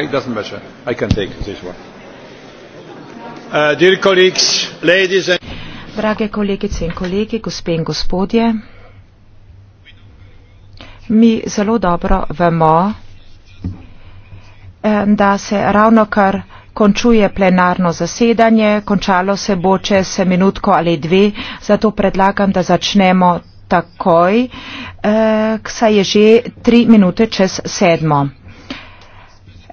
okay, doesn't matter. I can take this one. Uh, dear colleagues, ladies and Drage kolegice in kolegi, gospe in gospodje, mi zelo dobro vemo, eh, da se ravno kar končuje plenarno zasedanje, končalo se bo čez minutko ali dve, zato predlagam, da začnemo takoj, eh, saj je že tri minute čez sedmo.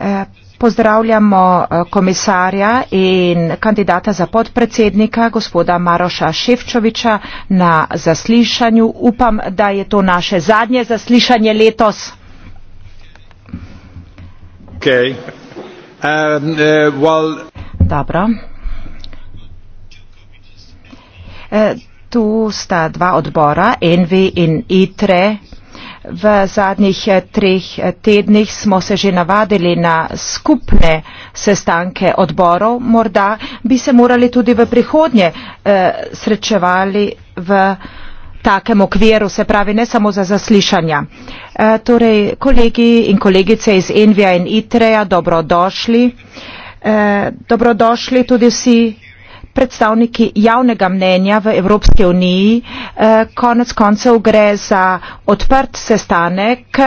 Eh, pozdravljamo eh, komisarja in kandidata za podpredsednika, gospoda Maroša Ševčoviča, na zaslišanju. Upam, da je to naše zadnje zaslišanje letos. Okay. Um, uh, well... Dobro. Eh, tu sta dva odbora, Envi in ITRE. V zadnjih eh, treh eh, tednih smo se že navadili na skupne sestanke odborov, morda bi se morali tudi v prihodnje eh, srečevali v takem okviru, se pravi ne samo za zaslišanja. Eh, torej, kolegi in kolegice iz Envija in Itreja, dobrodošli. Eh, dobrodošli tudi vsi predstavniki javnega mnenja v Evropske uniji. Eh, konec koncev gre za odprt sestanek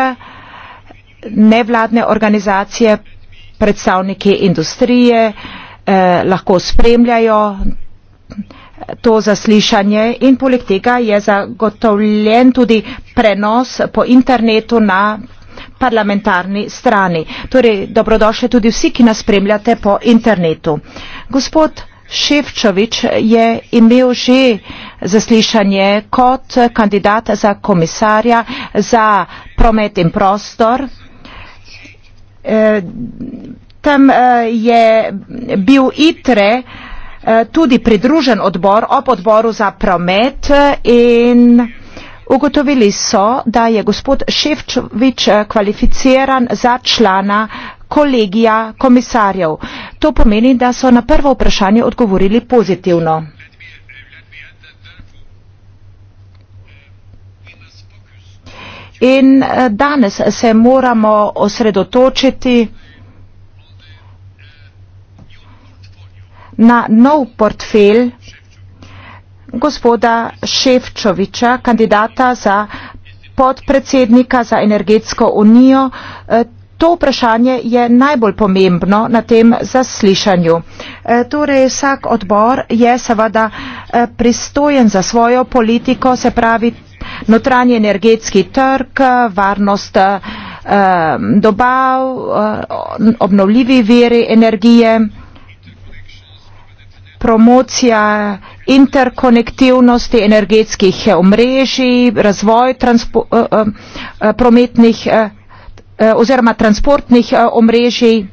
nevladne organizacije, predstavniki industrije eh, lahko spremljajo to zaslišanje in poleg tega je zagotovljen tudi prenos po internetu na parlamentarni strani. Torej, dobrodošli tudi vsi, ki nas spremljate po internetu. Gospod Ševčovič je imel že zaslišanje kot kandidat za komisarja za promet in prostor. E, tam e, je bil ITRE e, tudi pridružen odbor ob odboru za promet in ugotovili so, da je gospod Ševčovič kvalificiran za člana kolegija komisarjev. To pomeni, da so na prvo vprašanje odgovorili pozitivno. In eh, danes se moramo osredotočiti na nov portfelj gospoda Ševčoviča, kandidata za podpredsednika za energetsko unijo. Eh, to vprašanje je najbolj pomembno na tem zaslišanju. E, torej, vsak odbor je seveda e, pristojen za svojo politiko, se pravi notranji energetski trg, varnost e, dobav, obnovljivi veri energije, promocija interkonektivnosti energetskih omrežij, razvoj prometnih energij Eh, oziroma transportnih eh, omrežij.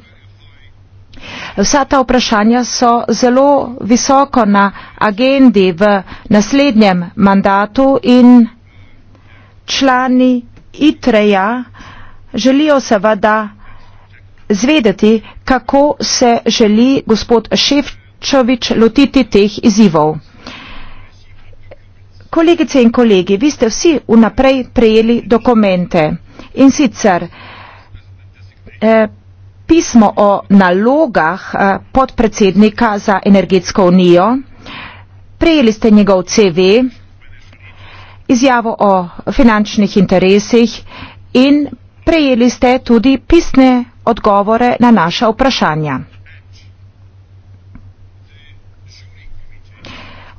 Vsa ta vprašanja so zelo visoko na agendi v naslednjem mandatu in člani ITREJA želijo seveda zvedeti, kako se želi gospod Ševčovič lotiti teh izzivov. Kolegice in kolegi, vi ste vsi vnaprej prejeli dokumente in sicer Eh, pismo o nalogah eh, podpredsednika za energetsko unijo, prejeli ste njegov CV, izjavo o finančnih interesih in prejeli ste tudi pisne odgovore na naša vprašanja.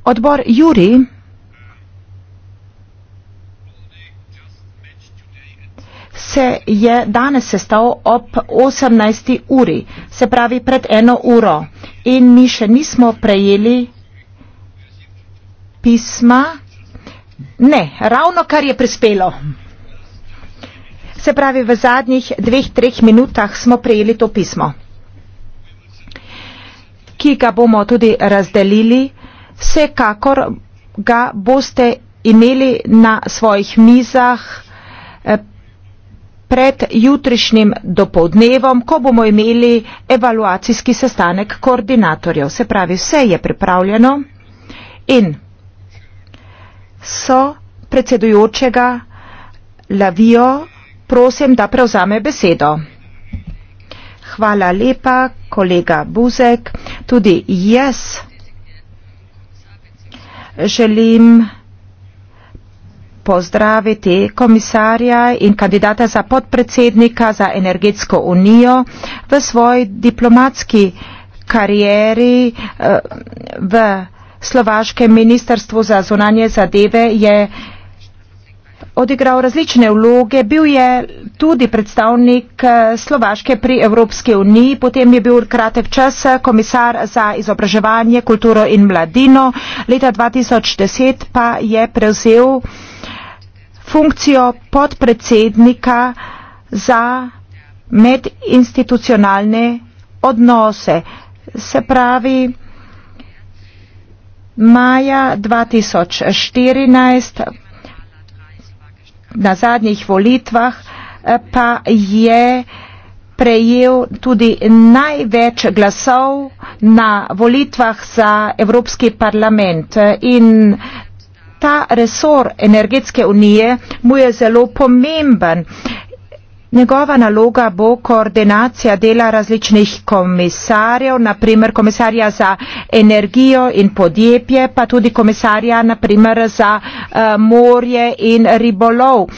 Odbor Juri se je danes sestal ob 18. uri, se pravi pred eno uro. In mi še nismo prejeli pisma. Ne, ravno kar je prispelo. Se pravi, v zadnjih dveh, treh minutah smo prejeli to pismo, ki ga bomo tudi razdelili. Vsekakor ga boste imeli na svojih mizah pred jutrišnjim dopolednevom, ko bomo imeli evaluacijski sestanek koordinatorjev. Se pravi, vse je pripravljeno in so predsedujočega Lavijo prosim, da prevzame besedo. Hvala lepa, kolega Buzek. Tudi jaz želim pozdraviti komisarja in kandidata za podpredsednika za energetsko unijo v svoj diplomatski karieri eh, v Slovaškem ministrstvu za zunanje zadeve je odigral različne vloge, bil je tudi predstavnik eh, Slovaške pri Evropske uniji, potem je bil kratek čas eh, komisar za izobraževanje, kulturo in mladino, leta 2010 pa je prevzel funkcijo podpredsednika za medinstitucionalne odnose. Se pravi, maja 2014 na zadnjih volitvah eh, pa je prejel tudi največ glasov na volitvah za Evropski parlament eh, in ta resor energetske unije mu je zelo pomemben. Njegova naloga bo koordinacija dela različnih komisarjev, naprimer komisarja za energijo in podjetje, pa tudi komisarja naprimer za uh, morje in ribolov. Uh,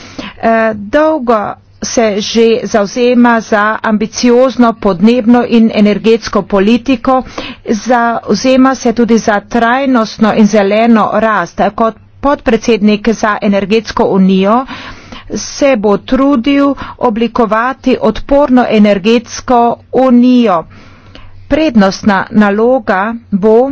dolgo se že zauzema za ambiciozno podnebno in energetsko politiko, zauzema se tudi za trajnostno in zeleno rast. Kot podpredsednik za energetsko unijo, se bo trudil oblikovati odporno energetsko unijo. Prednostna naloga bo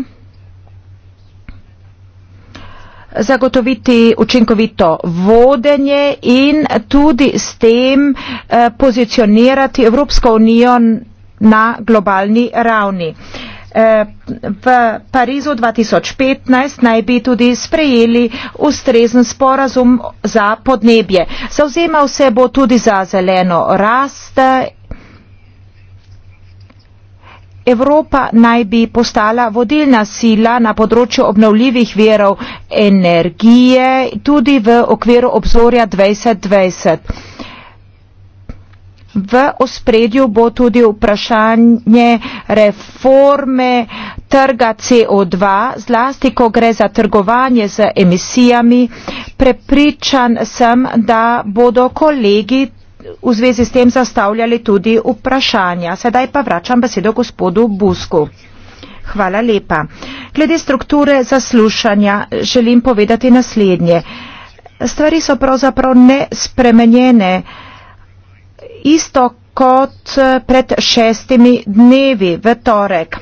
zagotoviti učinkovito vodenje in tudi s tem eh, pozicionirati Evropsko unijo na globalni ravni v Parizu 2015 naj bi tudi sprejeli ustrezen sporazum za podnebje. Zauzemal se bo tudi za zeleno rast. Evropa naj bi postala vodilna sila na področju obnovljivih verov energije tudi v okviru obzorja 2020. V ospredju bo tudi vprašanje reforme trga CO2, zlasti ko gre za trgovanje z emisijami. Prepričan sem, da bodo kolegi v zvezi s tem zastavljali tudi vprašanja. Sedaj pa vračam besedo gospodu Busku. Hvala lepa. Glede strukture zaslušanja želim povedati naslednje. Stvari so pravzaprav nespremenjene isto kot eh, pred šestimi dnevi v torek.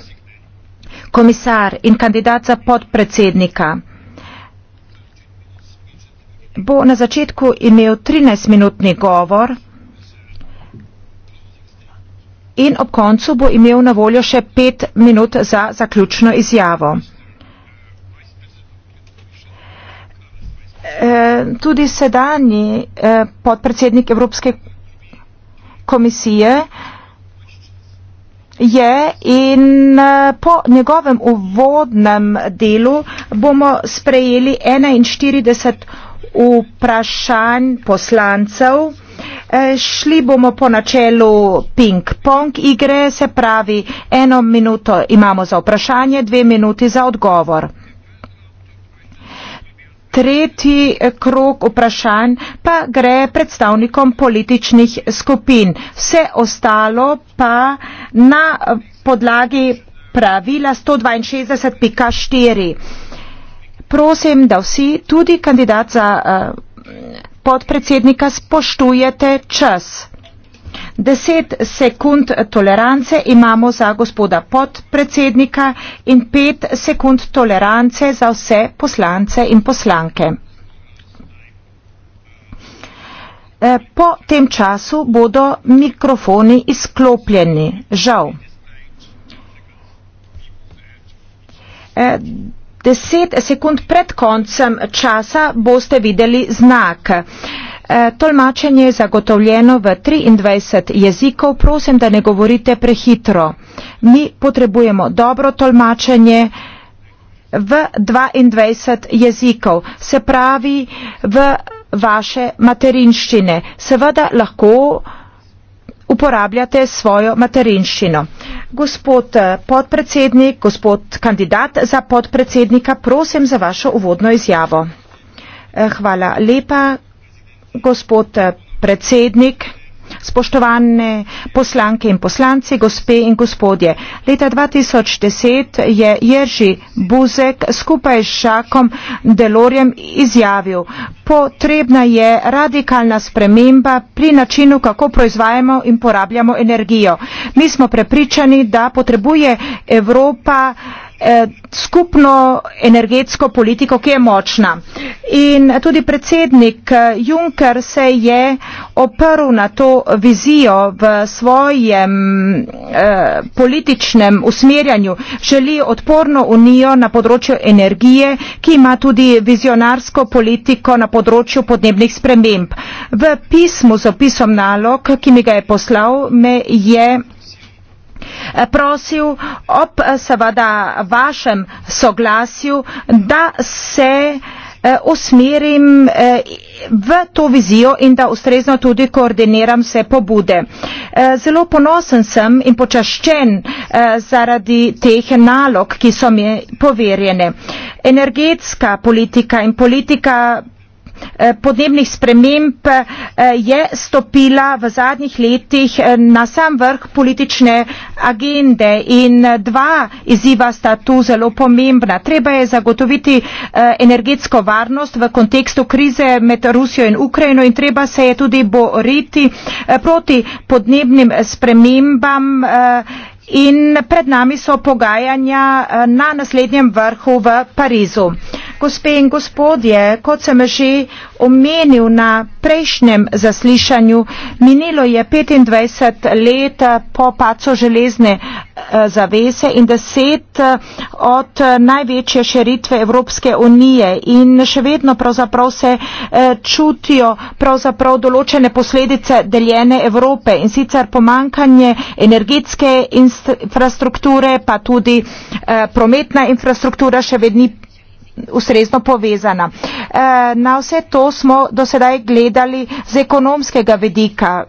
Komisar in kandidat za podpredsednika bo na začetku imel 13-minutni govor in ob koncu bo imel na voljo še 5 minut za zaključno izjavo. E, tudi sedanji e, podpredsednik Evropske komisije komisije je in eh, po njegovem uvodnem delu bomo sprejeli 41 vprašanj poslancev. Eh, šli bomo po načelu ping-pong igre, se pravi, eno minuto imamo za vprašanje, dve minuti za odgovor tretji eh, krok vprašanj pa gre predstavnikom političnih skupin. Vse ostalo pa na eh, podlagi pravila 162.4. Prosim, da vsi, tudi kandidat za uh, podpredsednika, spoštujete čas deset sekund tolerance imamo za gospoda podpredsednika in pet sekund tolerance za vse poslance in poslanke. Eh, po tem času bodo mikrofoni izklopljeni, žal. Eh, deset sekund pred koncem časa boste videli znak. Eh, tolmačenje je zagotovljeno v 23 jezikov. Prosim, da ne govorite prehitro. Mi potrebujemo dobro tolmačenje v 22 jezikov, se pravi v vaše materinščine. Seveda lahko uporabljate svojo materinščino. Gospod eh, podpredsednik, gospod kandidat za podpredsednika, prosim za vašo uvodno izjavo. Eh, hvala lepa gospod eh, predsednik, spoštovane poslanke in poslanci, gospe in gospodje. Leta 2010 je Jerži Buzek skupaj s Šakom Delorjem izjavil, potrebna je radikalna sprememba pri načinu, kako proizvajamo in porabljamo energijo. Mi smo prepričani, da potrebuje Evropa eh, skupno energetsko politiko, ki je močna. In tudi predsednik eh, Juncker se je oprl na to vizijo v svojem eh, političnem usmerjanju. Želi odporno unijo na področju energije, ki ima tudi vizionarsko politiko na področju podnebnih sprememb. V pismu z opisom nalog, ki mi ga je poslal, me je prosil ob eh, seveda vašem soglasju, da se eh, usmerim eh, v to vizijo in da ustrezno tudi koordiniram vse pobude. Zelo ponosen sem in počaščen zaradi teh nalog, ki so mi poverjene. Energetska politika in politika Eh, podnebnih sprememb eh, je stopila v zadnjih letih eh, na sam vrh politične agende in dva izziva sta tu zelo pomembna. Treba je zagotoviti energetsko varnost v kontekstu krize med Rusijo in Ukrajino in treba se je tudi boriti proti podnebnim spremembam. In pred nami so pogajanja na naslednjem vrhu v Parizu gospe in gospodje, kot sem že omenil na prejšnjem zaslišanju, minilo je 25 let po paco železne eh, zavese in deset eh, od eh, največje širitve Evropske unije in še vedno pravzaprav se čutijo pravzaprav določene posledice deljene Evrope in sicer pomankanje energetske infrastrukture, pa tudi prometna infrastruktura še vedno ustrezno povezana. Eh, na vse to smo do sedaj gledali z ekonomskega vedika.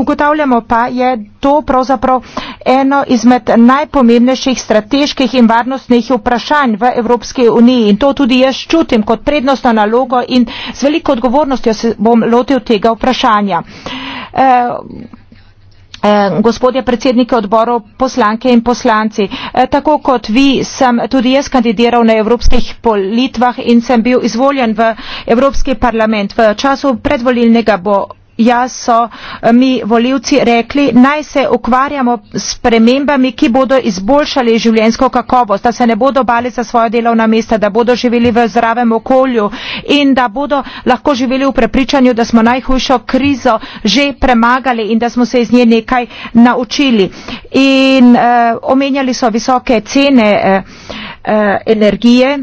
Ugotavljamo pa, je to pravzaprav eno izmed najpomembnejših strateških in varnostnih vprašanj v Evropski uniji in to tudi jaz čutim kot prednostno nalogo in z veliko odgovornostjo se bom lotil tega vprašanja. Eh, Eh, gospodje predsednike odborov, poslanke in poslanci. Eh, tako kot vi sem tudi jaz kandidiral na evropskih politvah in sem bil izvoljen v Evropski parlament. V času predvolilnega bo jaz so eh, mi voljivci rekli, naj se ukvarjamo s premembami, ki bodo izboljšali življensko kakovost, da se ne bodo bali za svoje delovna mesta, da bodo živeli v zdravem okolju in da bodo lahko živeli v prepričanju, da smo najhujšo krizo že premagali in da smo se iz nje nekaj naučili. In eh, omenjali so visoke cene eh, eh, energije.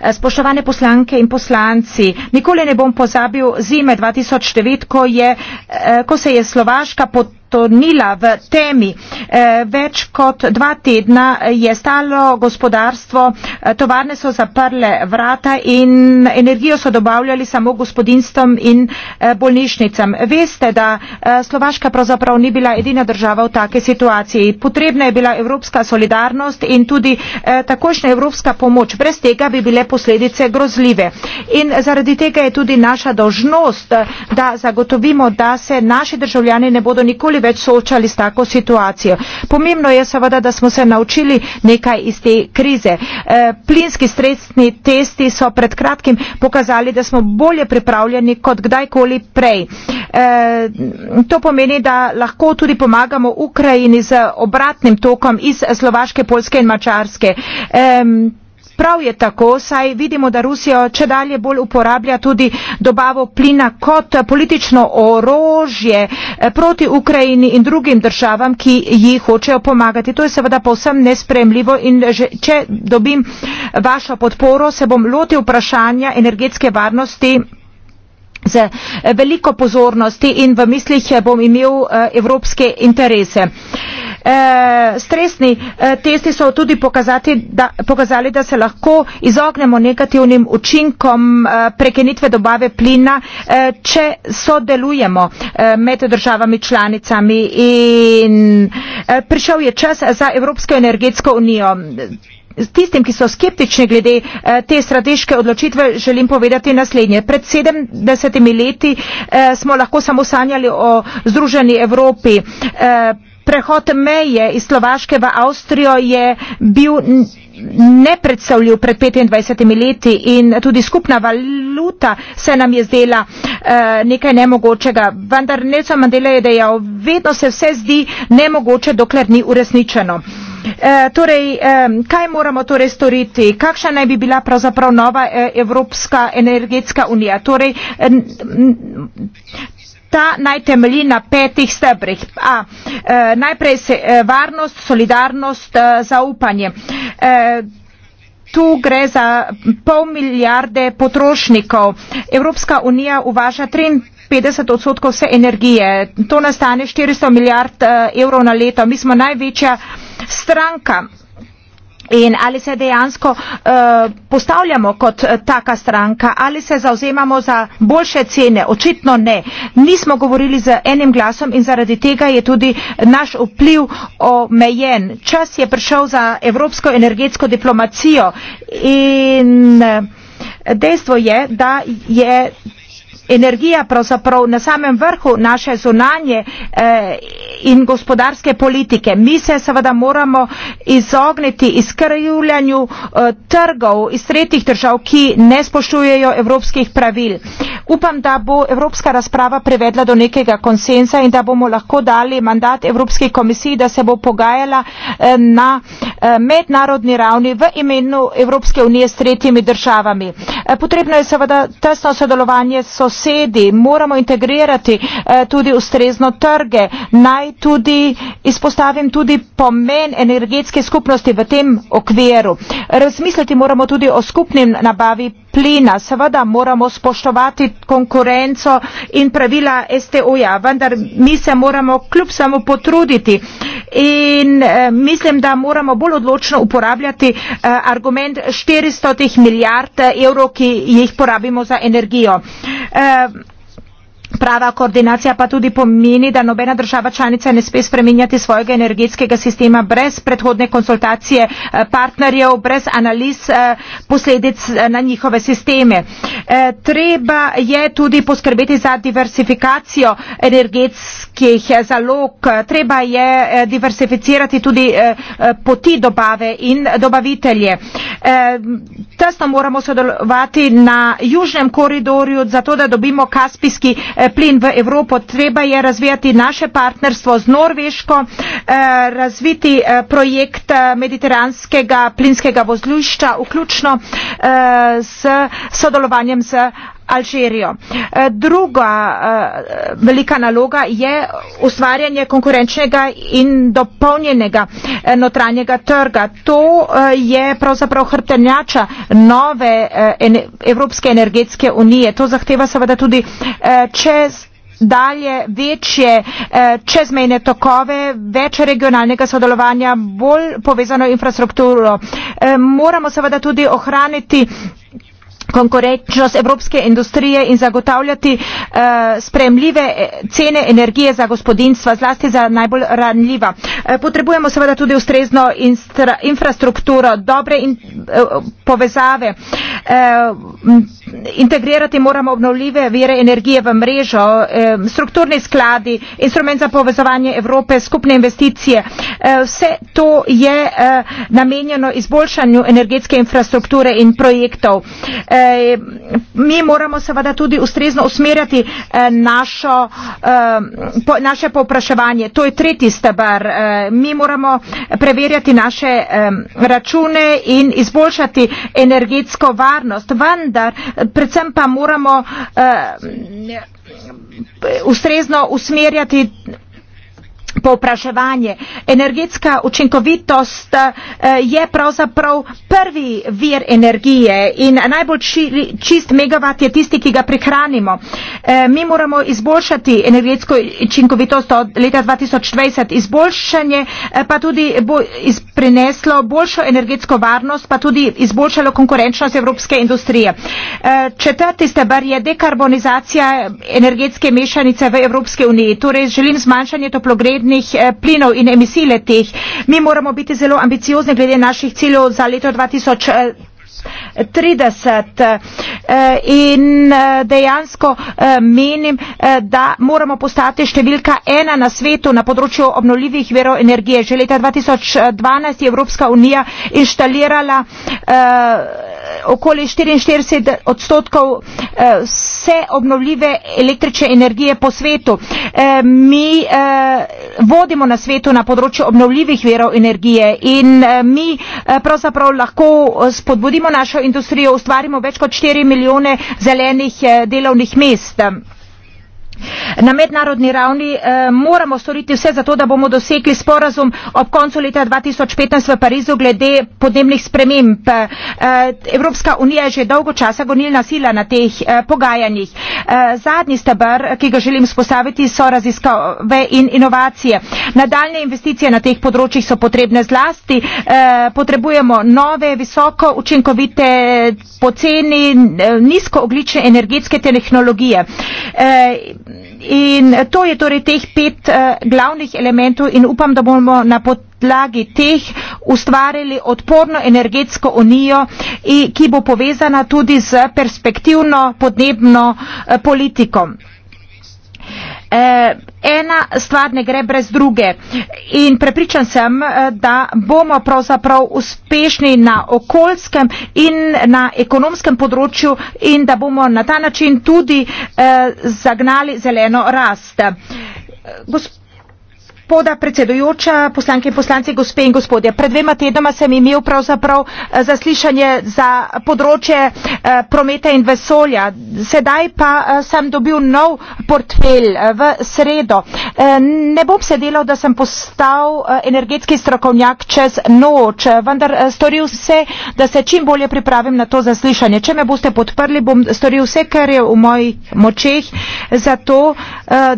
Eh, spoštovane poslanke in poslanci, nikoli ne bom pozabil zime 2009, ko, je, eh, ko se je Slovaška potrebovala zatonila v temi. Eh, več kot dva tedna je stalo gospodarstvo, eh, tovarne so zaprle vrata in energijo so dobavljali samo gospodinstvom in eh, bolnišnicam. Veste, da Slovaška pravzaprav ni bila edina država v take situaciji. Potrebna je bila evropska solidarnost in tudi takošnja evropska pomoč. Brez tega bi bile posledice grozljive. In zaradi tega je tudi naša dožnost, da zagotovimo, da se naši državljani ne bodo nikoli nikoli več soočali s tako situacijo. Pomembno je seveda, da smo se naučili nekaj iz te krize. E, plinski stresni testi so pred kratkim pokazali, da smo bolje pripravljeni kot kdajkoli prej. E, to pomeni, da lahko tudi pomagamo Ukrajini z obratnim tokom iz Slovaške, Polske in Mačarske. E, Prav je tako, saj vidimo, da Rusija če dalje bolj uporablja tudi dobavo plina kot politično orožje eh, proti Ukrajini in drugim državam, ki ji hočejo pomagati. To je seveda povsem nespremljivo in že, če dobim eh, vašo podporo, se bom loti vprašanja energetske varnosti z eh, veliko pozornosti in v mislih eh, bom imel eh, evropske interese. Stresni testi so tudi pokazati, da, pokazali, da se lahko izognemo negativnim učinkom prekenitve dobave plina, če sodelujemo med državami članicami in prišel je čas za Evropsko energetsko unijo tistim, ki so skeptični glede eh, te strateške odločitve, želim povedati naslednje. Pred sedemdesetimi leti eh, smo lahko samo sanjali o Združeni Evropi. Eh, prehod meje iz Slovaške v Avstrijo je bil nepredstavljiv pred 25 leti in tudi skupna valuta se nam je zdela nekaj nemogočega. Vendar Nelson Mandela je dejal, vedno se vse zdi nemogoče, dokler ni uresničeno. Eh, torej, kaj moramo torej storiti? Kakšna naj bi bila pravzaprav nova eh, Evropska energetska unija? Torej, ta naj temelji na petih stebrih. A, eh, najprej se varnost, solidarnost, zaupanje. Tu gre za pol milijarde potrošnikov. Evropska unija uvaža 53 odstotkov vse energije. To nastane 400 milijard evrov na leto. Mi smo največja stranka. In ali se dejansko uh, postavljamo kot eh, taka stranka, ali se zauzemamo za boljše cene? Očitno ne. Nismo govorili z enim glasom in zaradi tega je tudi naš vpliv omejen. Čas je prišel za evropsko energetsko diplomacijo in eh, dejstvo je, da je energija pravzaprav na samem vrhu naše zunanje eh, in gospodarske politike. Mi se seveda moramo izogniti izkrivljanju eh, trgov iz tretjih držav, ki ne spoštujejo evropskih pravil. Upam, da bo evropska razprava privedla do nekega konsensa in da bomo lahko dali mandat Evropski komisiji, da se bo pogajala eh, na mednarodni ravni v imenu Evropske unije s tretjimi državami. Potrebno je seveda tesno sodelovanje s so sosedi, moramo integrirati eh, tudi ustrezno trge. Naj tudi izpostavim tudi pomen energetske skupnosti v tem okviru. Razmisliti moramo tudi o skupnim nabavi plina. Seveda moramo spoštovati konkurenco in pravila STO-ja, vendar mi se moramo kljub samo potruditi. In eh, mislim, da moramo bolj odločno uporabljati eh, argument 400 milijard evrov, ki jih porabimo za energijo. Eh, Prava koordinacija pa tudi pomeni, da nobena država članica ne sme spreminjati svojega energetskega sistema brez predhodne konsultacije eh, partnerjev, brez analiz eh, posledic eh, na njihove sisteme. Treba je tudi poskrbeti za diversifikacijo energetskih zalog, treba je diversificirati tudi poti dobave in dobavitelje. Tesno moramo sodelovati na južnem koridorju, zato da dobimo Kaspijski Eh, plin v Evropo, treba je razvijati naše partnerstvo z Norveško, eh, razviti eh, projekt mediteranskega plinskega vozlišča, vključno s sodelovanjem z Alžirijo. Eh, druga eh, velika naloga je ustvarjanje konkurenčnega in dopolnjenega eh, notranjega trga. To je pravzaprav hrtenjača nove Evropske energetske unije. To zahteva seveda tudi čez dalje večje čezmejne tokove, več regionalnega sodelovanja, bolj povezano infrastrukturo. Moramo seveda tudi ohraniti konkurenčnost evropske industrije in zagotavljati eh, spremljive eh, cene energije za gospodinstva, zlasti za najbolj ranljiva. Eh, potrebujemo seveda tudi ustrezno infrastrukturo, dobre in, eh, povezave. Eh, integrirati moramo obnovljive vire energije v mrežo, eh, strukturni skladi, instrument za povezovanje Evrope, skupne investicije. Eh, vse to je eh, namenjeno izboljšanju energetske infrastrukture in projektov. Eh, Eh, mi moramo seveda tudi ustrezno usmerjati eh, našo, eh, naše povpraševanje. To je tretji stebar. Mi moramo preverjati naše račune in izboljšati energetsko varnost. Vendar, predvsem pa moramo ustrezno usmerjati Popraševanje. Energetska učinkovitost eh, je pravzaprav prvi vir energije in najbolj čist megavat je tisti, ki ga prihranimo. Eh, mi moramo izboljšati energetsko učinkovitost od leta 2020. Izboljšanje eh, pa tudi bo prineslo boljšo energetsko varnost, pa tudi izboljšalo konkurenčnost evropske industrije. Četrti stebr je dekarbonizacija energetske mešanice v Evropske uniji. Torej želim zmanjšanje toplogrednosti izpadnih eh, plinov in emisij letih. Mi moramo biti zelo ambiciozni glede naših ciljev za leto 2030. 30 eh, in eh, dejansko eh, menim, da moramo postati številka ena na svetu na področju obnoljivih verov energije. Že leta 2012 je Evropska unija inštalirala okoli 44 odstotkov vse obnovljive električne energije po svetu. Mi vodimo na svetu na področju obnovljivih verov energije in mi pravzaprav lahko spodbudimo našo industrijo ustvarimo več kot štiri milijone zelenih eh, delovnih mest. Na mednarodni ravni eh, moramo storiti vse za to, da bomo dosegli sporazum ob koncu leta 2015 v Parizu glede podnebnih sprememb. Eh, Evropska unija je že dolgo časa gonilna sila na teh eh, pogajanjih. Eh, zadnji stebr, ki ga želim spostaviti, so raziskave in inovacije. Nadaljne investicije na teh področjih so potrebne zlasti. Eh, potrebujemo nove, visoko učinkovite, poceni, eh, nizkooglične energetske tehnologije. Eh, In to je torej teh pet uh, glavnih elementov in upam, da bomo na podlagi teh ustvarili odporno energetsko unijo, ki bo povezana tudi z perspektivno podnebno uh, politiko. Eh, ena stvar ne gre brez druge. In prepričan sem, eh, da bomo pravzaprav uspešni na okoljskem in na ekonomskem področju in da bomo na ta način tudi eh, zagnali zeleno rast. Gospod gospoda predsedujoča, poslanke in poslanci, gospe in gospodje. Pred dvema tednoma sem imel pravzaprav eh, zaslišanje za področje eh, prometa in vesolja. Sedaj pa eh, sem dobil nov portfelj v sredo. Ne bom se delal, da sem postal energetski strokovnjak čez noč, vendar storil vse, da se čim bolje pripravim na to zaslišanje. Če me boste podprli, bom storil vse, kar je v mojih močeh, zato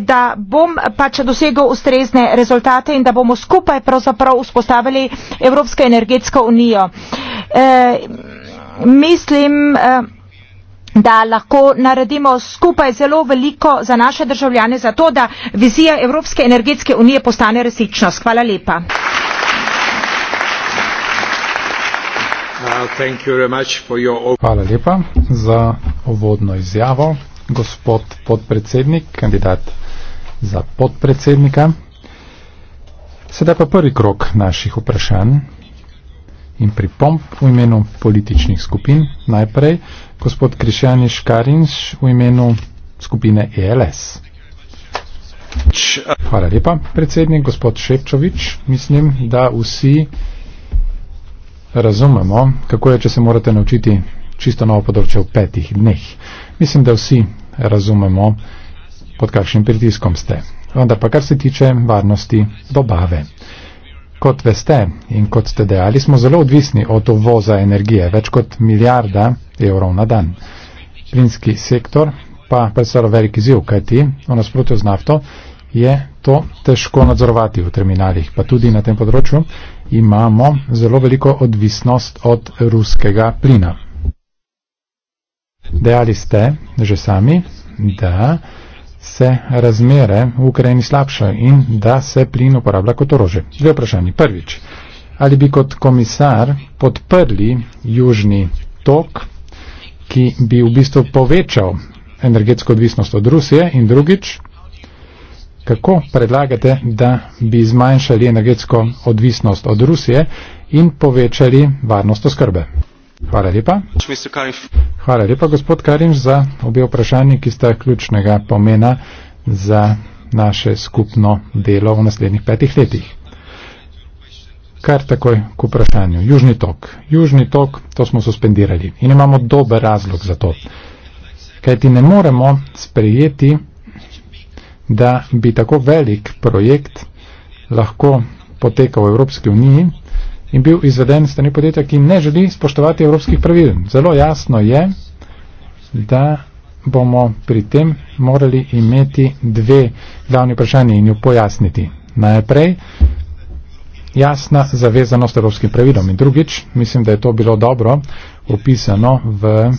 da bom pač dosegel ustrezne rezultate rezultate in da bomo skupaj pravzaprav vzpostavili Evropsko energetsko unijo. E, mislim, eh, da lahko naredimo skupaj zelo veliko za naše državljane, zato da vizija Evropske energetske unije postane resničnost. Hvala lepa. Uh, Hvala lepa za uvodno izjavo. Gospod podpredsednik, kandidat za podpredsednika, Sedaj pa prvi krok naših vprašanj in pripomp v imenu političnih skupin. Najprej gospod Krišjani Škarinš v imenu skupine ELS. Hvala lepa, predsednik, gospod Šepčovič. Mislim, da vsi razumemo, kako je, če se morate naučiti čisto novo področje v petih dneh. Mislim, da vsi razumemo, pod kakšnim pritiskom ste vendar pa kar se tiče varnosti dobave. Kot veste in kot ste dejali, smo zelo odvisni od uvoza energije, več kot milijarda evrov na dan. Plinski sektor pa predstavlja velik izziv, kajti v nasprotju z nafto je to težko nadzorovati v terminalih, pa tudi na tem področju imamo zelo veliko odvisnost od ruskega plina. Dejali ste že sami, da se razmere v Ukrajini slabšajo in da se plin uporablja kot orože. Dve vprašanje. Prvič, ali bi kot komisar podprli južni tok, ki bi v bistvu povečal energetsko odvisnost od Rusije in drugič, kako predlagate, da bi zmanjšali energetsko odvisnost od Rusije in povečali varnost oskrbe? Hvala lepa. Hvala lepa, gospod Karimš, za obe vprašanje, ki sta ključnega pomena za naše skupno delo v naslednjih petih letih. Kar takoj k vprašanju. Južni tok. Južni tok, to smo suspendirali in imamo dober razlog za to. Kaj ti ne moremo sprejeti, da bi tako velik projekt lahko potekal v Evropski uniji, in bil izveden strani podjetja, ki ne želi spoštovati evropskih pravil. Zelo jasno je, da bomo pri tem morali imeti dve glavni vprašanje in jo pojasniti. Najprej jasna zavezanost evropskim pravilom in drugič, mislim, da je to bilo dobro opisano v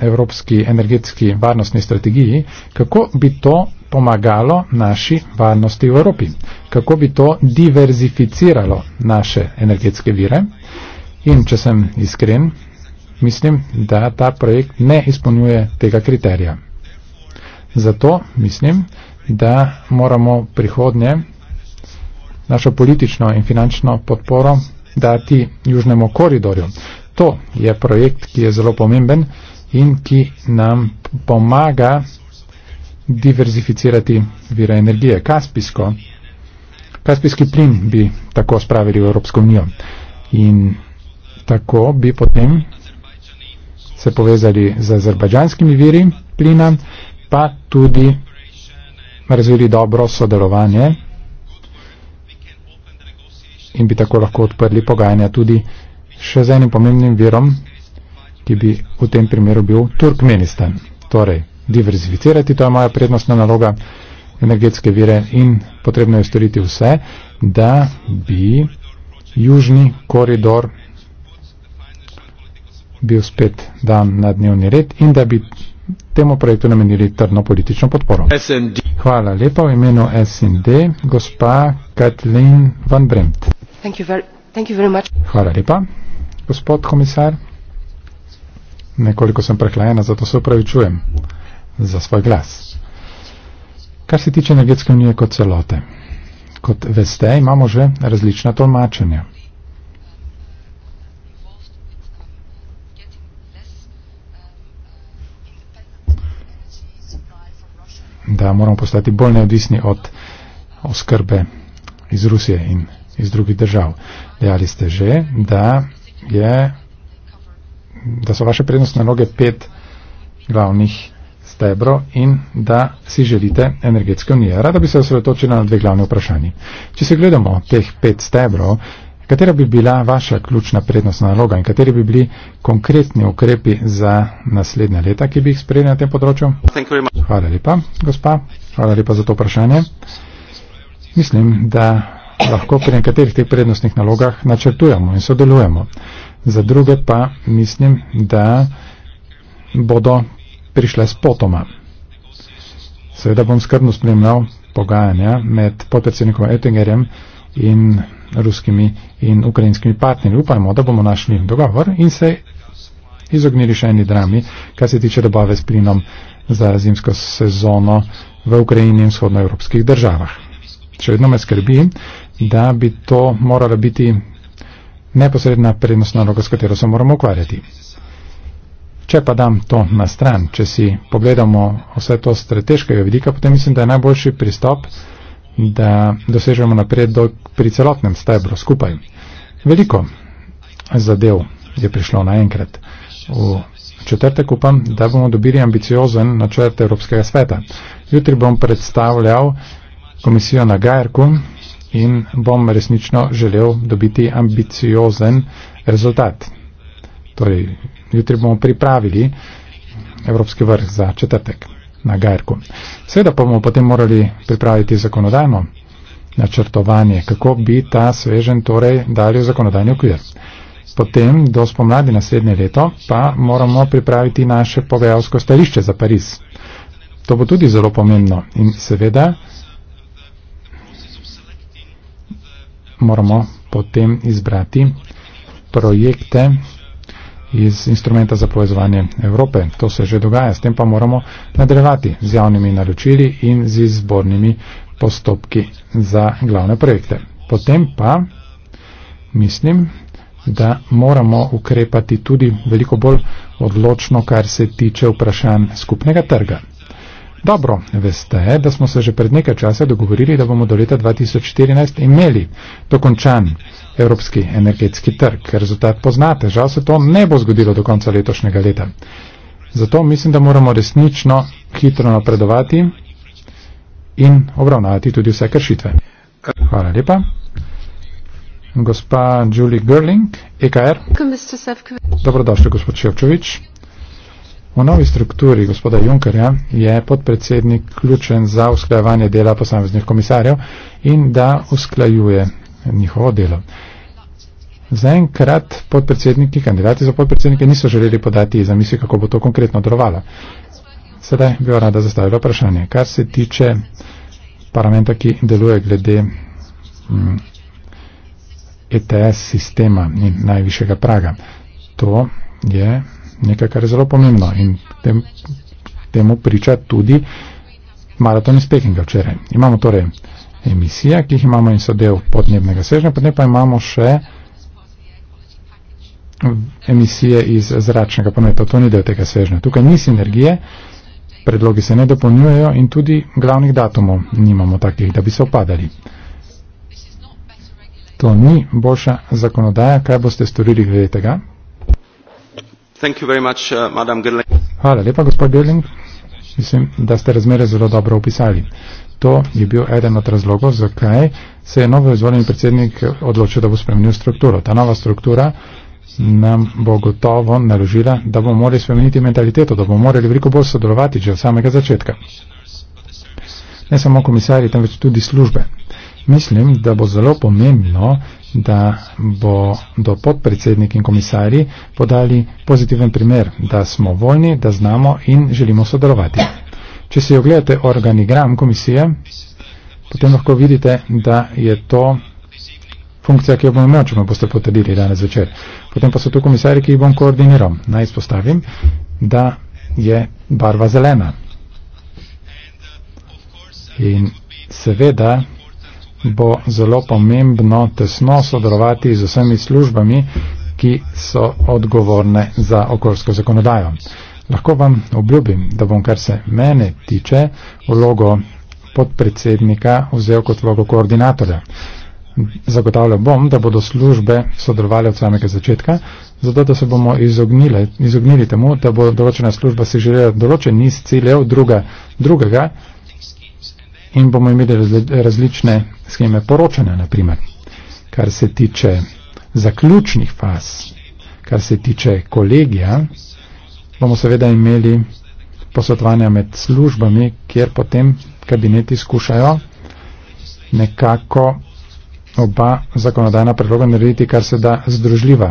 evropski energetski varnostni strategiji, kako bi to pomagalo naši varnosti v Evropi, kako bi to diverzificiralo naše energetske vire. In če sem iskren, mislim, da ta projekt ne izpolnjuje tega kriterija. Zato mislim, da moramo prihodnje našo politično in finančno podporo dati Južnemu koridorju. To je projekt, ki je zelo pomemben in ki nam pomaga diverzificirati vire energije. Kaspijsko, kaspijski plin bi tako spravili v Evropsko unijo in tako bi potem se povezali z azerbajdžanskimi viri plina, pa tudi razvili dobro sodelovanje in bi tako lahko odprli pogajanja tudi še z enim pomembnim virom, ki bi v tem primeru bil Turkmenistan. Torej, diverzificirati, to je moja prednostna naloga, energetske vire in potrebno je storiti vse, da bi južni koridor bil spet dan na dnevni red in da bi temu projektu namenili trdno politično podporo. SND. Hvala lepa v imenu SND, gospa Kathleen Van Bremt. Thank you very, thank you very much. Hvala lepa, gospod komisar. Nekoliko sem prehlajena, zato se upravičujem za svoj glas. Kar se tiče energetske unije kot celote. Kot veste, imamo že različna tolmačenja. Da moramo postati bolj neodvisni od oskrbe iz Rusije in iz drugih držav. Dejali ste že, da, je, da so vaše prednostne noge pet glavnih stebro in da si želite energetske unije. Rada bi se osredotočila na dve glavne vprašanje. Če se gledamo teh pet stebrov, katera bi bila vaša ključna prednostna naloga in kateri bi bili konkretni ukrepi za naslednja leta, ki bi jih sprejeli na tem področju? Hvala lepa, gospa. Hvala lepa za to vprašanje. Mislim, da lahko pri nekaterih teh prednostnih nalogah načrtujemo in sodelujemo. Za druge pa mislim, da bodo prišle s potoma. Seveda bom skrbno spremljal pogajanja med podpredsednikom Ettingerjem in ruskimi in ukrajinskimi partnerji. Upajmo, da bomo našli dogovor in se izognili še eni drami, kar se tiče dobave s plinom za zimsko sezono v Ukrajini in vzhodnoevropskih državah. Še vedno me skrbi, da bi to morala biti neposredna prednostna naloga, s katero se moramo ukvarjati. Če pa dam to na stran, če si pogledamo vse to strateškega vidika, potem mislim, da je najboljši pristop, da dosežemo napredek pri celotnem stebru skupaj. Veliko zadev je prišlo naenkrat. V četrtek upam, da bomo dobili ambiciozen načrt Evropskega sveta. Jutri bom predstavljal komisijo na Gajerku in bom resnično želel dobiti ambiciozen rezultat. Torej, jutri bomo pripravili Evropski vrh za četrtek na Gajrku. Seveda pa bomo potem morali pripraviti zakonodajno načrtovanje, kako bi ta svežen torej dali v zakonodajni okvir. Potem do spomladi naslednje leto pa moramo pripraviti naše pogajalsko stališče za Pariz. To bo tudi zelo pomembno in seveda moramo potem izbrati projekte, iz instrumenta za povezovanje Evrope. To se že dogaja, s tem pa moramo nadrevati z javnimi naročili in z izbornimi postopki za glavne projekte. Potem pa mislim, da moramo ukrepati tudi veliko bolj odločno, kar se tiče vprašanj skupnega trga. Dobro, veste, da smo se že pred nekaj časa dogovorili, da bomo do leta 2014 imeli dokončan evropski energetski trg. Rezultat poznate, žal se to ne bo zgodilo do konca letošnjega leta. Zato mislim, da moramo resnično hitro napredovati in obravnavati tudi vse kršitve. Hvala lepa. Gospa Julie Gerling, EKR. Dobrodošli, gospod Ševčovič. V novi strukturi gospoda Junkerja je podpredsednik ključen za usklajevanje dela posameznih komisarjev in da usklajuje njihovo delo. Zaenkrat podpredsedniki, kandidati za podpredsednike niso želeli podati zamisli, kako bo to konkretno delovalo. Sedaj bi jo rada zastavila vprašanje, kar se tiče parlamenta, ki deluje glede mm, ETS sistema in najvišjega praga. To je nekaj, kar je zelo pomembno in tem, temu priča tudi maraton iz Pekinga včeraj. Imamo torej emisije, ki jih imamo in so del podnebnega sežnja, potem pa imamo še emisije iz zračnega prometa. To ni del tega svežnja. Tukaj ni sinergije, predlogi se ne dopolnjujejo in tudi glavnih datumov nimamo takih, da bi se opadali. To ni boljša zakonodaja, kaj boste storili glede tega, Uh, Hvala lepa, gospod Gerling. Mislim, da ste razmere zelo dobro opisali. To je bil eden od razlogov, zakaj se je novo izvoljen predsednik odločil, da bo spremenil strukturo. Ta nova struktura nam bo gotovo naložila, da bomo morali spremeniti mentaliteto, da bomo morali veliko bolj sodelovati že od samega začetka. Ne samo komisarji, temveč tudi službe. Mislim, da bo zelo pomembno da bodo podpredsednik in komisarji podali pozitiven primer, da smo voljni, da znamo in želimo sodelovati. Če si ogledate organigram komisije, potem lahko vidite, da je to funkcija, ki jo bomo imeli, če me boste potrdili danes večer. Potem pa so tu komisarji, ki jih bom koordiniral. Naj izpostavim, da je barva zelena. In seveda bo zelo pomembno tesno sodelovati z vsemi službami, ki so odgovorne za okoljsko zakonodajo. Lahko vam obljubim, da bom, kar se mene tiče, vlogo podpredsednika vzel kot vlogo koordinatorja. Zagotavljal bom, da bodo službe sodelovali od samega začetka, zato da se bomo izognili, izognili temu, da bo določena služba si želela določen niz ciljev druga, drugega, in bomo imeli različne scheme poročanja, naprimer, kar se tiče zaključnih faz, kar se tiče kolegija, bomo seveda imeli posvetovanja med službami, kjer potem kabineti skušajo nekako oba zakonodajna predloga narediti, kar se da združljiva.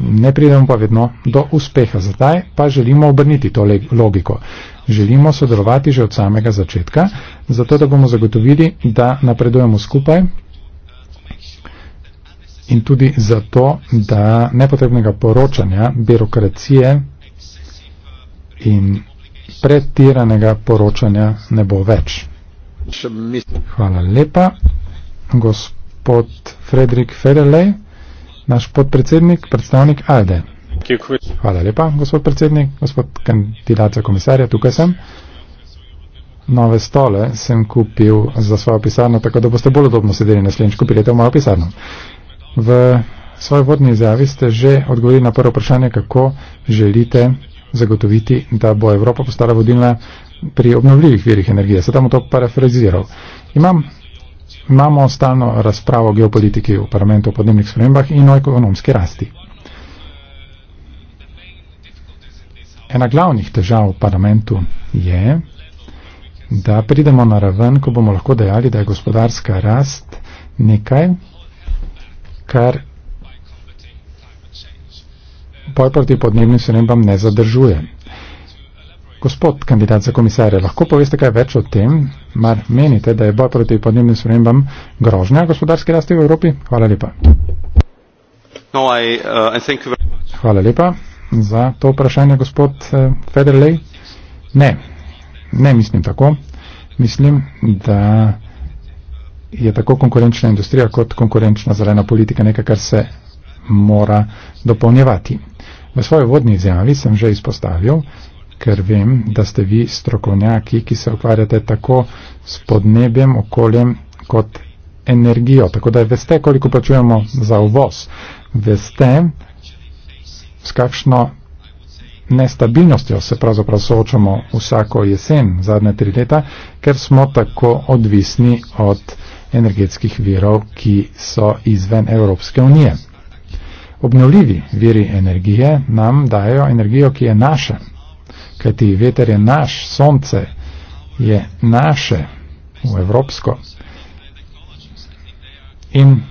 Ne pridemo pa vedno do uspeha, zdaj pa želimo obrniti to logiko. Želimo sodelovati že od samega začetka, zato da bomo zagotovili, da napredujemo skupaj in tudi zato, da nepotrebnega poročanja, birokracije in pretiranega poročanja ne bo več. Hvala lepa, gospod Fredrik Federlej naš podpredsednik, predstavnik ALDE. Hvala lepa, gospod predsednik, gospod kandidat za komisarja, tukaj sem. Nove stole sem kupil za svojo pisarno, tako da boste bolj odobno sedeli naslednjič, ko pridete v mojo pisarno. V svoji vodni izjavi ste že odgovorili na prvo vprašanje, kako želite zagotoviti, da bo Evropa postala vodilna pri obnovljivih virih energije. Sedaj bom to parafraziral. Imam imamo stalno razpravo o geopolitiki v parlamentu o podnebnih spremembah in o ekonomski rasti. Ena glavnih težav v parlamentu je, da pridemo na raven, ko bomo lahko dejali, da je gospodarska rast nekaj, kar boj proti podnebnim spremembam ne zadržuje. Gospod kandidat za komisarja, lahko poveste kaj več o tem, mar menite, da je boj proti podnebnim spremembam grožnja gospodarski rasti v Evropi? Hvala lepa. No, I, uh, I Hvala lepa za to vprašanje, gospod eh, Federley. Ne, ne mislim tako. Mislim, da je tako konkurenčna industrija kot konkurenčna zelena politika nekaj, kar se mora dopolnjevati. V svoji vodni izjavi sem že izpostavil, ker vem, da ste vi strokovnjaki, ki se ukvarjate tako s podnebjem, okoljem kot energijo. Tako da veste, koliko plačujemo za uvoz. Veste, s kakšno nestabilnostjo se pravzaprav soočamo vsako jesen, zadnje tri leta, ker smo tako odvisni od energetskih virov, ki so izven Evropske unije. Obnovljivi viri energije nam dajo energijo, ki je naša, kajti veter je naš, sonce je naše v evropsko in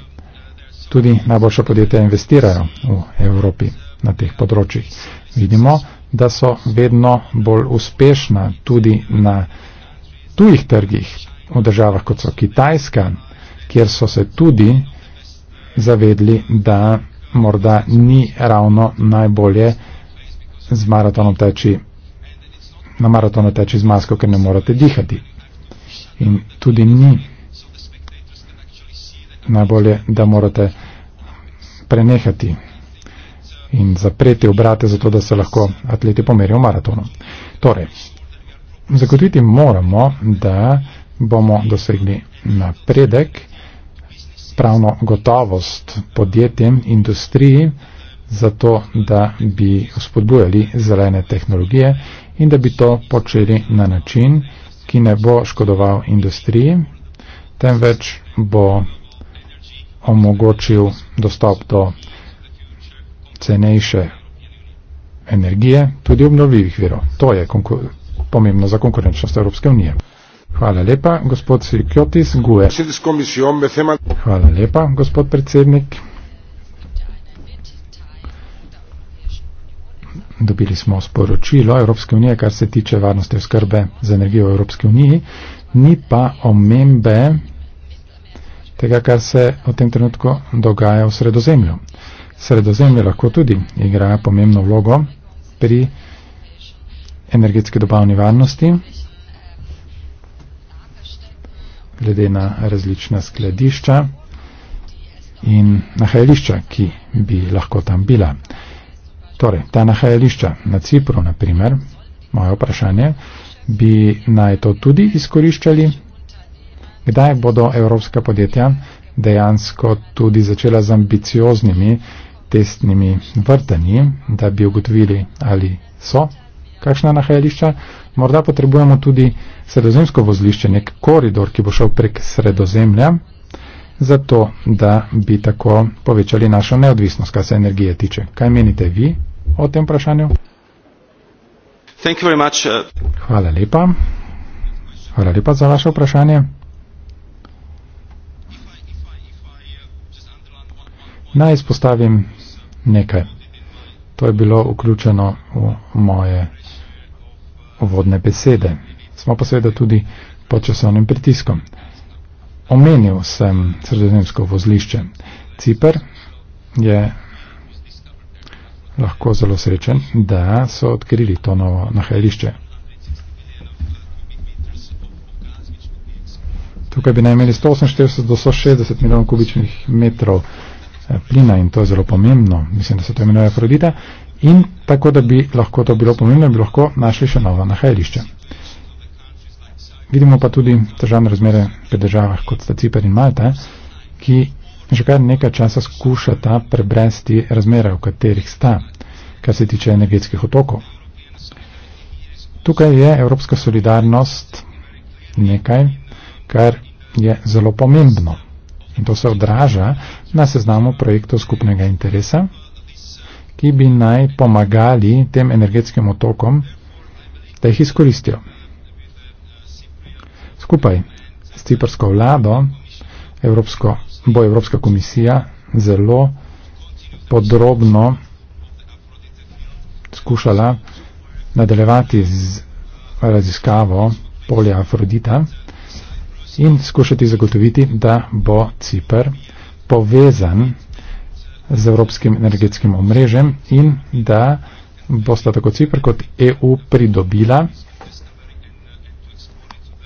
tudi najboljša podjetja investirajo v Evropi na teh področjih. Vidimo, da so vedno bolj uspešna tudi na tujih trgih v državah, kot so Kitajska, kjer so se tudi zavedli, da morda ni ravno najbolje z maratonom teči na maratonu teči z masko, ker ne morate dihati. In tudi ni najbolje, da morate prenehati in zapreti obrate, zato da se lahko atleti pomerijo maratonu. Torej, zagotoviti moramo, da bomo dosegli napredek, pravno gotovost podjetjem, industriji, zato da bi spodbujali zelene tehnologije in da bi to počeli na način, ki ne bo škodoval industriji, temveč bo omogočil dostop do cenejše energije tudi obnovljivih virov. To je pomembno za konkurenčnost Evropske unije. Hvala lepa, gospod Sirkiotis Gue. Hvala lepa, gospod predsednik. dobili smo sporočilo Evropske unije, kar se tiče varnosti oskrbe z energijo v Evropski uniji, ni pa omembe tega, kar se v tem trenutku dogaja v sredozemlju. Sredozemlje lahko tudi igra pomembno vlogo pri energetske dobavni varnosti, glede na različna skladišča in nahajališča, ki bi lahko tam bila. Torej, ta nahajališča na Cipru, na primer, moje vprašanje, bi naj to tudi izkoriščali? Kdaj bodo evropska podjetja dejansko tudi začela z ambicioznimi testnimi vrtanji, da bi ugotovili, ali so kakšna nahajališča? Morda potrebujemo tudi sredozemsko vozlišče, nek koridor, ki bo šel prek sredozemlja, zato da bi tako povečali našo neodvisnost, kar se energije tiče. Kaj menite vi? o tem vprašanju? Uh, Hvala lepa. Hvala lepa za vaše vprašanje. Naj izpostavim nekaj. To je bilo vključeno v moje uvodne besede. Smo pa seveda tudi pod časovnim pritiskom. Omenil sem sredozemsko vozlišče. Cipr je lahko zelo srečen, da so odkrili to novo nahajališče. Tukaj bi naj imeli 148 do 160 milijonov kubičnih metrov eh, plina in to je zelo pomembno, mislim, da se to imenuje Afrodita. In tako, da bi lahko to bilo pomembno, bi lahko našli še novo nahajališče. Vidimo pa tudi državne razmere pri državah kot sta Cipr in Malta, ki že kar nekaj časa skušata prebresti razmere, v katerih sta, kar se tiče energetskih otokov. Tukaj je evropska solidarnost nekaj, kar je zelo pomembno. In to se odraža na seznamu projektov skupnega interesa, ki bi naj pomagali tem energetskim otokom, da jih izkoristijo. Skupaj s ciprsko vlado, Evropsko bo Evropska komisija zelo podrobno skušala nadaljevati z raziskavo polja Afrodita in skušati zagotoviti, da bo Cipr povezan z evropskim energetskim omrežjem in da bosta tako Cipr kot EU e pridobila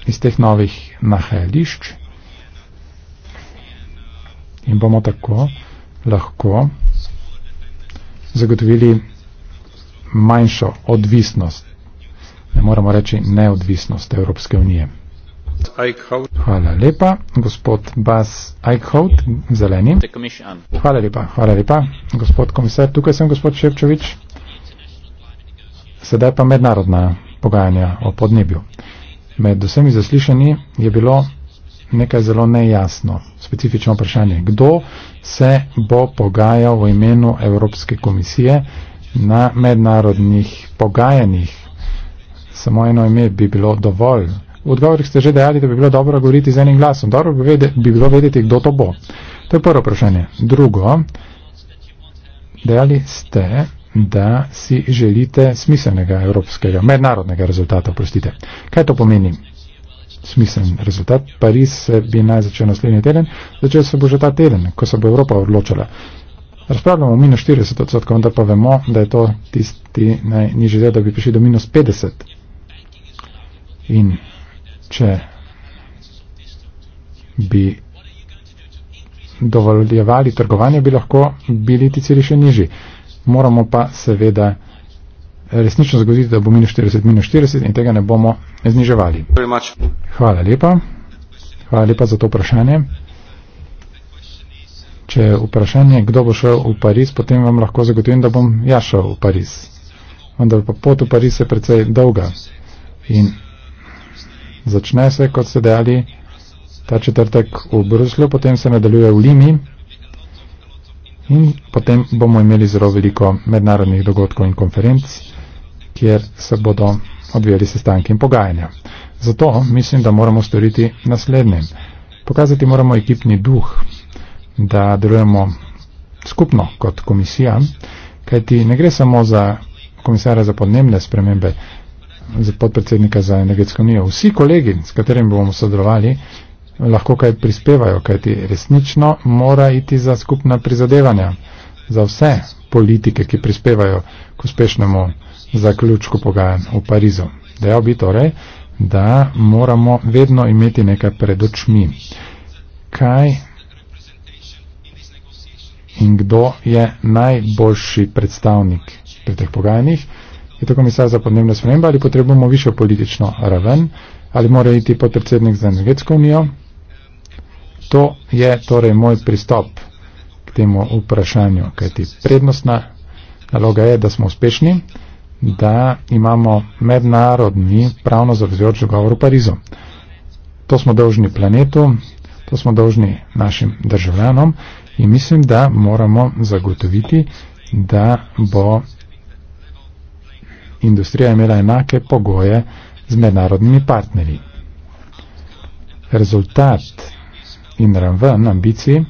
iz teh novih nahajališč in bomo tako lahko zagotovili manjšo odvisnost, ne moramo reči neodvisnost Evropske unije. Hvala lepa, gospod Bas Eichhout, zeleni. Hvala lepa, hvala lepa, gospod komisar, tukaj sem gospod Ševčovič. Sedaj pa mednarodna pogajanja o podnebju. Med vsemi zaslišanji je bilo nekaj zelo nejasno, specifično vprašanje, kdo se bo pogajal v imenu Evropske komisije na mednarodnih pogajanjih. Samo eno ime bi bilo dovolj. V odgovorih ste že dejali, da bi bilo dobro govoriti z enim glasom. Dobro bi, vede, bi bilo vedeti, kdo to bo. To je prvo vprašanje. Drugo, dejali ste, da si želite smiselnega evropskega, mednarodnega rezultata, prostite. Kaj to pomeni? smiseln rezultat. Pariz se bi naj začel naslednji teden, začel se bo že ta teden, ko se bo Evropa odločila. Razpravljamo o minus 40 odstotkov, vendar pa vemo, da je to tisti najnižji del, da bi prišli do minus 50. In če bi dovoljevali trgovanje, bi lahko bili ti cilji še nižji. Moramo pa seveda resnično zgoditi, da bo minus 40, minus 40 in tega ne bomo zniževali. Hvala lepa. Hvala lepa za to vprašanje. Če je vprašanje, kdo bo šel v Pariz, potem vam lahko zagotovim, da bom ja šel v Pariz. Vendar pa pot v Pariz je precej dolga. In začne se, kot ste dejali, ta četrtek v Bruslju, potem se nadaljuje v Limi in potem bomo imeli zelo veliko mednarodnih dogodkov in konferenc kjer se bodo odvijali sestanki in pogajanja. Zato mislim, da moramo storiti naslednje. Pokazati moramo ekipni duh, da delujemo skupno kot komisija, kajti ne gre samo za komisarja za podnebne spremembe, za podpredsednika za energetsko unijo. Vsi kolegi, s katerimi bomo sodelovali, lahko kaj prispevajo, kajti resnično mora iti za skupna prizadevanja, za vse politike, ki prispevajo k uspešnemu zaključku pogajanj v Parizu. Dejal bi torej, da moramo vedno imeti nekaj pred očmi. Kaj in kdo je najboljši predstavnik pri teh pogajanjih? Je to komisar za podnebne spremembe ali potrebujemo višjo politično raven? Ali mora iti podpredsednik za energetsko unijo? To je torej moj pristop temu vprašanju. Kajti prednostna naloga je, da smo uspešni, da imamo mednarodni pravno zavezujoč dogovor v Parizu. To smo dolžni planetu, to smo dolžni našim državljanom in mislim, da moramo zagotoviti, da bo industrija imela enake pogoje z mednarodnimi partnerji. Rezultat in raven ambicij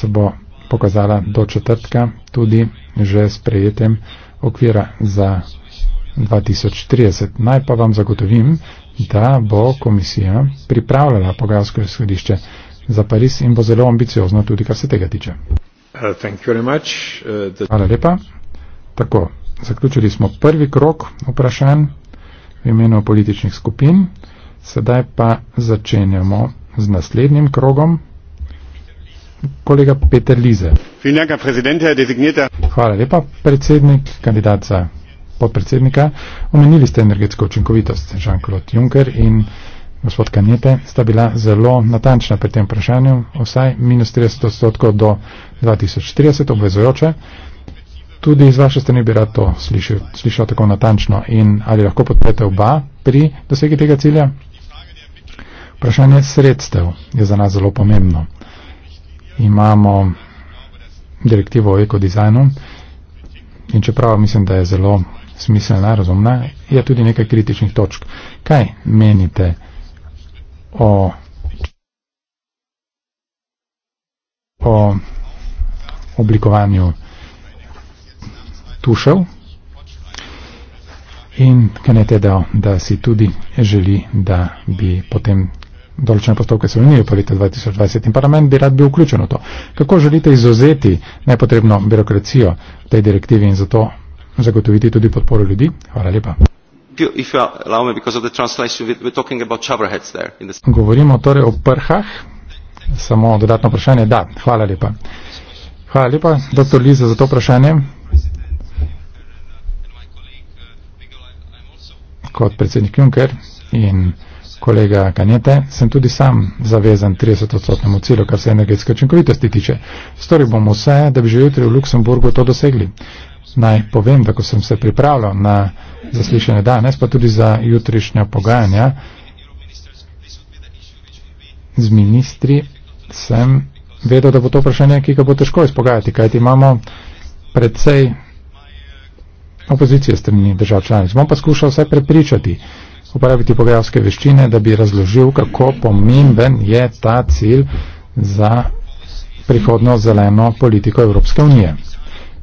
se bo pokazala do četrtka tudi že sprejetem okvira za 2030. Naj pa vam zagotovim, da bo komisija pripravljala pogajalsko izhodišče za Pariz in bo zelo ambiciozna tudi, kar se tega tiče. Uh, uh, Hvala lepa. Tako, zaključili smo prvi krok vprašanj v imenu političnih skupin. Sedaj pa začenjamo z naslednjim krogom kolega Peter Lize. Hvala lepa, predsednik, kandidat za podpredsednika. Omenili ste energetsko učinkovitost, Jean-Claude Juncker in gospod Kanete, sta bila zelo natančna pri tem vprašanju, vsaj minus 30 odstotkov do 2030 obvezojoče. Tudi iz vaše strani bi rad to slišal, slišal tako natančno in ali lahko podprete oba pri dosegi tega cilja? Vprašanje sredstev je za nas zelo pomembno imamo direktivo o ekodizajnu in čeprav mislim, da je zelo smiselna, razumna, je tudi nekaj kritičnih točk. Kaj menite o, o oblikovanju tušev in kaj ne tede, da si tudi želi, da bi potem določene postopke se unijo, pa vidite 2020 in parlament bi rad bil vključen v to. Kako želite izuzeti nepotrebno birokracijo v tej direktivi in zato zagotoviti tudi podporo ljudi? Hvala lepa. Govorimo torej o prhah. Samo dodatno vprašanje. Da, hvala lepa. Hvala lepa, dr. Liza, za to vprašanje. Kot predsednik Juncker in kolega Kanjete, sem tudi sam zavezan 30-odstotnemu cilju, kar se energetske učinkovitosti tiče. Storil bom vse, da bi že jutri v Luksemburgu to dosegli. Naj povem, da ko sem se pripravljal na zaslišanje danes, pa tudi za jutrišnja pogajanja z ministri, sem vedel, da bo to vprašanje, ki ga bo težko izpogajati, kajti imamo predvsej opozicije strani držav članic. Bom pa skušal vse prepričati uporabi tipografske veščine, da bi razložil, kako pomemben je ta cilj za prihodno zeleno politiko Evropske unije.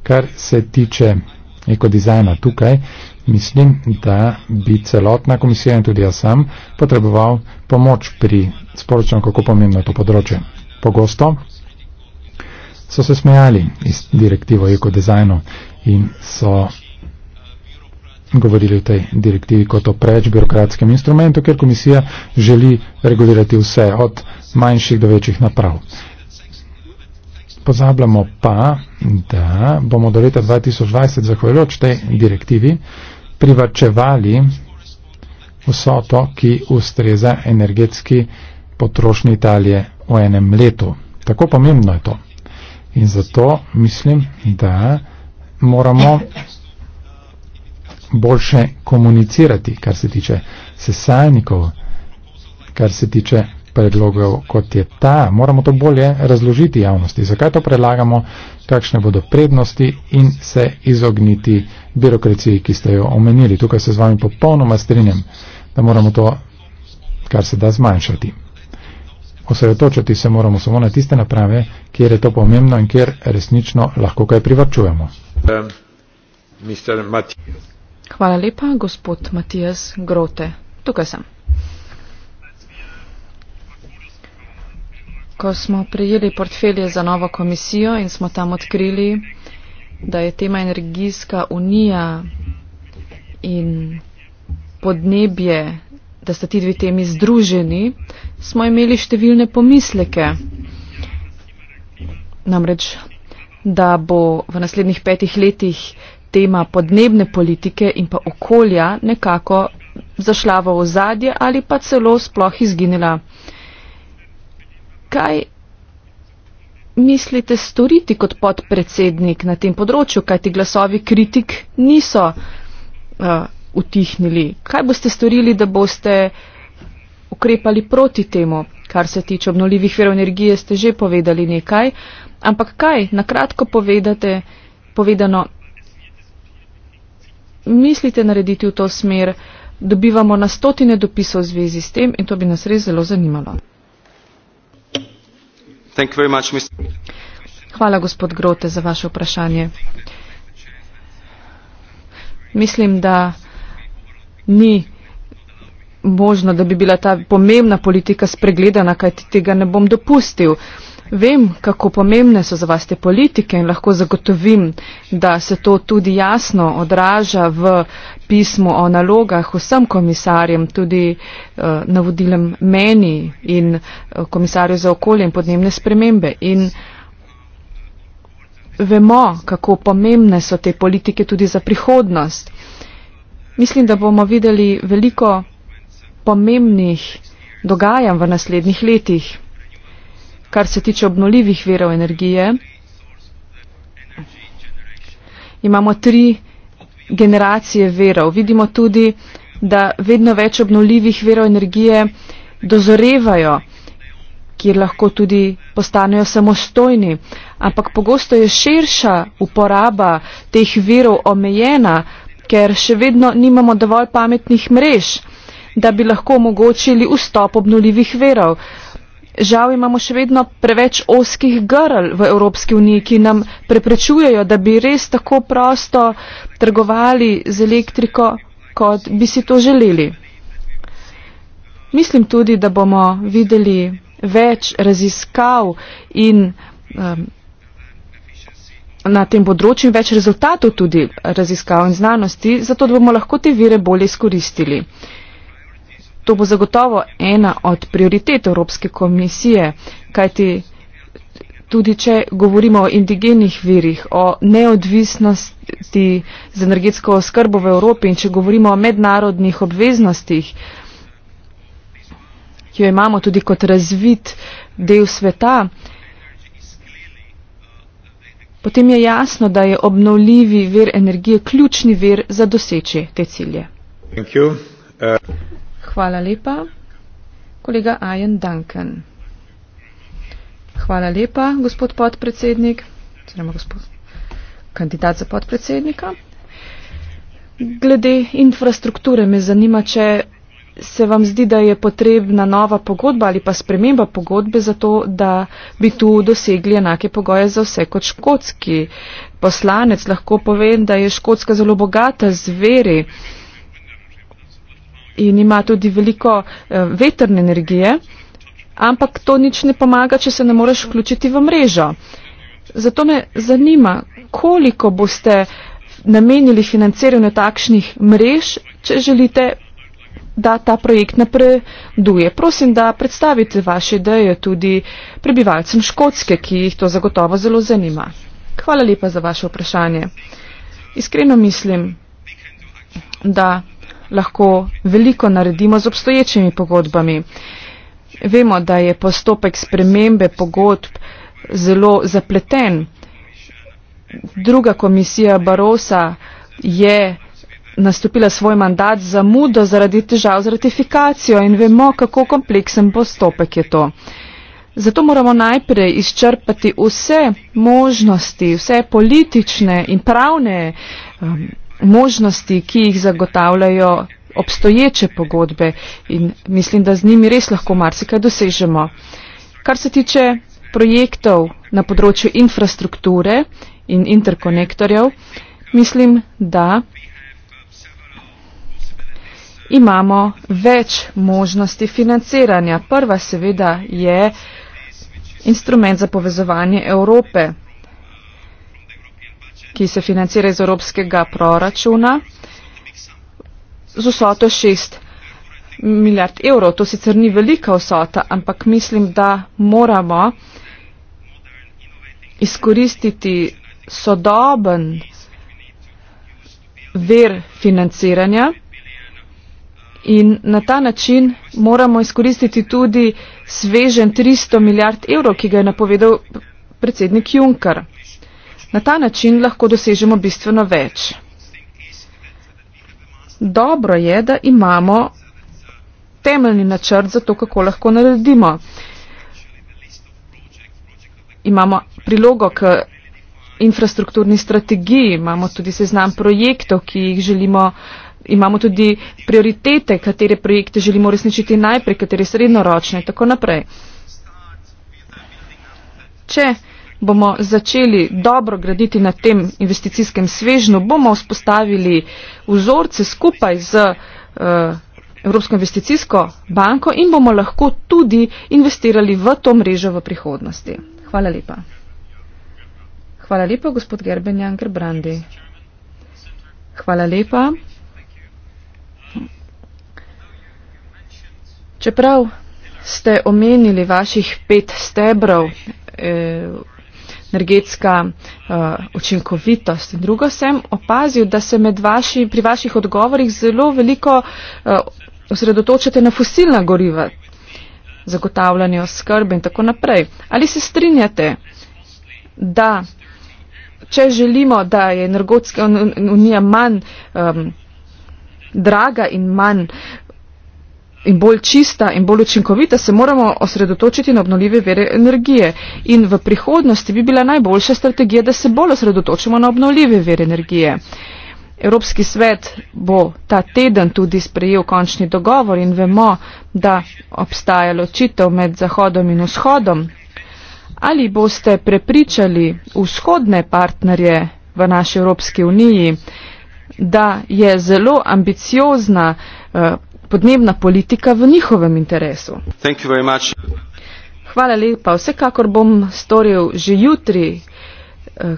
Kar se tiče ekodizajna tukaj, mislim, da bi celotna komisija in tudi jaz sam potreboval pomoč pri sporočanju, kako pomembno je to področje. Pogosto so se smejali iz direktivo ekodizajno in so govorili v tej direktivi kot o preč birokratskem instrumentu, ker komisija želi regulirati vse od manjših do večjih naprav. Pozabljamo pa, da bomo do leta 2020 zahvaljujoč tej direktivi privačevali vso to, ki ustreza energetski potrošnji Italije v enem letu. Tako pomembno je to. In zato mislim, da moramo boljše komunicirati, kar se tiče sesalnikov, kar se tiče predlogov, kot je ta. Moramo to bolje razložiti javnosti, zakaj to predlagamo, kakšne bodo prednosti in se izogniti birokraciji, ki ste jo omenili. Tukaj se z vami popolnoma strinjam, da moramo to, kar se da, zmanjšati. Osredotočiti se moramo samo na tiste naprave, kjer je to pomembno in kjer resnično lahko kaj privačujemo. Um, Hvala lepa, gospod Matijas Grote. Tukaj sem. Ko smo prijeli portfelje za novo komisijo in smo tam odkrili, da je tema energijska unija in podnebje, da sta ti dve temi združeni, smo imeli številne pomisleke. Namreč, da bo v naslednjih petih letih tema podnebne politike in pa okolja nekako zašla v ozadje ali pa celo sploh izginila. Kaj mislite storiti kot podpredsednik na tem področju, kaj ti glasovi kritik niso uh, utihnili? Kaj boste storili, da boste ukrepali proti temu, kar se tiče obnoljivih verov energije, ste že povedali nekaj, ampak kaj, na kratko povedate, povedano, mislite narediti v to smer? Dobivamo na stotine dopisov v zvezi s tem in to bi nas res zelo zanimalo. Much, Hvala, gospod Grote, za vaše vprašanje. Mislim, da ni možno, da bi bila ta pomembna politika spregledana, kajti tega ne bom dopustil. Uh, Vem, kako pomembne so za vas te politike in lahko zagotovim, da se to tudi jasno odraža v pismu o nalogah vsem komisarjem, tudi uh, eh, navodilem meni in uh, komisarju za okolje in podnebne spremembe. In vemo, kako pomembne so te politike tudi za prihodnost. Mislim, da bomo videli veliko pomembnih dogajanj v naslednjih letih kar se tiče obnoljivih verov energije, imamo tri generacije verov. Vidimo tudi, da vedno več obnoljivih verov energije dozorevajo, kjer lahko tudi postanejo samostojni. Ampak pogosto je širša uporaba teh verov omejena, ker še vedno nimamo dovolj pametnih mrež, da bi lahko omogočili vstop obnoljivih verov žal imamo še vedno preveč oskih grl v Evropski uniji, ki nam preprečujejo, da bi res tako prosto trgovali z elektriko, kot bi si to želeli. Mislim tudi, da bomo videli več raziskav in um, na tem področju več rezultatov tudi raziskav in znanosti, zato da bomo lahko te vire bolje izkoristili. To bo zagotovo ena od prioritet Evropske komisije, kajti tudi če govorimo o indigenih virih, o neodvisnosti z energetsko oskrbo v Evropi in če govorimo o mednarodnih obveznostih, ki jo imamo tudi kot razvit del sveta, potem je jasno, da je obnovljivi vir energije ključni vir za doseči te cilje. Uh, Hvala lepa. Kolega Ajen Duncan. Hvala lepa, gospod podpredsednik, oziroma gospod kandidat za podpredsednika. Glede infrastrukture me zanima, če se vam zdi, da je potrebna nova pogodba ali pa sprememba pogodbe za to, da bi tu dosegli enake pogoje za vse kot škotski poslanec. Lahko povem, da je škotska zelo bogata z veri. Uh, in ima tudi veliko uh, vetrne energije, ampak to nič ne pomaga, če se ne moreš vključiti v mrežo. Zato me zanima, koliko boste namenili financiranju takšnih mrež, če želite, da ta projekt napreduje. Prosim, da predstavite vaše ideje tudi prebivalcem Škotske, ki jih to zagotovo zelo zanima. Hvala lepa za vaše vprašanje. Iskreno mislim, da lahko veliko naredimo z obstoječimi pogodbami. Vemo, da je postopek spremembe pogodb zelo zapleten. Druga komisija Barosa je nastopila svoj mandat za mudo zaradi težav z ratifikacijo in vemo, kako kompleksen postopek je to. Zato moramo najprej izčrpati vse možnosti, vse politične in pravne um, možnosti, ki jih zagotavljajo obstoječe pogodbe in mislim, da z njimi res lahko marsikaj dosežemo. Kar se tiče projektov na področju infrastrukture in interkonektorjev, mislim, da imamo več možnosti financiranja. Prva seveda je instrument za povezovanje Evrope ki se financira iz evropskega proračuna z vsoto 6 milijard evrov. To sicer ni velika vsota, ampak mislim, da moramo izkoristiti sodoben ver financiranja in na ta način moramo izkoristiti tudi svežen 300 milijard evrov, ki ga je napovedal predsednik Juncker. Na ta način lahko dosežemo bistveno več. Dobro je, da imamo temeljni načrt za to, kako lahko naredimo. Imamo prilogo k infrastrukturni strategiji, imamo tudi seznam projektov, ki jih želimo, imamo tudi prioritete, katere projekte želimo resničiti najprej, katere srednjeročne in tako naprej. Če bomo začeli dobro graditi na tem investicijskem svežnju, bomo vzpostavili vzorce skupaj z uh, Evropsko investicijsko banko in bomo lahko tudi investirali v to mrežo v prihodnosti. Hvala lepa. Hvala lepa, gospod Gerbenjan Gerbrandi. Hvala lepa. Čeprav ste omenili vaših pet stebrov, eh, energetska uh, učinkovitost. In drugo sem opazil, da se med vaši, pri vaših odgovorih zelo veliko uh, osredotočate na fosilna goriva, zagotavljanje oskrbe in tako naprej. Ali se strinjate, da če želimo, da je energetska unija manj um, draga in manj uh, in bolj čista in bolj učinkovita, se moramo osredotočiti na obnovljive vere energije. In v prihodnosti bi bila najboljša strategija, da se bolj osredotočimo na obnovljive vere energije. Evropski svet bo ta teden tudi sprejel končni dogovor in vemo, da obstaja ločitev med Zahodom in Vzhodom. Ali boste prepričali vzhodne partnerje v naši Evropski uniji, da je zelo ambiciozna eh, podnebna politika v njihovem interesu. Hvala lepa. Vsekakor bom storil že jutri eh,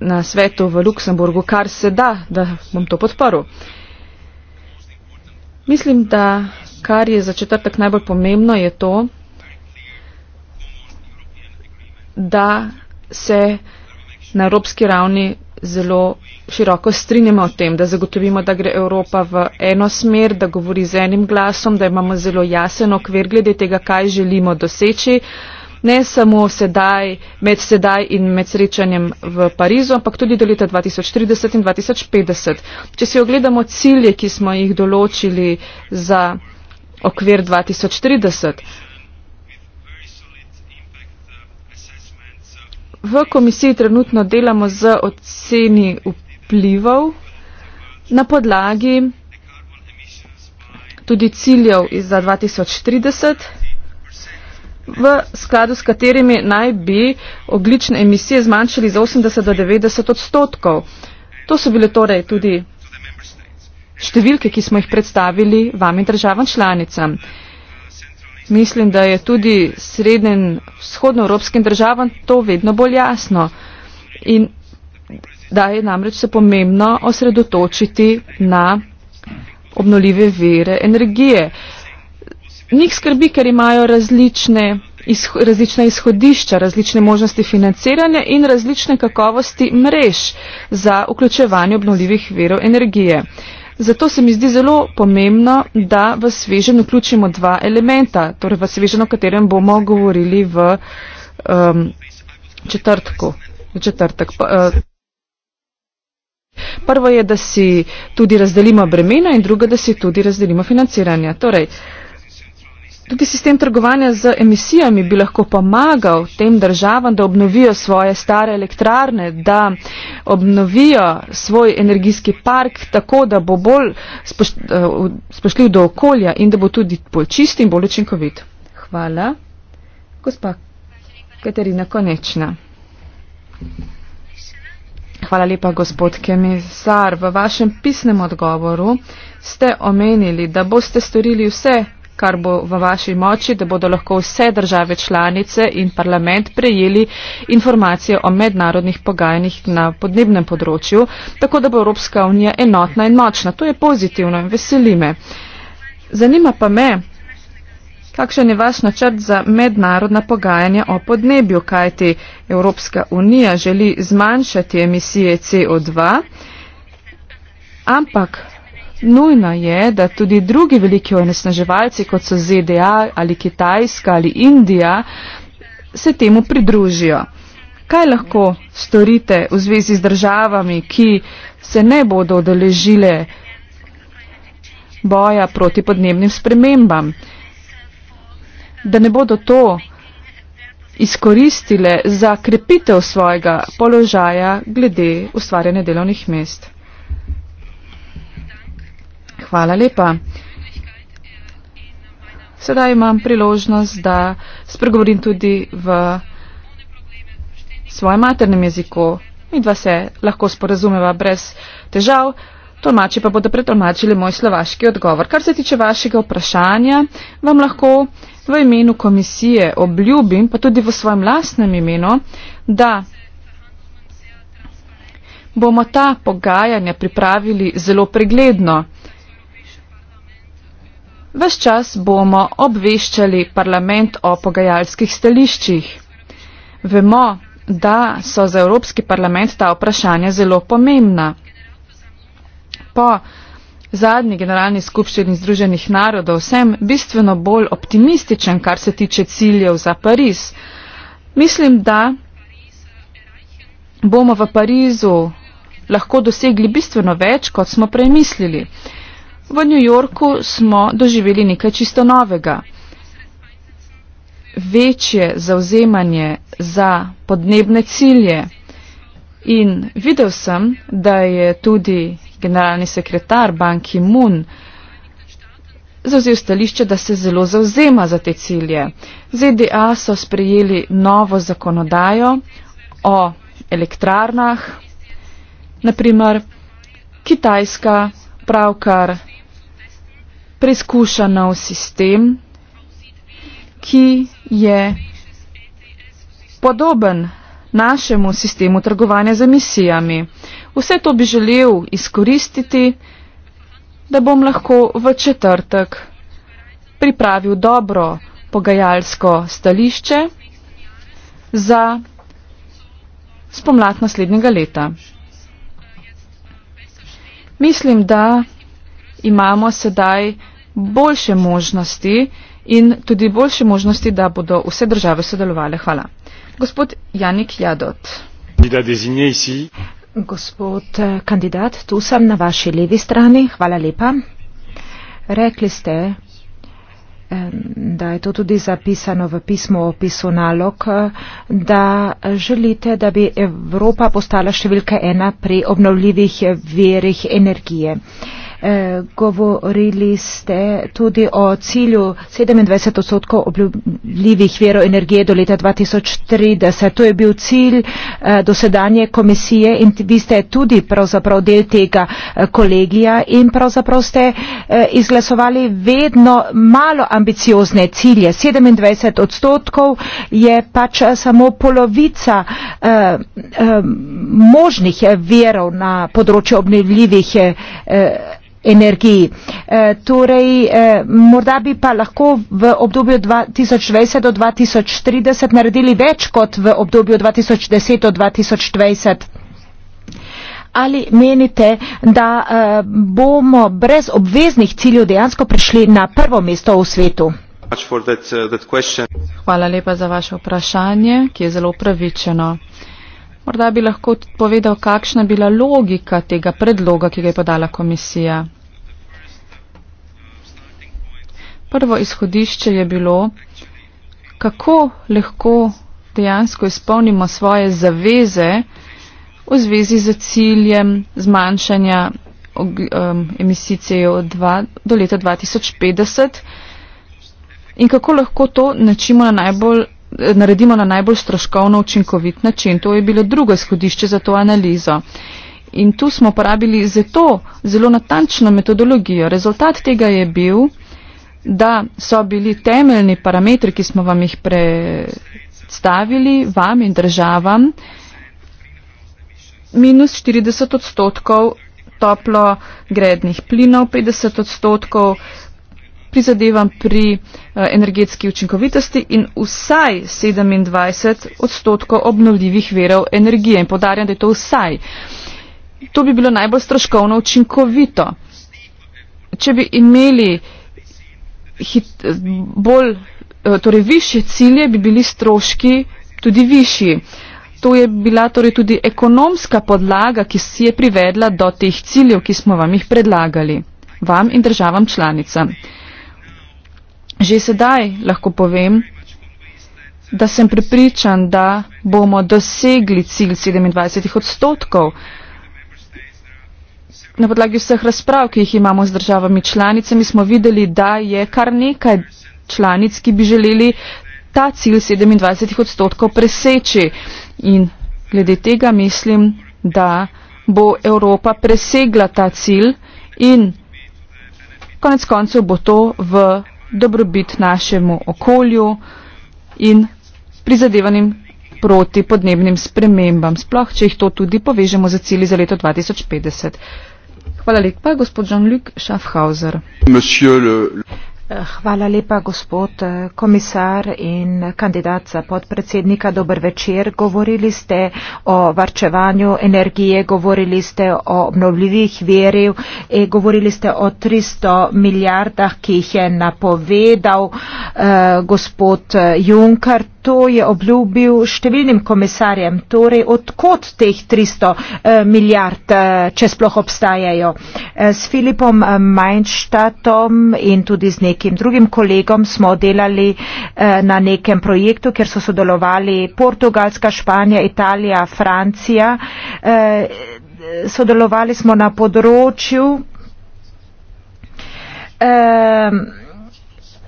na svetu v Luksemburgu, kar se da, da bom to podporil. Mislim, da kar je za četrtek najbolj pomembno, je to, da se na evropski ravni zelo široko strinjamo o tem, da zagotovimo, da gre Evropa v eno smer, da govori z enim glasom, da imamo zelo jasen okvir glede tega, kaj želimo doseči. Ne samo sedaj, med sedaj in med srečanjem v Parizu, ampak tudi do leta 2030 in 2050. Če si ogledamo cilje, ki smo jih določili za okvir 2030, V komisiji trenutno delamo z oceni vplivov na podlagi tudi ciljev iz za 2030, v skladu s katerimi naj bi oglične emisije zmanjšali za 80 do 90 odstotkov. To so bile torej tudi številke, ki smo jih predstavili vami državam članicam. Mislim, da je tudi srednjim vzhodnoevropskim državam to vedno bolj jasno. In da je namreč se pomembno osredotočiti na obnoljive vere energije. Njih skrbi, ker imajo različne, izho, različne izhodišča, različne možnosti financiranja in različne kakovosti mrež za vključevanje obnoljivih verov energije. Uh, Zato se mi zdi zelo pomembno, da v sveženju vključimo dva elementa, torej v sveženju, o katerem bomo govorili v um, četrtku. V četrtek. Eh, prvo je, da si tudi razdelimo bremena in drugo, da si tudi razdelimo financiranje. Torej, uh, Tudi sistem trgovanja z emisijami bi lahko pomagal tem državam, da obnovijo svoje stare elektrarne, da obnovijo svoj energijski park tako, da bo bolj eh, spoštljiv do okolja in da bo tudi bolj čist in bolj učinkovit. Hvala. Gospa Katerina Konečna. Hvala lepa, gospod Kemizar. V vašem pisnem odgovoru ste omenili, da boste storili vse, kar bo v vaši moči, da bodo lahko vse države članice in parlament prejeli informacije o mednarodnih pogajanjih na podnebnem področju, tako da bo Evropska unija enotna in močna. To je pozitivno in veselime. Zanima pa me, kakšen je vaš načrt za mednarodna pogajanja o podnebju, kajti Evropska unija želi zmanjšati emisije CO2, ampak Nujno je, da tudi drugi veliki onesnaževalci, kot so ZDA ali Kitajska ali Indija, se temu pridružijo. Kaj lahko storite v zvezi z državami, ki se ne bodo odeležile boja proti podnebnim spremembam? Da ne bodo to izkoristile za krepitev svojega položaja glede ustvarjanja delovnih mest. Hvala lepa. Sedaj imam priložnost, da spregovorim tudi v svojem maternem jeziku. Mi dva se lahko sporazumeva brez težav, tolmači pa bodo pretolmačili moj slovaški odgovor. Kar se tiče vašega vprašanja, vam lahko v imenu komisije obljubim, pa tudi v svojem lastnem imenu, da bomo ta pogajanja pripravili zelo pregledno. Ves čas bomo obveščali parlament o pogajalskih stališčih. Vemo, da so za Evropski parlament ta vprašanja zelo pomembna. Po zadnji generalni skupščini Združenih narodov sem bistveno bolj optimističen, kar se tiče ciljev za Pariz. Mislim, da bomo v Parizu lahko dosegli bistveno več, kot smo premislili. mislili. V New Yorku smo doživeli nekaj čisto novega. Večje zauzemanje za podnebne cilje. In videl sem, da je tudi generalni sekretar banki Moon zauzel stališče, da se zelo zauzema za te cilje. ZDA so sprejeli novo zakonodajo o elektrarnah, naprimer Kitajska pravkar preizkuša nov sistem, ki je podoben našemu sistemu trgovanja z emisijami. Vse to bi želel izkoristiti, da bom lahko v četrtek pripravil dobro pogajalsko stališče za spomlad naslednjega leta. Mislim, da imamo sedaj boljše možnosti in tudi boljše možnosti, da bodo vse države sodelovale. Hvala. Gospod Janik Jadot. Gospod eh, kandidat, tu sem na vaši levi strani. Hvala lepa. Rekli ste, da je to tudi zapisano v pismo o pisu nalog, da želite, da bi Evropa postala številka ena pri obnovljivih verih energije. Eh, govorili ste tudi o cilju 27 odstotkov obljubljivih verov energije do leta 2030. To je bil cilj eh, dosedanje komisije in vi ste tudi pravzaprav del tega eh, kolegija in pravzaprav ste izglasovali vedno malo ambiciozne cilje. 27 odstotkov je pač samo polovica možnih verov na področju obljubljivih energiji. E, torej, e, morda bi pa lahko v obdobju 2020 do 2030 naredili več kot v obdobju 2010 do 2020. Ali menite, da e, bomo brez obveznih ciljev dejansko prišli na prvo mesto v svetu? Uh, Hvala lepa za vaše vprašanje, ki je zelo pravičeno. Morda bi lahko povedal, kakšna je bila logika tega predloga, ki ga je podala komisija. Prvo izhodišče je bilo, kako lahko dejansko izpolnimo svoje zaveze v zvezi z ciljem zmanjšanja um, emisij CO2 do leta 2050 in kako lahko to načimo na najbolj naredimo na najbolj stroškovno učinkovit način. To je bilo drugo izhodišče za to analizo. In tu smo uporabili zato zelo natančno metodologijo. Rezultat tega je bil, da so bili temeljni parametri, ki smo vam jih predstavili, vam in državam, minus 40 odstotkov toplogrednih plinov, 50 odstotkov prizadevanj pri eh, energetski učinkovitosti in vsaj 27 odstotkov obnovljivih verov energije. In podarjam, da je to vsaj. To bi bilo najbolj stroškovno učinkovito. Če bi imeli hit, bolj, eh, torej više cilje, bi bili stroški tudi višji. To je bila torej tudi ekonomska podlaga, ki si je privedla do teh ciljev, ki smo vam jih predlagali, vam in državam članicam. Že sedaj lahko povem, da sem pripričan, da bomo dosegli cilj 27 odstotkov. Na podlagi vseh razprav, ki jih imamo z državami članicami, smo videli, da je kar nekaj članic, ki bi želeli ta cilj 27 odstotkov preseči. In glede tega mislim, da bo Evropa presegla ta cilj in konec koncev bo to v dobrobit našemu okolju in prizadevanim proti podnebnim spremembam, sploh če jih to tudi povežemo za cilji za leto 2050. Hvala lepa, gospod Jean-Luc Schaffhauser. Monsieur le... Hvala lepa, gospod eh, komisar in kandidat za podpredsednika. Dober večer. Govorili ste o varčevanju energije, govorili ste o obnovljivih veril, e, govorili ste o 300 milijardah, ki jih je napovedal eh, gospod eh, Junkart to je obljubil številnim komisarjem. Torej, odkot teh 300 eh, milijard, eh, če sploh obstajajo? Eh, s Filipom Meinštatom in tudi z nekim drugim kolegom smo delali na nekem projektu, kjer so sodelovali Portugalska, Španija, Italija, Francija. Sodelovali smo na področju.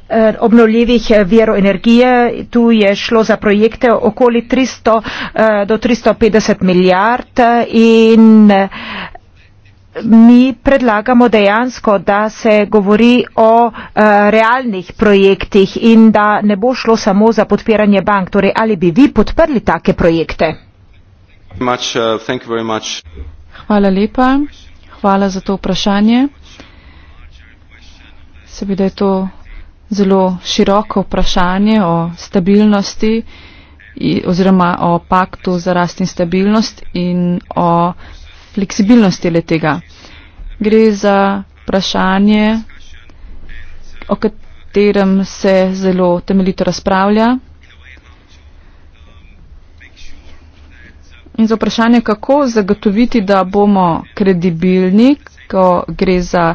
Eh, obnovljivih eh, virov energije. Tu je šlo za projekte okoli 300 eh, do 350 milijard in mi predlagamo dejansko, da se govori o realnih projektih in da ne bo šlo samo za podpiranje bank. Torej, ali bi vi podprli take projekte? Uh, Hvala lepa. Hvala za to vprašanje. Seveda je to zelo široko vprašanje o stabilnosti oziroma o paktu za rast in stabilnost in o fleksibilnosti le tega. Gre za vprašanje, o katerem se zelo temeljito razpravlja. In za vprašanje, kako zagotoviti, da bomo kredibilni, ko gre za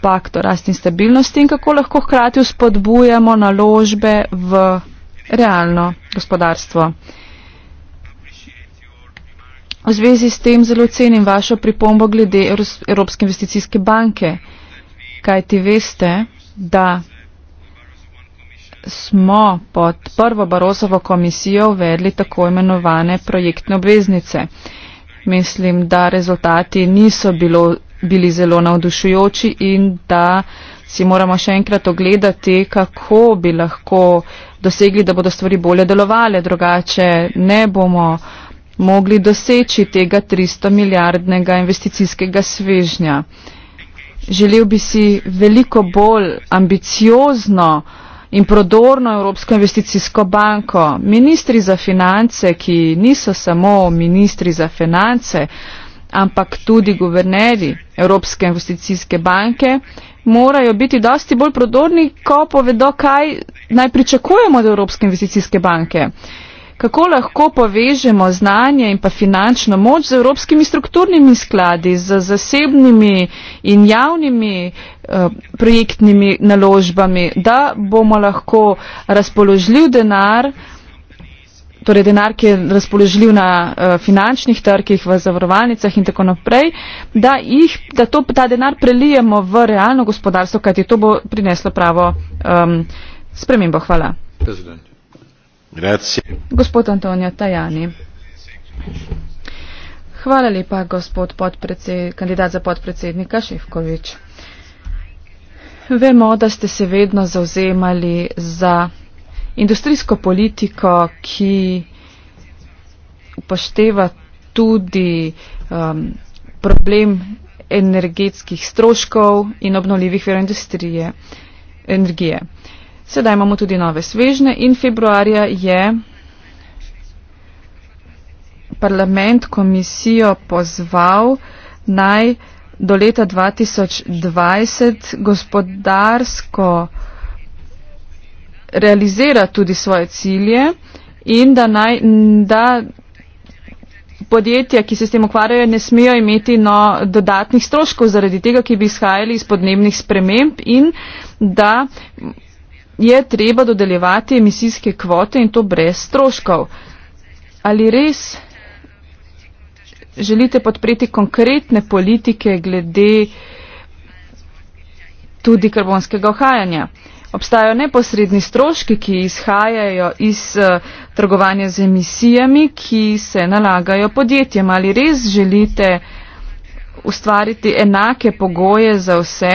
pakt o rasti in stabilnosti in kako lahko hkrati uspodbujamo naložbe v realno gospodarstvo. V zvezi s tem zelo cenim vašo pripombo glede Evropske investicijske banke, kaj ti veste, da smo pod prvo Barosovo komisijo uvedli tako imenovane projektne obveznice. Mislim, da rezultati niso bilo, bili zelo navdušujoči in da si moramo še enkrat ogledati, kako bi lahko dosegli, da bodo stvari bolje delovale, drugače ne bomo mogli doseči tega 300 milijardnega investicijskega svežnja. Želel bi si veliko bolj ambiciozno in prodorno Evropsko investicijsko banko. Ministri za finance, ki niso samo ministri za finance, ampak tudi guvernerji Evropske investicijske banke morajo biti dosti bolj prodorni, ko povedo, kaj naj pričakujemo od Evropske investicijske banke. Kako lahko povežemo znanje in pa finančno moč z evropskimi strukturnimi skladi, z zasebnimi in javnimi eh, projektnimi naložbami, da bomo lahko razpoložljiv denar eh, torej denar, ki je razpoložljiv na uh, finančnih trgih, v zavarovalnicah in tako naprej, da, jih, da to, ta denar prelijemo v realno gospodarstvo, kajti to bo prineslo pravo um, spremembo. Hvala. Gospod Antonijo Tajani. Hvala lepa, gospod kandidat za podpredsednika Šefkovič. Vemo, da ste se vedno zauzemali za industrijsko politiko, ki upošteva tudi um, problem energetskih stroškov in obnovljivih verov industrije energije. Sedaj imamo tudi nove svežne in februarja je parlament komisijo pozval naj do leta 2020 gospodarsko realizira tudi svoje cilje in da, naj, da podjetja, ki se s tem ukvarjajo, ne smejo imeti no, dodatnih stroškov zaradi tega, ki bi izhajali iz podnebnih sprememb in da je treba dodeljevati emisijske kvote in to brez stroškov. Ali res želite podpreti konkretne politike glede tudi karbonskega ohajanja? Obstajajo neposredni stroški, ki izhajajo iz uh, trgovanja z emisijami, ki se nalagajo podjetjem. Ali res želite ustvariti enake pogoje za vse?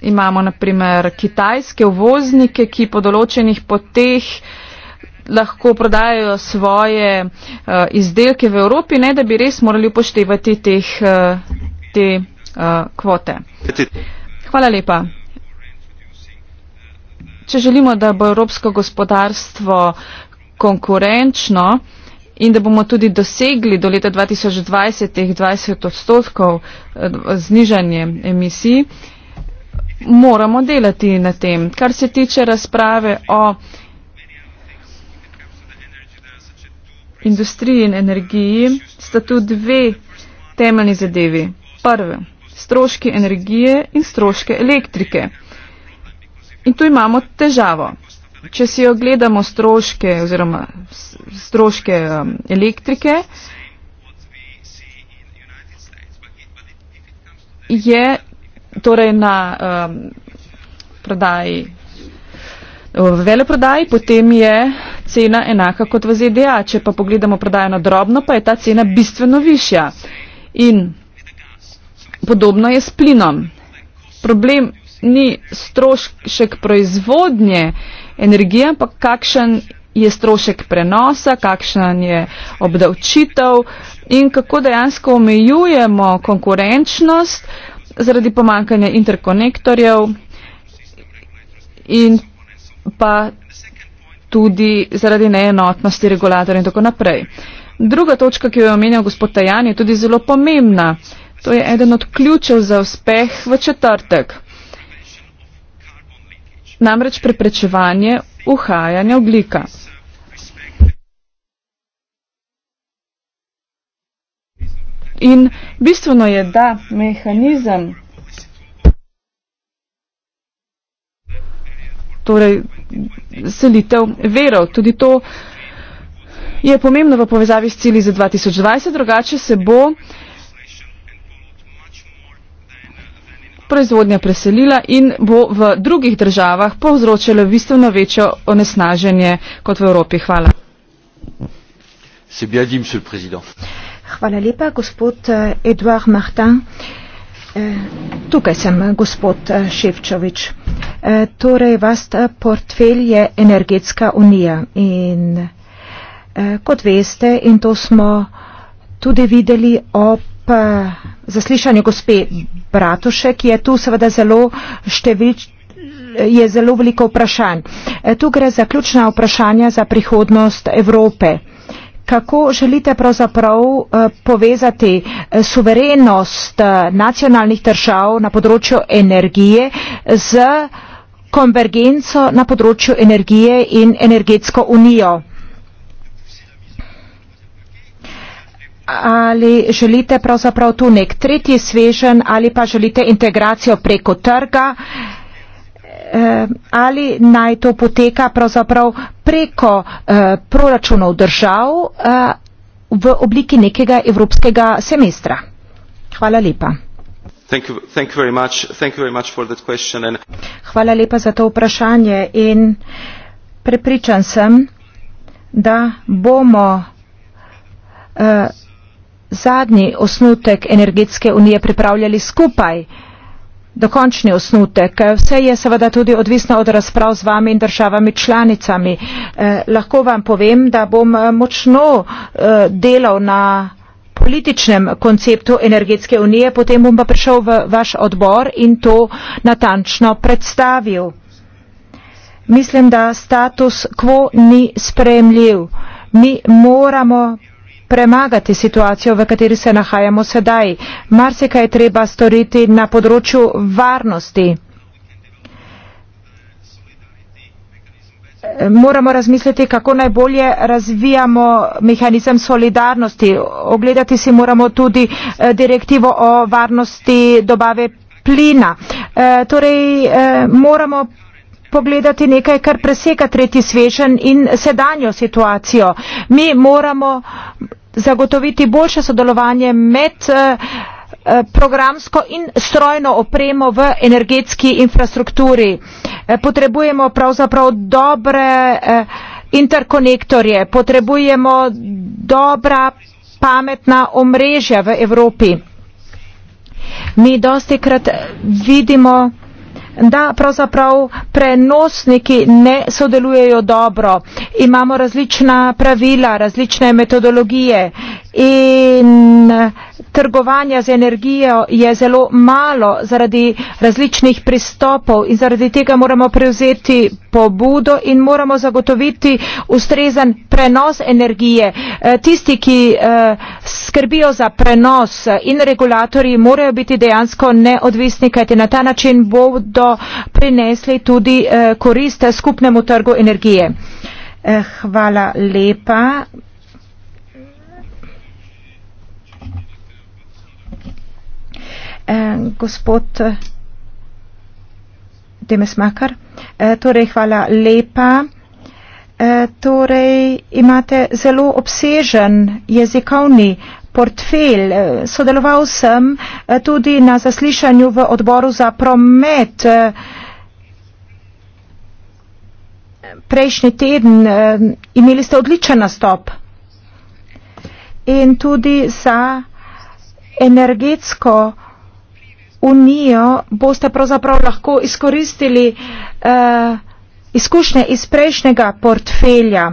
Imamo naprimer kitajske uvoznike, ki po določenih poteh lahko prodajajo svoje uh, izdelke v Evropi, ne da bi res morali upoštevati teh, uh, te uh, kvote. Hvala lepa če želimo, da bo evropsko gospodarstvo konkurenčno in da bomo tudi dosegli do leta 2020 teh 20 odstotkov eh, znižanje emisij, moramo delati na tem. Kar se tiče razprave o industriji in energiji, sta tu dve temeljni zadevi. Prve, stroški energije in stroške elektrike. In tu imamo težavo. Če si ogledamo stroške oziroma stroške um, elektrike, je torej na um, prodaji, v veleprodaji, potem je cena enaka kot v ZDA. Če pa pogledamo prodajo na drobno, pa je ta cena bistveno višja. In podobno je s plinom. Problem ni strošek proizvodnje energije, ampak kakšen je strošek prenosa, kakšen je obdavčitev in kako dejansko omejujemo konkurenčnost zaradi pomankanja interkonektorjev in pa tudi zaradi neenotnosti regulatorjev in tako naprej. Druga točka, ki jo je omenjal gospod Tajan, je tudi zelo pomembna. To je eden od ključev za uspeh v četrtek namreč preprečevanje uhajanja oglika. In bistveno je, da mehanizem, torej selitev verov, tudi to je pomembno v povezavi s cilji za 2020, drugače se bo. proizvodnja preselila in bo v drugih državah povzročila bistveno večjo onesnaženje kot v Evropi. Hvala. Hvala lepa, gospod eh, Eduard Martin. Eh, tukaj sem, eh, gospod Ševčovič. Torej, vas portfelj je Energetska unija in kot veste, in to smo tudi videli ob zaslišanju gospe Bratuše, ki je tu seveda zelo števič, je zelo veliko vprašanj. E, tu gre za ključna vprašanja za prihodnost Evrope. Kako želite pravzaprav e, povezati e, suverenost nacionalnih držav na področju energije z konvergenco na področju energije in energetsko unijo? ali želite pravzaprav tu nek tretji svežen ali pa želite integracijo preko trga eh, ali naj to poteka pravzaprav preko eh, proračunov držav eh, v obliki nekega evropskega semestra. Hvala lepa. Thank you, thank you much, and... Hvala lepa za to vprašanje in prepričan sem, da bomo uh, zadnji osnutek energetske unije pripravljali skupaj, dokončni osnutek. Vse je seveda tudi odvisno od razprav z vami in državami članicami. Eh, lahko vam povem, da bom eh, močno eh, delal na političnem konceptu energetske unije, potem bom pa prišel v vaš odbor in to natančno predstavil. Mislim, da status quo ni spremljiv. Mi moramo premagati situacijo, v kateri se nahajamo sedaj. Marsikaj treba storiti na področju varnosti. Moramo razmisliti, kako najbolje razvijamo mehanizem solidarnosti. Ogledati si moramo tudi eh, direktivo o varnosti dobave plina. E, torej, e, moramo pogledati nekaj, kar preseka tretji svečen in sedanjo situacijo. Mi moramo zagotoviti boljše sodelovanje med eh, eh, programsko in strojno opremo v energetski infrastrukturi. Eh, potrebujemo pravzaprav dobre interkonektorje, potrebujemo dobra pametna omrežja v Evropi. Mi dosti krat vidimo, da pravzaprav prenosniki ne sodelujejo dobro. Imamo različna pravila, različne metodologije in eh, trgovanja z energijo je zelo malo zaradi različnih pristopov in zaradi tega moramo prevzeti pobudo in moramo zagotoviti ustrezen prenos energije. Eh, tisti, ki eh, skrbijo za prenos in regulatori, morajo biti dejansko neodvisni, kajti na ta način bodo prinesli tudi koriste skupnemu trgu energije. Hvala lepa. Eh, gospod eh, Demesmakar. Eh, torej, hvala lepa. Torej, imate zelo obsežen jezikovni portfelj. Sodeloval sem tudi na zaslišanju v odboru za promet prejšnji teden. Imeli ste odličen nastop in tudi za energetsko unijo boste pravzaprav lahko izkoristili uh, izkušnje iz prejšnjega portfelja.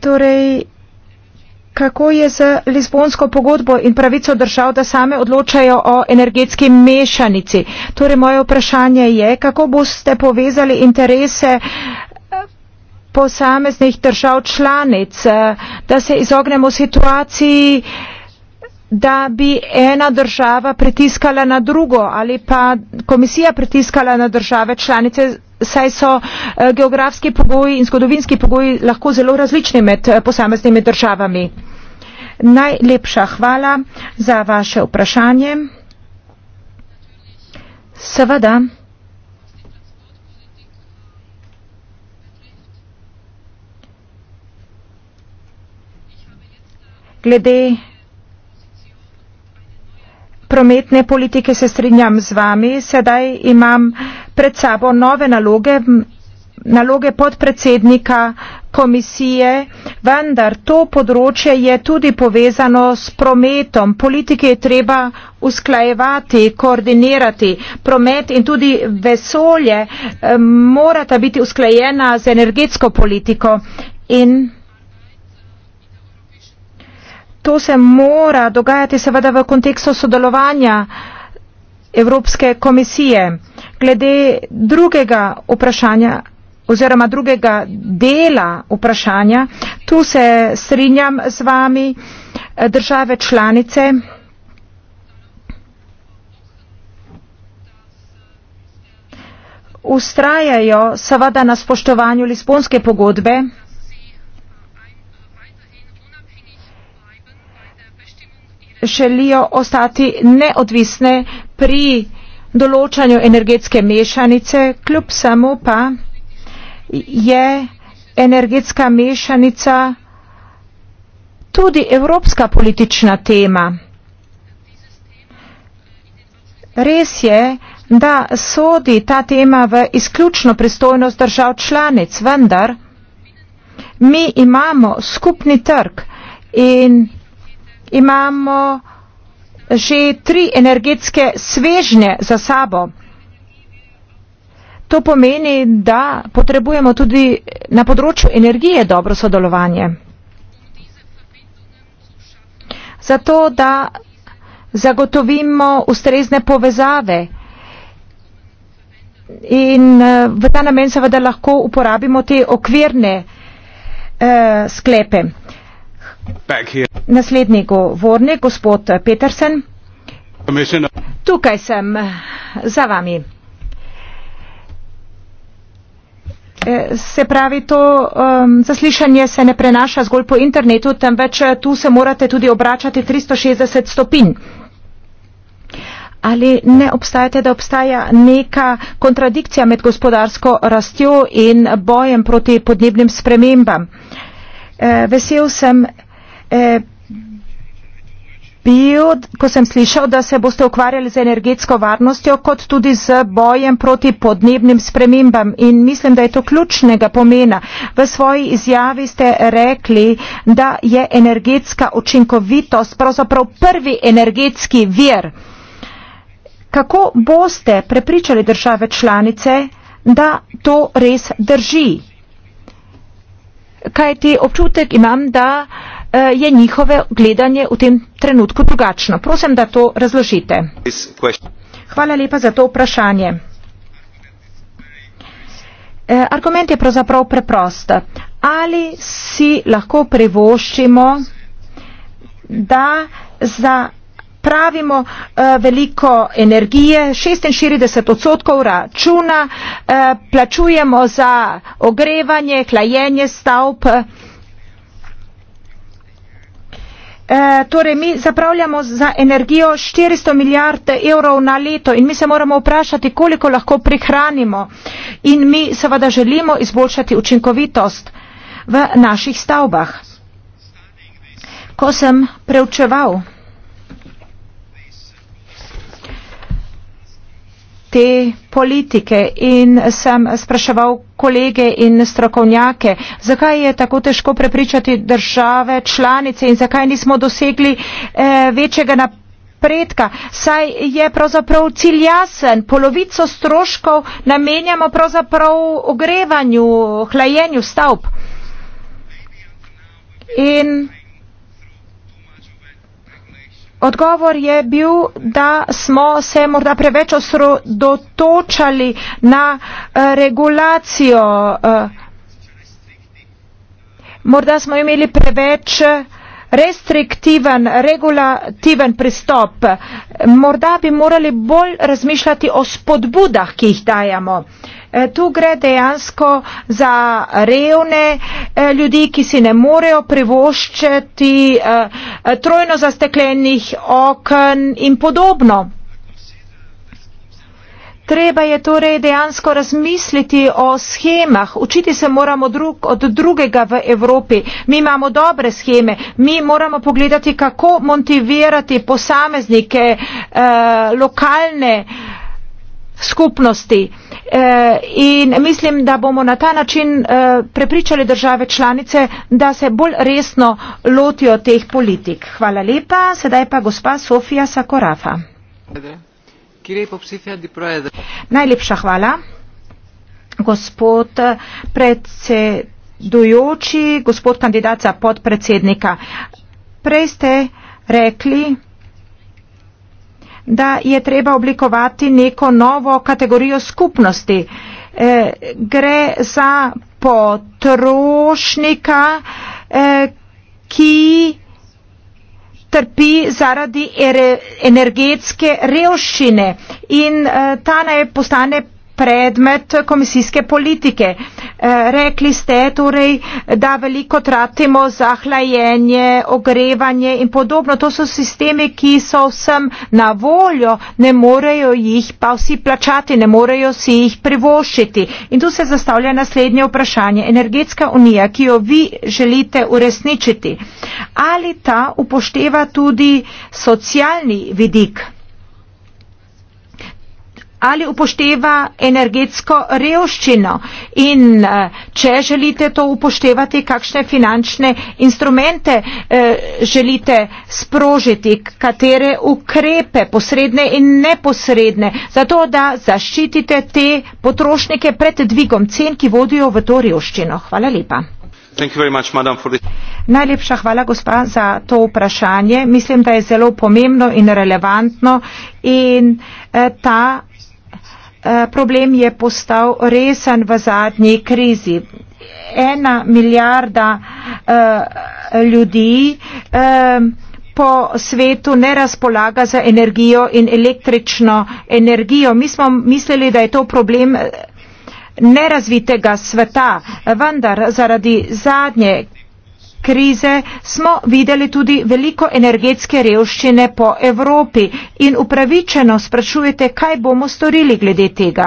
Torej, kako je z Lizbonsko pogodbo in pravico držav, da same odločajo o energetski mešanici? Torej, moje vprašanje je, kako boste povezali interese eh, posameznih držav članic, eh, da se izognemo situaciji, da bi ena država pritiskala na drugo ali pa komisija pritiskala na države članice, saj so eh, geografski pogoji in zgodovinski pogoji lahko zelo različni med eh, posameznimi državami. Najlepša hvala za vaše vprašanje. Seveda. Glede prometne politike se strinjam z vami. Sedaj imam pred sabo nove naloge, naloge podpredsednika komisije, vendar to področje je tudi povezano s prometom. Politike je treba usklajevati, koordinirati. Promet in tudi vesolje eh, morata biti usklajena z energetsko politiko. In to se mora dogajati seveda v kontekstu sodelovanja Evropske komisije. Glede drugega vprašanja oziroma drugega dela vprašanja, tu se strinjam z vami eh, države članice. Ustrajajo seveda na spoštovanju Lisbonske pogodbe. želijo ostati neodvisne pri določanju energetske mešanice, kljub samo pa je energetska mešanica tudi evropska politična tema. Res je, da sodi ta tema v izključno pristojnost držav članic, vendar mi imamo skupni trg in imamo že tri energetske svežnje za sabo. To pomeni, da potrebujemo tudi na področju energije dobro sodelovanje. Zato, da zagotovimo ustrezne povezave. In eh, v ta namen seveda lahko uporabimo te okvirne eh, sklepe. Naslednji govornik, gospod Petersen. Tukaj sem za vami. E, se pravi, to um, zaslišanje se ne prenaša zgolj po internetu, temveč eh, tu se morate tudi obračati 360 stopinj. Ali ne obstajate, da obstaja neka kontradikcija med gospodarsko rastjo in bojem proti podnebnim spremembam? E, vesel sem, Eh, bil, ko sem slišal, da se boste ukvarjali z energetsko varnostjo, kot tudi z bojem proti podnebnim spremembam. In mislim, da je to ključnega pomena. V svoji izjavi ste rekli, da je energetska učinkovitost pravzaprav prvi energetski vir. Kako boste prepričali države članice, da to res drži? Kaj ti občutek imam, da. Eh, je njihove gledanje v tem trenutku drugačno. Prosim, da to razložite. Hvala lepa za to vprašanje. Eh, argument je pravzaprav preprost. Ali si lahko privoščimo, da zapravimo eh, veliko energije, 46 odstotkov računa, plačujemo za ogrevanje, hlajenje stavb, Eh, torej mi zapravljamo za energijo 400 milijard evrov na leto in mi se moramo vprašati, koliko lahko prihranimo in mi seveda želimo izboljšati učinkovitost v naših stavbah. Ko sem preučeval te politike in sem spraševal kolege in strokovnjake, zakaj je tako težko prepričati države, članice in zakaj nismo dosegli eh, večjega napredka. Saj je pravzaprav cilj jasen, polovico stroškov namenjamo pravzaprav ogrevanju, hlajenju stavb. In Odgovor je bil, da smo se morda preveč osredotočali na eh, regulacijo. Eh. Morda smo imeli preveč restriktiven, regulativen pristop. Morda bi morali bolj razmišljati o spodbudah, ki jih dajamo. Uh, E, tu gre dejansko za revne e, ljudi, ki si ne morejo privoščiti e, trojno zasteklenih okn in podobno. Treba je torej dejansko razmisliti o schemah. Učiti se moramo drug, od drugega v Evropi. Mi imamo dobre scheme. Mi moramo pogledati, kako motivirati posameznike, eh, lokalne. Eh, skupnosti. E, in mislim, da bomo na ta način e, prepričali države članice, da se bolj resno lotijo teh politik. Hvala lepa. Sedaj pa gospa Sofija Sakorafa. Najlepša hvala. Gospod predsedujoči, gospod kandidat za podpredsednika. Prej ste rekli, da je treba oblikovati neko novo kategorijo skupnosti. E, gre za potrošnika, e, ki trpi zaradi energetske revščine in e, ta naj postane predmet komisijske politike. Eh, rekli ste torej, da veliko tratimo za hlajenje, ogrevanje in podobno. To so sistemi, ki so vsem na voljo, ne morejo jih pa vsi plačati, ne morejo si jih privošiti. In tu se zastavlja naslednje vprašanje. Energetska unija, ki jo vi želite uresničiti, ali ta upošteva tudi socialni vidik? ali upošteva energetsko revščino in eh, če želite to upoštevati, kakšne finančne instrumente eh, želite sprožiti, katere ukrepe, posredne in neposredne, zato da zaščitite te potrošnike pred dvigom cen, ki vodijo v to revščino. Hvala lepa. Much, madam, Najlepša hvala, gospa, za to vprašanje. Mislim, da je zelo pomembno in relevantno in eh, ta Eh, problem je postal resen v zadnji krizi. Ena milijarda uh, ljudi uh, po svetu ne razpolaga za energijo in električno energijo. Mi smo mislili, da je to problem nerazvitega sveta, vendar zaradi zadnje krize smo videli tudi veliko energetske revščine po Evropi in upravičeno sprašujete, kaj bomo storili glede tega.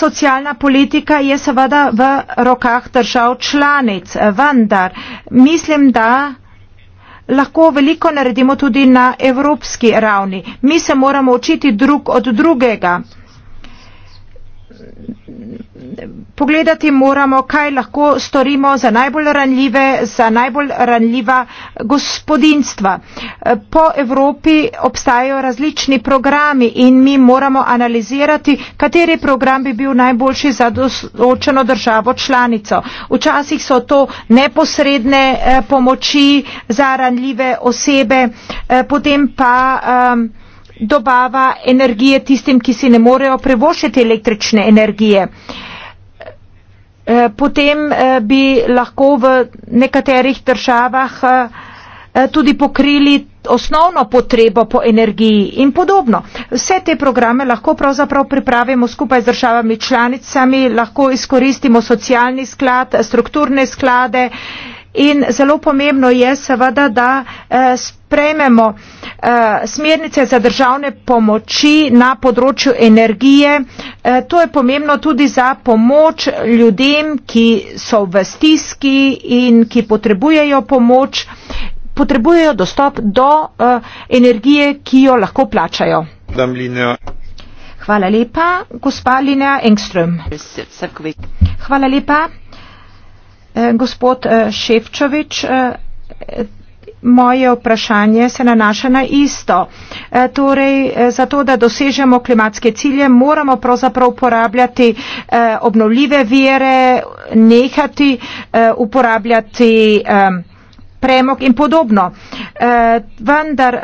Socialna politika je seveda v rokah držav članic, vendar mislim, da lahko veliko naredimo tudi na evropski ravni. Mi se moramo učiti drug od drugega pogledati moramo, kaj lahko storimo za najbolj ranljive, za najbolj ranljiva gospodinstva. Po Evropi obstajajo različni programi in mi moramo analizirati, kateri program bi bil najboljši za določeno državo članico. Včasih so to neposredne eh, pomoči za ranljive osebe, eh, potem pa um, dobava energije tistim, ki si ne morejo privošiti električne energije. Eh, potem eh, bi lahko v nekaterih državah eh, tudi pokrili osnovno potrebo po energiji in podobno. Vse te programe lahko pravzaprav pripravimo skupaj z državami članicami, lahko izkoristimo socialni sklad, strukturne sklade, eh, In zelo pomembno je seveda, da eh, sprememo eh, smernice za državne pomoči na področju energije. Eh, to je pomembno tudi za pomoč ljudem, ki so v stiski in ki potrebujejo pomoč, potrebujejo dostop do energije, ki jo lahko plačajo. Hvala lepa, gospa Linja Engström. Hvala lepa. Eh, gospod eh, Ševčovič, eh, moje vprašanje se nanaša na isto. Torej, za to, da dosežemo klimatske cilje, moramo pravzaprav uporabljati obnovljive vire, nehati uporabljati premog in podobno. Vendar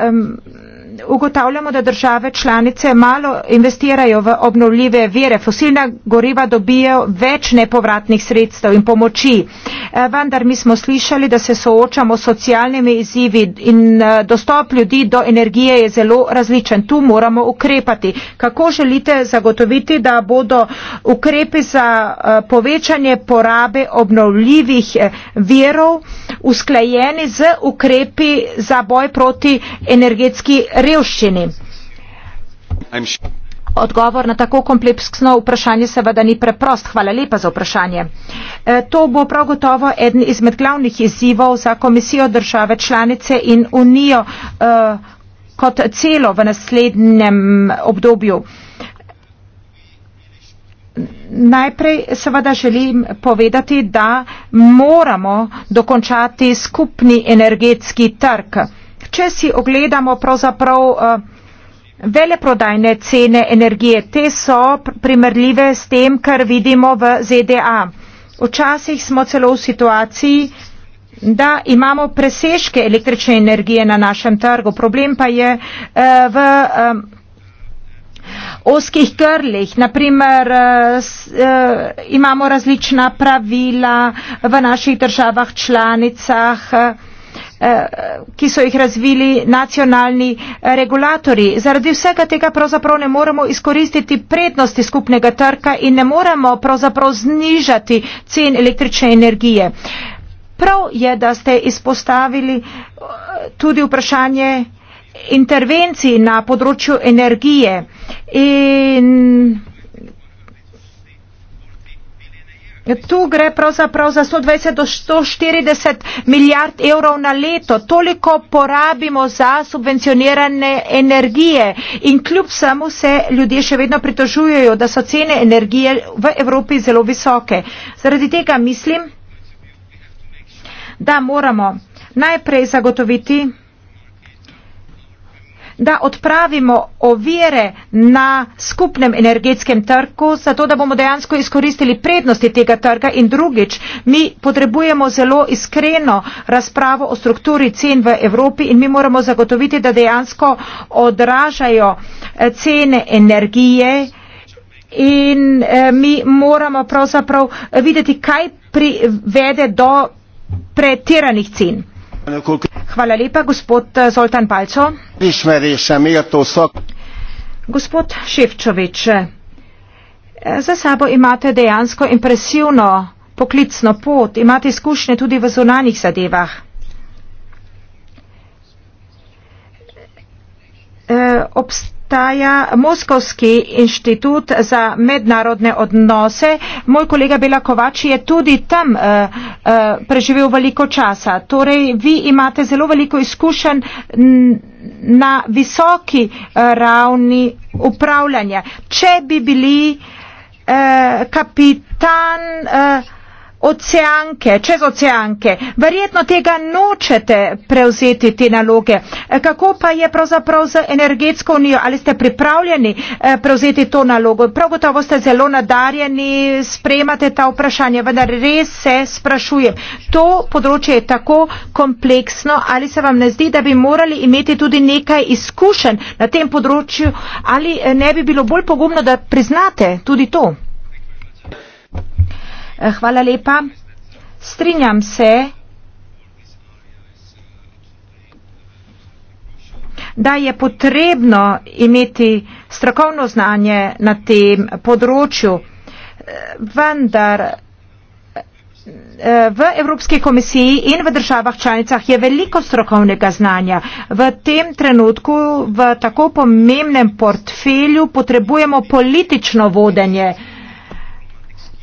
ugotavljamo, da države članice malo investirajo v obnovljive vire. Fosilna goriva dobijo več nepovratnih sredstev in pomoči. Eh, vendar mi smo slišali, da se soočamo s socialnimi izzivi in eh, dostop ljudi do energije je zelo različen. Tu moramo ukrepati. Kako želite zagotoviti, da bodo ukrepi za eh, povečanje porabe obnovljivih virov usklajeni z ukrepi za boj proti energetski revščini? revščini. Odgovor na tako kompleksno vprašanje seveda ni preprost. Hvala lepa za vprašanje. E, to bo prav gotovo eden izmed glavnih izzivov za komisijo države članice in unijo e, kot celo v naslednjem obdobju. Najprej seveda želim povedati, da moramo dokončati skupni energetski trg če si ogledamo pravzaprav eh, veleprodajne cene energije, te so primerljive s tem, kar vidimo v ZDA. Včasih smo celo v situaciji, da imamo presežke električne energije na našem trgu. Problem pa je eh, v eh, oskih grlih. Naprimer, imamo različna pravila v naših državah članicah Eh, ki so jih razvili nacionalni eh, regulatori. Zaradi vsega tega pravzaprav ne moremo izkoristiti prednosti skupnega trga in ne moremo pravzaprav znižati cen električne energije. Prav je, da ste izpostavili eh, tudi vprašanje intervencij na področju energije in Tu gre pravzaprav za 120 do 140 milijard evrov na leto. Toliko porabimo za subvencionirane energije in kljub samo se ljudje še vedno pritožujejo, da so cene energije v Evropi zelo visoke. Zaradi tega mislim, da moramo najprej zagotoviti da odpravimo ovire na skupnem energetskem trgu, zato da bomo dejansko izkoristili prednosti tega trga in drugič, mi potrebujemo zelo iskreno razpravo o strukturi cen v Evropi in mi moramo zagotoviti, da dejansko odražajo eh, cene energije in eh, mi moramo pravzaprav eh, videti, kaj privede do pretiranih cen. Hvala lepa, gospod eh, Zoltan Palco. Gospod Ševčovič, eh, za sabo imate dejansko impresivno poklicno pot, imate izkušnje tudi v zunanjih zadevah. E, obstaja Moskovski inštitut za mednarodne odnose. Moj kolega Bela Kovač je tudi tam uh, uh, preživel veliko časa. Torej, vi imate zelo veliko izkušenj na visoki uh, ravni upravljanja. Če bi bili uh, kapitan. Uh, oceanke, čez oceanke. Verjetno tega nočete prevzeti te naloge. E, kako pa je pravzaprav z energetsko unijo? Ali ste pripravljeni e, prevzeti to nalogo? Prav gotovo ste zelo nadarjeni, spremate ta vprašanja, vendar res se sprašujem. To področje je tako kompleksno, ali se vam ne zdi, da bi morali imeti tudi nekaj izkušenj na tem področju, ali e, ne bi bilo bolj pogumno, da priznate tudi to? Eh, hvala lepa. Strinjam se, da je potrebno imeti strokovno znanje na tem področju, eh, vendar eh, v Evropski komisiji in v državah članicah je veliko strokovnega znanja. V tem trenutku v tako pomembnem portfelju potrebujemo politično vodenje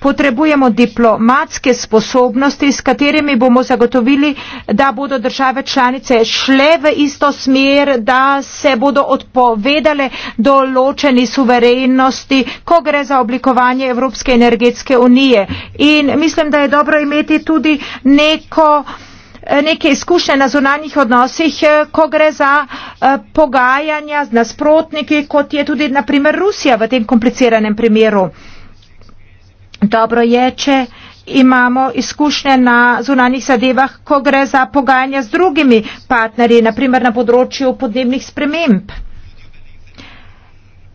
potrebujemo diplomatske sposobnosti, s katerimi bomo zagotovili, da bodo države članice šle v isto smer, da se bodo odpovedale določeni suverenosti, ko gre za oblikovanje Evropske energetske unije. In mislim, da je dobro imeti tudi neko neke izkušnje na zunanjih odnosih, ko gre za eh, pogajanja z nasprotniki, kot je tudi naprimer Rusija v tem kompliciranem primeru dobro je, če imamo izkušnje na zunanjih zadevah, ko gre za pogajanja z drugimi partnerji, naprimer na področju podnebnih sprememb.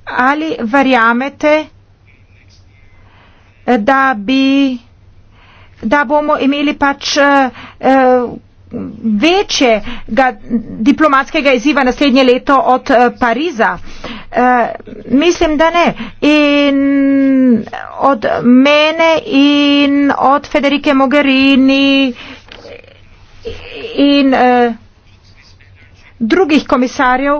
Ali verjamete, da, bi, da bomo imeli pač eh, večjega diplomatskega izziva naslednje leto od eh, Pariza? E, mislim, da ne. In od mene in od Federike Mogherini in e, drugih komisarjev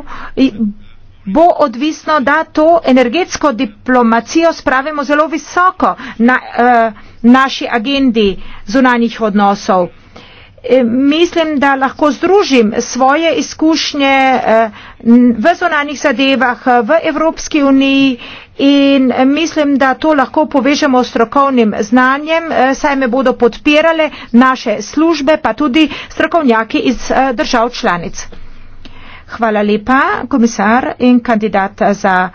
bo odvisno, da to energetsko diplomacijo spravimo zelo visoko na e, naši agendi zunanjih odnosov. Eh, mislim, da lahko združim svoje izkušnje eh, v zonanih zadevah eh, v Evropski uniji in mislim, da to lahko povežemo s strokovnim znanjem, saj me bodo podpirale naše službe, pa tudi strokovnjaki iz držav članic. Hvala lepa, komisar in kandidat za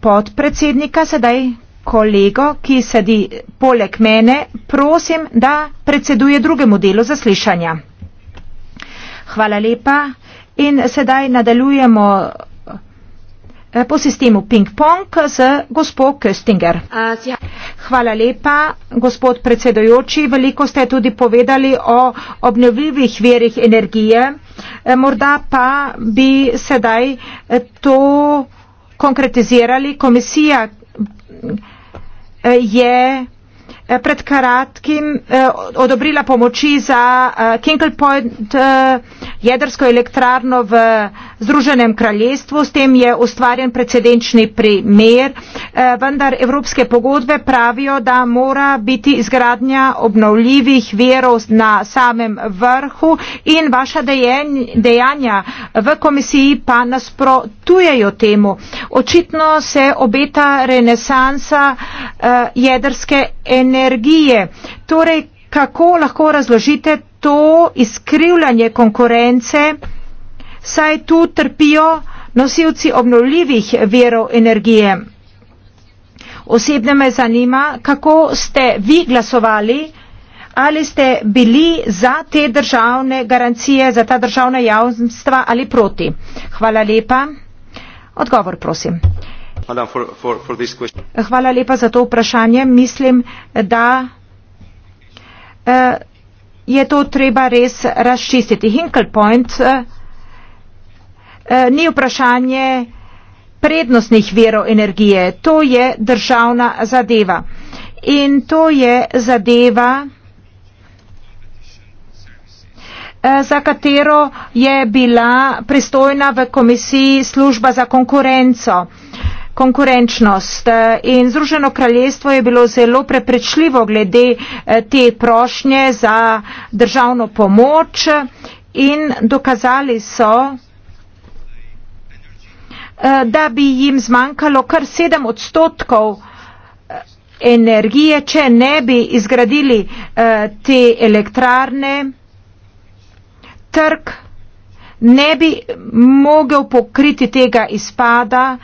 podpredsednika. Sedaj kolego, ki sedi poleg mene, prosim, da predseduje drugemu delu zaslišanja. Hvala lepa. In sedaj nadaljujemo eh, po sistemu ping-pong z gospod Köstinger. Hvala lepa, gospod predsedojoči. Veliko ste tudi povedali o obnovljivih verih energije. Eh, morda pa bi sedaj eh, to konkretizirali. Komisija je Eh, pred kratkim eh, odobrila pomoči za eh, Kinkle Point eh, jedrsko elektrarno v Združenem kraljestvu. S tem je ustvarjen precedenčni primer, eh, vendar evropske pogodbe pravijo, da mora biti izgradnja obnovljivih verov na samem vrhu in vaša dejanj, dejanja v komisiji pa nasprotujejo temu. Očitno se obeta renesansa eh, jedrske energije energije. Torej, kako lahko razložite to izkrivljanje konkurence, saj tu trpijo nosilci obnovljivih verov energije. Osebno me zanima, kako ste vi glasovali, ali ste bili za te državne garancije, za ta državna javnstva ali proti. Hvala lepa. Odgovor, prosim. Hvala lepa za to vprašanje. Mislim, da eh, je to treba res razčistiti. Hinkle Point eh, eh, ni vprašanje prednostnih verov energije. To je državna zadeva. In to je zadeva za katero je bila pristojna v komisiji služba za konkurenco konkurenčnost. Eh, in Združeno kraljestvo je bilo zelo preprečljivo glede eh, te prošnje za državno pomoč in dokazali so, eh, da bi jim zmanjkalo kar sedem odstotkov energije, če ne bi izgradili te elektrarne. Trg ne bi mogel pokriti tega izpada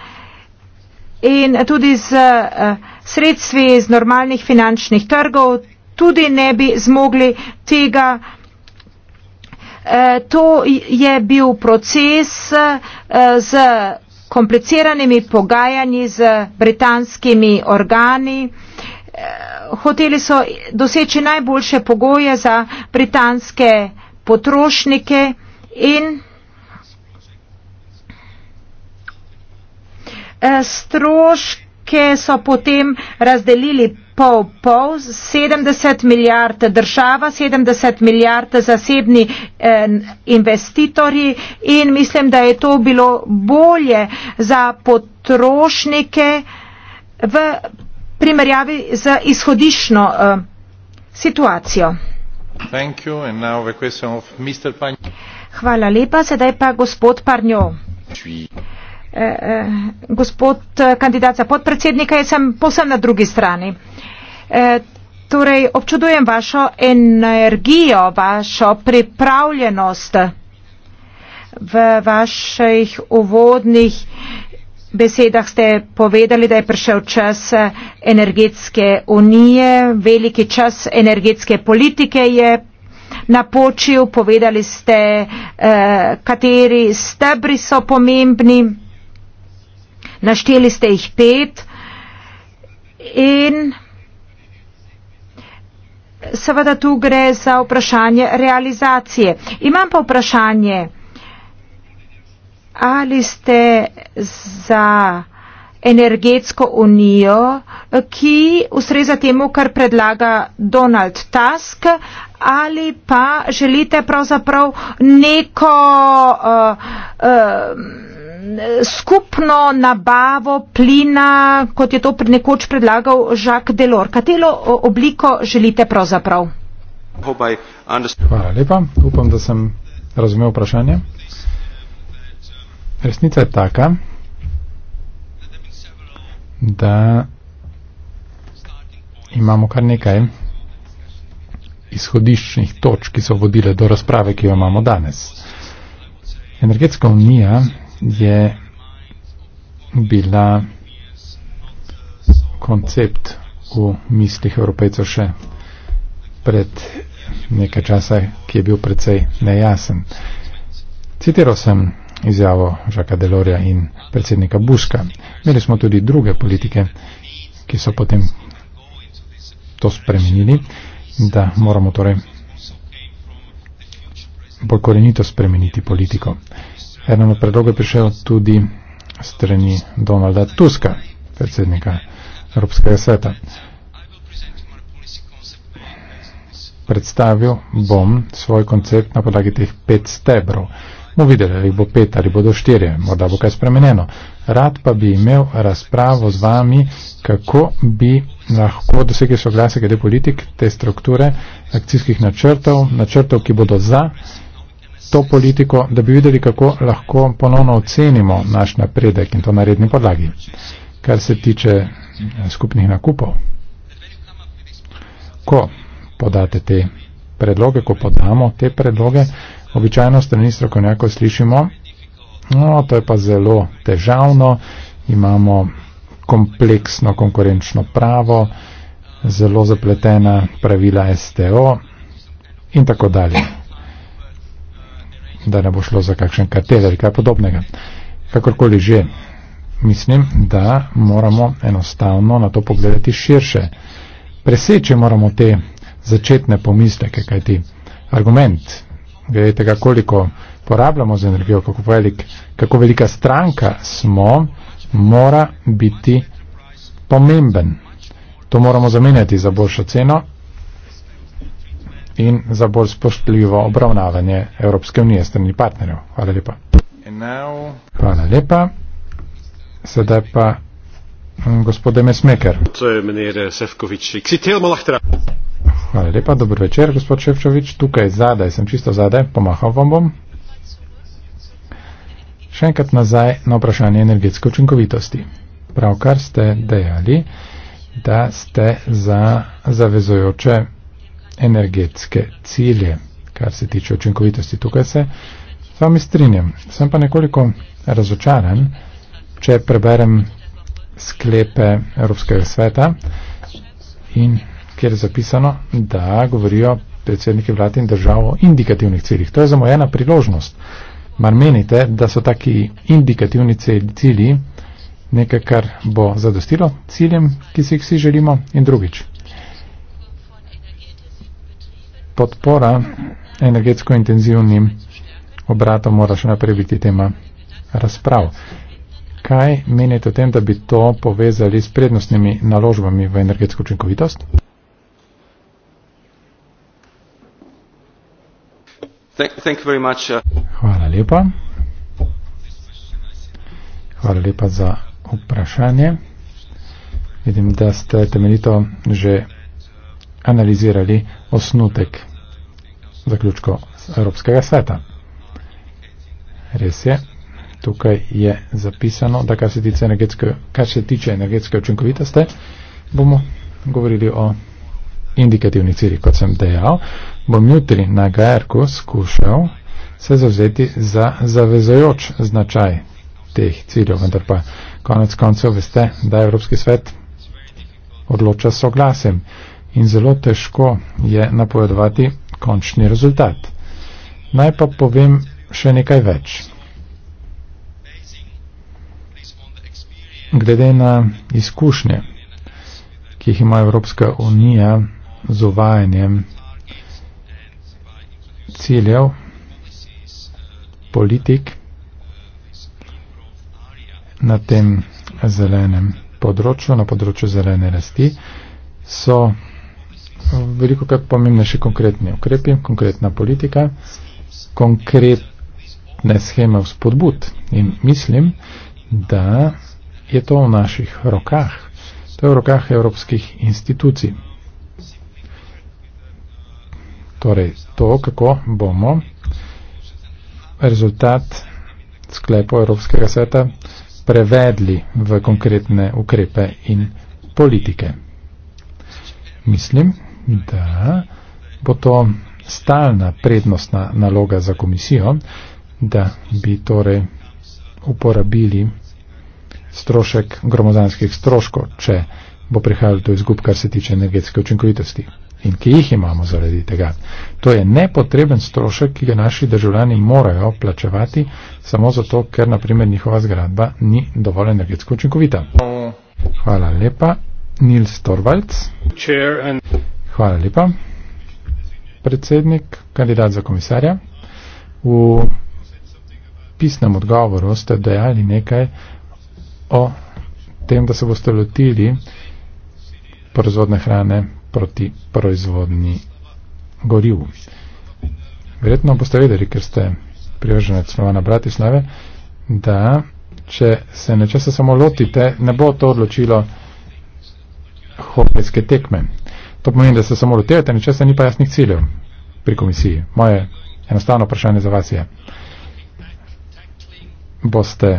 in tudi z eh, sredstvi iz normalnih finančnih trgov tudi ne bi zmogli tega. Eh, to je bil proces eh, z kompliciranimi pogajanji z britanskimi organi. Hoteli so doseči najboljše pogoje za britanske potrošnike in Eh, stroške so potem razdelili pol pol, 70 milijard država, 70 milijard zasebni eh, investitorji in mislim, da je to bilo bolje za potrošnike v primerjavi z izhodišno eh, situacijo. Hvala lepa, sedaj pa gospod Parnjo. Eh, eh, gospod eh, kandidat za podpredsednika, jaz sem povsem na drugi strani. Eh, torej, občudujem vašo energijo, vašo pripravljenost v vaših uvodnih besedah ste povedali, da je prišel čas eh, energetske unije, veliki čas energetske politike je napočil, povedali ste, eh, kateri stebri so pomembni našteli ste jih pet in seveda tu gre za vprašanje realizacije. Imam pa vprašanje, ali ste za energetsko unijo, ki ustreza temu, kar predlaga Donald Tusk, ali pa želite pravzaprav neko uh, uh, skupno nabavo plina, kot je to pred nekoč predlagal Jacques Delors. Katero obliko želite pravzaprav? Hvala lepa. Upam, da sem razumel vprašanje. Resnica je taka, da imamo kar nekaj izhodiščnih točk, ki so vodile do razprave, ki jo imamo danes. Energetska unija je bila koncept v mislih Evropejcev še pred nekaj časa, ki je bil precej nejasen. Citiral sem izjavo Žaka Delorja in predsednika Buska. Imeli smo tudi druge politike, ki so potem to spremenili, da moramo torej bolj korenito spremeniti politiko. Eden od predlogov je prišel tudi strani Donalda Tuska, predsednika Evropskega sveta. Predstavil bom svoj koncept na podlagi teh pet stebrov. Bomo videli, ali bo pet ali bodo štirje, morda bo kaj spremenjeno. Rad pa bi imel razpravo z vami, kako bi lahko dosegli soglasje glede politik, te strukture, akcijskih načrtov, načrtov, ki bodo za to politiko, da bi videli, kako lahko ponovno ocenimo naš napredek in to na redni podlagi, kar se tiče eh, skupnih nakupov. Ko podate te predloge, ko podamo te predloge, običajno strani strokovnjako slišimo, no, to je pa zelo težavno, imamo kompleksno konkurenčno pravo, zelo zapletena pravila STO in tako dalje da ne bo šlo za kakšen kartel ali kaj podobnega. Kakorkoli že, mislim, da moramo enostavno na to pogledati širše. Preseče moramo te začetne pomisleke, kajti argument, gledajte, koliko porabljamo za energijo, kako, velik, kako velika stranka smo, mora biti pomemben. To moramo zamenjati za boljšo ceno in za bolj spoštljivo obravnavanje Evropske unije strani partnerjev. Hvala lepa. Now... Hvala lepa. Sedaj pa mm, gospod Demesmeker. Eh, Hvala lepa, dober večer, gospod Ševčovič. Tukaj zadaj, sem čisto zadaj, pomahal vam bom. Še enkrat nazaj na vprašanje energetske učinkovitosti. Pravkar ste dejali, da ste za zavezojoče energetske cilje, kar se tiče učinkovitosti. Tukaj se s vami strinjam. Sem pa nekoliko razočaran, če preberem sklepe Evropskega sveta, in, kjer je zapisano, da govorijo predsedniki vlad in držav o indikativnih ciljih. To je za moja ena priložnost. Mar menite, da so taki indikativni cilji nekaj, kar bo zadostilo ciljem, ki si jih vsi želimo in drugič? podpora energetsko intenzivnim obratom mora še naprej biti tema razprav. Kaj menite o tem, da bi to povezali s prednostnimi naložbami v energetsko učinkovitost? Thank you very much. Uh. Hvala lepa. Hvala lepa za vprašanje. Vidim, da ste temeljito že analizirali osnutek zaključkov Evropskega sveta. Res je, tukaj je zapisano, da kar se tiče energetske, kar se tiče energetske učinkovitosti, bomo govorili o indikativnih ciljih, kot sem dejal, bom jutri na GRK skušal se zavzeti za zavezojoč značaj teh ciljev, vendar pa konec koncev veste, da Evropski svet odloča soglasem in zelo težko je napovedovati končni rezultat. Naj pa povem še nekaj več. Glede na izkušnje, ki jih ima Evropska unija z uvajanjem ciljev, politik na tem zelenem področju, na področju zelene rasti, so veliko krat pomembnejši konkretni ukrepi, konkretna politika, konkretne scheme vzpodbud. In mislim, da je to v naših rokah, to je v rokah evropskih institucij. Torej, to, kako bomo rezultat sklepov Evropskega sveta prevedli v konkretne ukrepe in politike. Mislim, da bo to stalna prednostna naloga za komisijo, da bi torej uporabili strošek gromozanskih stroškov, če bo prihajalo do izgub, kar se tiče energetske učinkovitosti in ki jih imamo zaradi tega. To je nepotreben strošek, ki ga naši državljani morajo plačevati samo zato, ker naprimer njihova zgradba ni dovolj energetsko učinkovita. No. Hvala lepa. Nils Torvalds. Hvala lepa. Predsednik, kandidat za komisarja, v pisnem odgovoru ste dejali nekaj o tem, da se boste lotili proizvodne hrane proti proizvodni goriv. Verjetno boste vedeli, ker ste privrženec Slovana Bratislave, da če se nečesa samo lotite, ne bo to odločilo hokejske tekme. To pomeni, da se samo lotevate nečesa, ni pa jasnih ciljev pri komisiji. Moje enostavno vprašanje za vas je, boste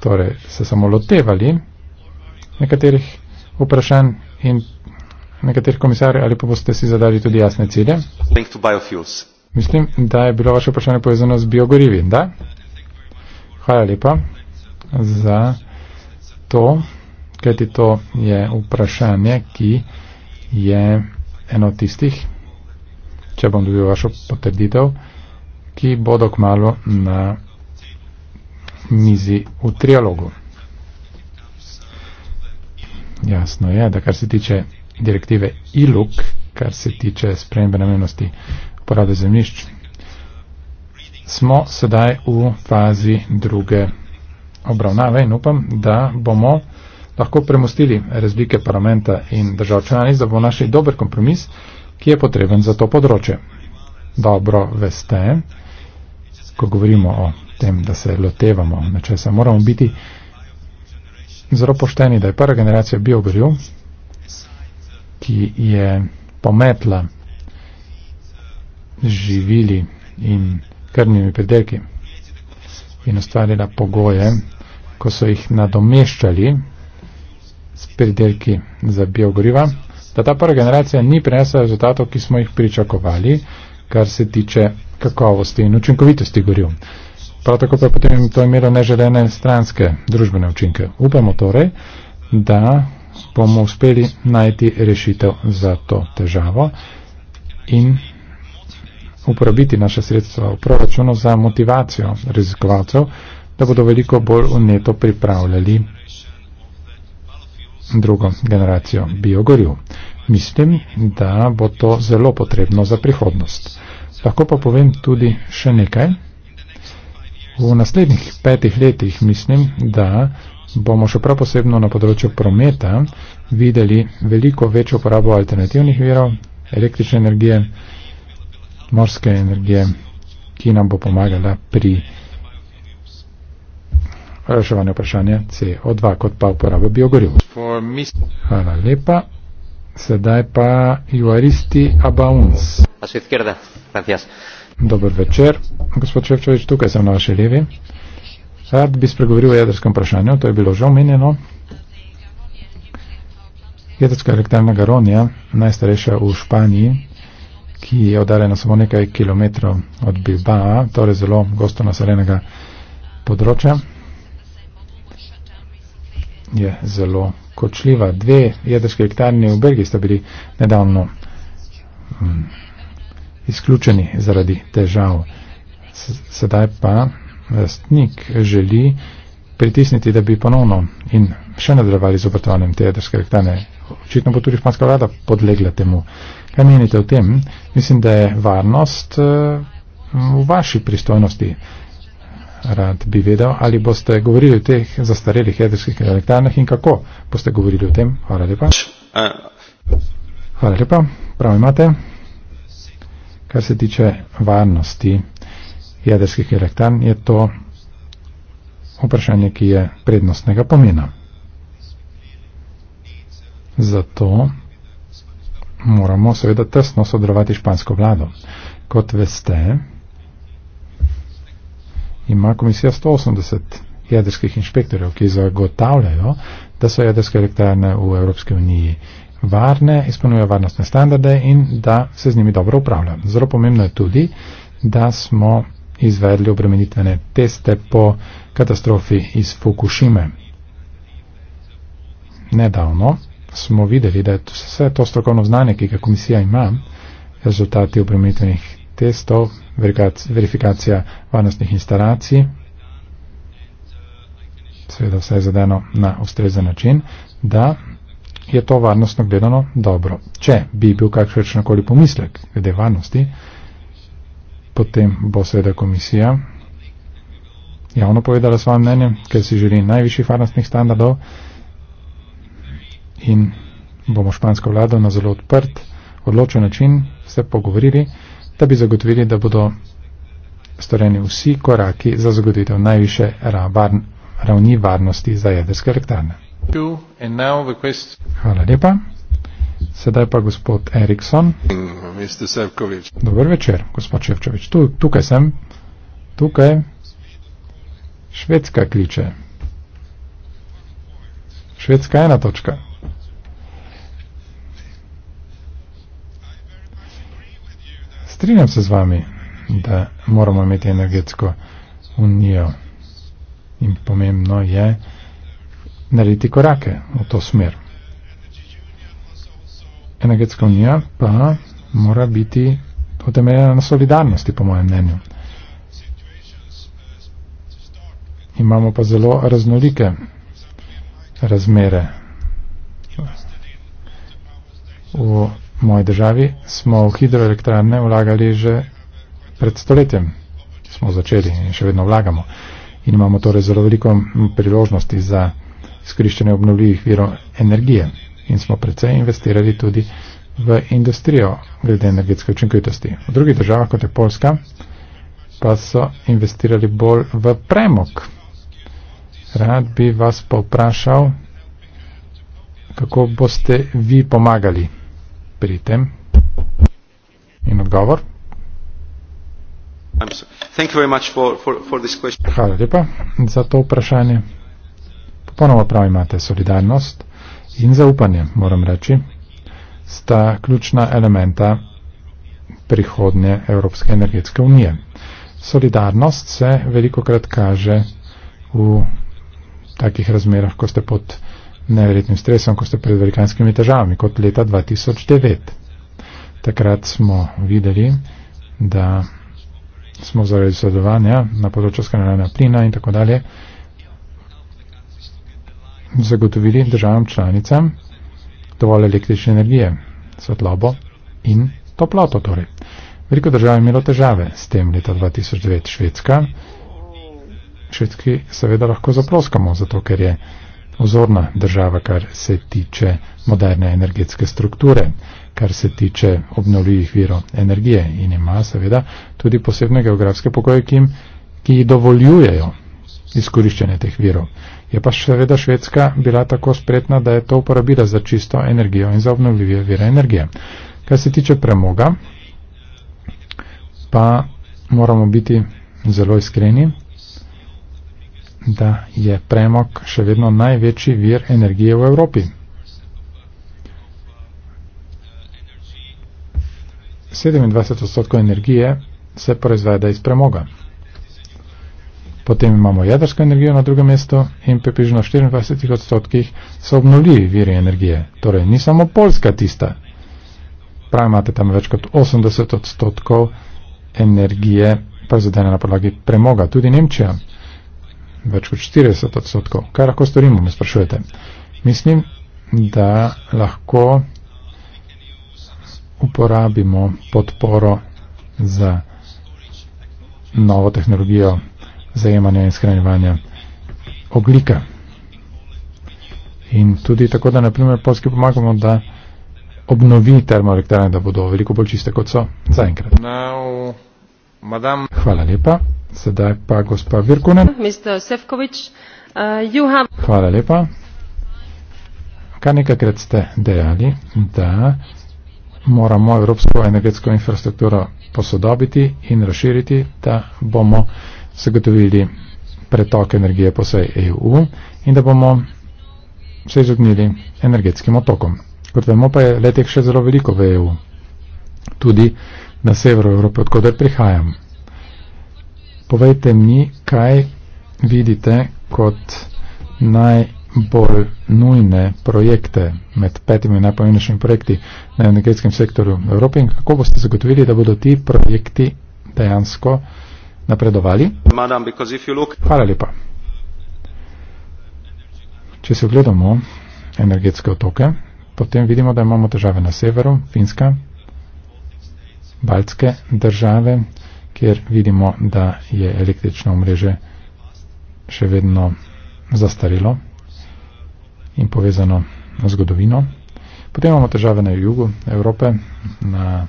torej, se samo lotevali nekaterih vprašanj in nekaterih komisarjev ali pa boste si zadali tudi jasne cilje? Mislim, da je bilo vaše vprašanje povezano z biogorivi. Da? Hvala lepa za to, kajti to je vprašanje, ki je eno tistih, če bom dobil vašo potrditev, ki bodo kmalo na mizi v trialogu. Jasno je, da kar se tiče direktive ILUK, kar se tiče spremembe namenosti porabe zemljišč, smo sedaj v fazi druge obravnave in upam, da bomo lahko premostili razlike parlamenta in držav članic, da bomo našli dober kompromis, ki je potreben za to področje. Dobro veste, ko govorimo o tem, da se lotevamo nečesa, moramo biti zelo pošteni, da je prva generacija biogoriv, ki je pometla živili in krvnimi predelki in ustvarila pogoje, ko so jih nadomeščali s pridelki za biogoriva, da ta prva generacija ni prinesla rezultatov, ki smo jih pričakovali, kar se tiče kakovosti in učinkovitosti goriv. Prav tako pa je potem to imelo neželene stranske družbene učinke. Upamo torej, da bomo uspeli najti rešitev za to težavo in uporabiti naše sredstva v proračunu za motivacijo raziskovalcev, da bodo veliko bolj uneto pripravljali drugo generacijo biogoriv. Mislim, da bo to zelo potrebno za prihodnost. Lahko pa povem tudi še nekaj. V naslednjih petih letih mislim, da bomo še prav posebno na področju prometa videli veliko večjo uporabo alternativnih virov, električne energije, morske energije, ki nam bo pomagala pri reševanje vprašanja CO2 kot pa uporabo biogoriv. Hvala lepa. Sedaj pa Juaristi Abauns. Dobar večer, gospod Čevčevič, tukaj sem na vaši levi. Rad bi spregovoril o jedrskem vprašanju, to je bilo že omenjeno. Jedrska elektrarna Garonija, najstarejša v Španiji, ki je oddaljena samo nekaj kilometrov od Bilbao, torej zelo gosto naseljenega področja, je zelo kočljiva. Dve jedrske elektrarne v Belgiji sta bili nedavno um, izključeni zaradi težav. S sedaj pa lastnik želi pritisniti, da bi ponovno in še nadaljevali z obratovanjem te jedrske elektrarne. Očitno bo tudi španska vlada podlegla temu. Kaj menite o tem? Mislim, da je varnost uh, v vaši pristojnosti rad bi vedel, ali boste govorili o teh zastarelih jedrskih elektrarnah in kako boste govorili o tem. Hvala lepa. Hvala lepa, prav imate. Kar se tiče varnosti jedrskih elektrarn, je to vprašanje, ki je prednostnega pomena. Zato moramo seveda tesno sodelovati špansko vlado. Kot veste, ima komisija 180 jedrskih inšpektorjev, ki zagotavljajo, da so jedrske elektrarne v Evropski uniji varne, izpolnjujejo varnostne standarde in da se z njimi dobro upravlja. Zelo pomembno je tudi, da smo izvedli obremenitvene teste po katastrofi iz Fukushime. Nedavno smo videli, da je vse to strokovno znanje, ki ga komisija ima, rezultati obremenitvenih testov, verifikacija varnostnih instalacij, seveda vse je zadeno na ustrezen način, da je to varnostno gledano dobro. Če bi bil kakšen koli pomislek glede varnosti, potem bo seveda komisija javno povedala svoje mnenje, ker si želi najvišjih varnostnih standardov in bomo špansko vlado na zelo odprt, odločen način se pogovorili da bi zagotovili, da bodo storeni vsi koraki za zagotovitev najviše ravni varnosti za jedrske elektrarne. Hvala lepa. Sedaj pa gospod Erikson. Dobar večer, gospod Ševčevič. Tu, tukaj sem. Tukaj. Švedska kliče. Švedska ena točka. strinjam se z vami, da moramo imeti energetsko unijo in pomembno je narediti korake v to smer. Energetska unija pa mora biti utemeljena na solidarnosti, po mojem mnenju. Imamo pa zelo raznolike razmere. V moji državi, smo v hidroelektrane vlagali že pred stoletjem. Smo začeli in še vedno vlagamo. In imamo torej zelo veliko priložnosti za izkoriščanje obnovljivih virov energije. In smo predvsej investirali tudi v industrijo glede energetske učinkovitosti. V drugih državah, kot je Polska, pa so investirali bolj v premog. Rad bi vas povprašal, kako boste vi pomagali pri tem in odgovor. Hvala lepa za to vprašanje. Popolnoma prav imate solidarnost in zaupanje, moram reči, sta ključna elementa prihodnje Evropske energetske unije. Solidarnost se veliko krat kaže v takih razmerah, ko ste pod neverjetnim stresom, ko ste pred velikanskimi težavami, kot leta 2009. Takrat smo videli, da smo zaradi sodelovanja na področju skanjena plina in tako dalje zagotovili državam članicam dovolj električne energije, svetlobo in toploto. Torej. Veliko držav je imelo težave s tem leta 2009 Švedska. Švedski seveda lahko zaploskamo, zato ker je vzorna država, kar se tiče moderne energetske strukture, kar se tiče obnovljivih virov energije in ima seveda tudi posebne geografske pogoje, ki, ki dovoljujejo izkoriščanje teh virov. Je pa seveda Švedska bila tako spretna, da je to uporabila za čisto energijo in za obnovljive vire energije. Kar se tiče premoga, pa moramo biti zelo iskreni, da je premog še vedno največji vir energije v Evropi. Sedemindvajset odstotkov energije se proizvaja iz premoga. Potem imamo jedrsko energijo na drugem mestu in približno v 24 odstotkih so obnovljivi viri energije. Torej, ni samo Poljska tista. Prav imate tam več kot 80 odstotkov energije proizvedene na podlagi premoga. Tudi Nemčija več kot 40 odstotkov. Kaj lahko storimo, me sprašujete? Mislim, da lahko uporabimo podporo za novo tehnologijo zajemanja in skranjevanja oglika. In tudi tako, da naprimer polski pomagamo, da obnovi termoelektrane, da bodo veliko bolj čiste, kot so zaenkrat. Hvala lepa. Sedaj pa gospa Virkuna. Uh, Hvala lepa. Kar nekakrat ste dejali, da moramo evropsko energetsko infrastrukturo posodobiti in razširiti, da bomo zagotovili pretok energije po vsej EU in da bomo se izognili energetskim otokom. Kot vemo, pa je letek še zelo veliko v EU, tudi na severu Evrope, odkudar prihajam povejte mi, kaj vidite kot najbolj nujne projekte med petimi najpomembnejšimi projekti na energetskem sektorju v Evropi in kako boste zagotovili, da bodo ti projekti dejansko napredovali. Madam, look... Hvala lepa. Če se ogledamo energetske otoke, potem vidimo, da imamo težave na severu, Finska, Baltske države, kjer vidimo, da je električno mreže še vedno zastarilo in povezano na zgodovino. Potem imamo težave na jugu Evrope, na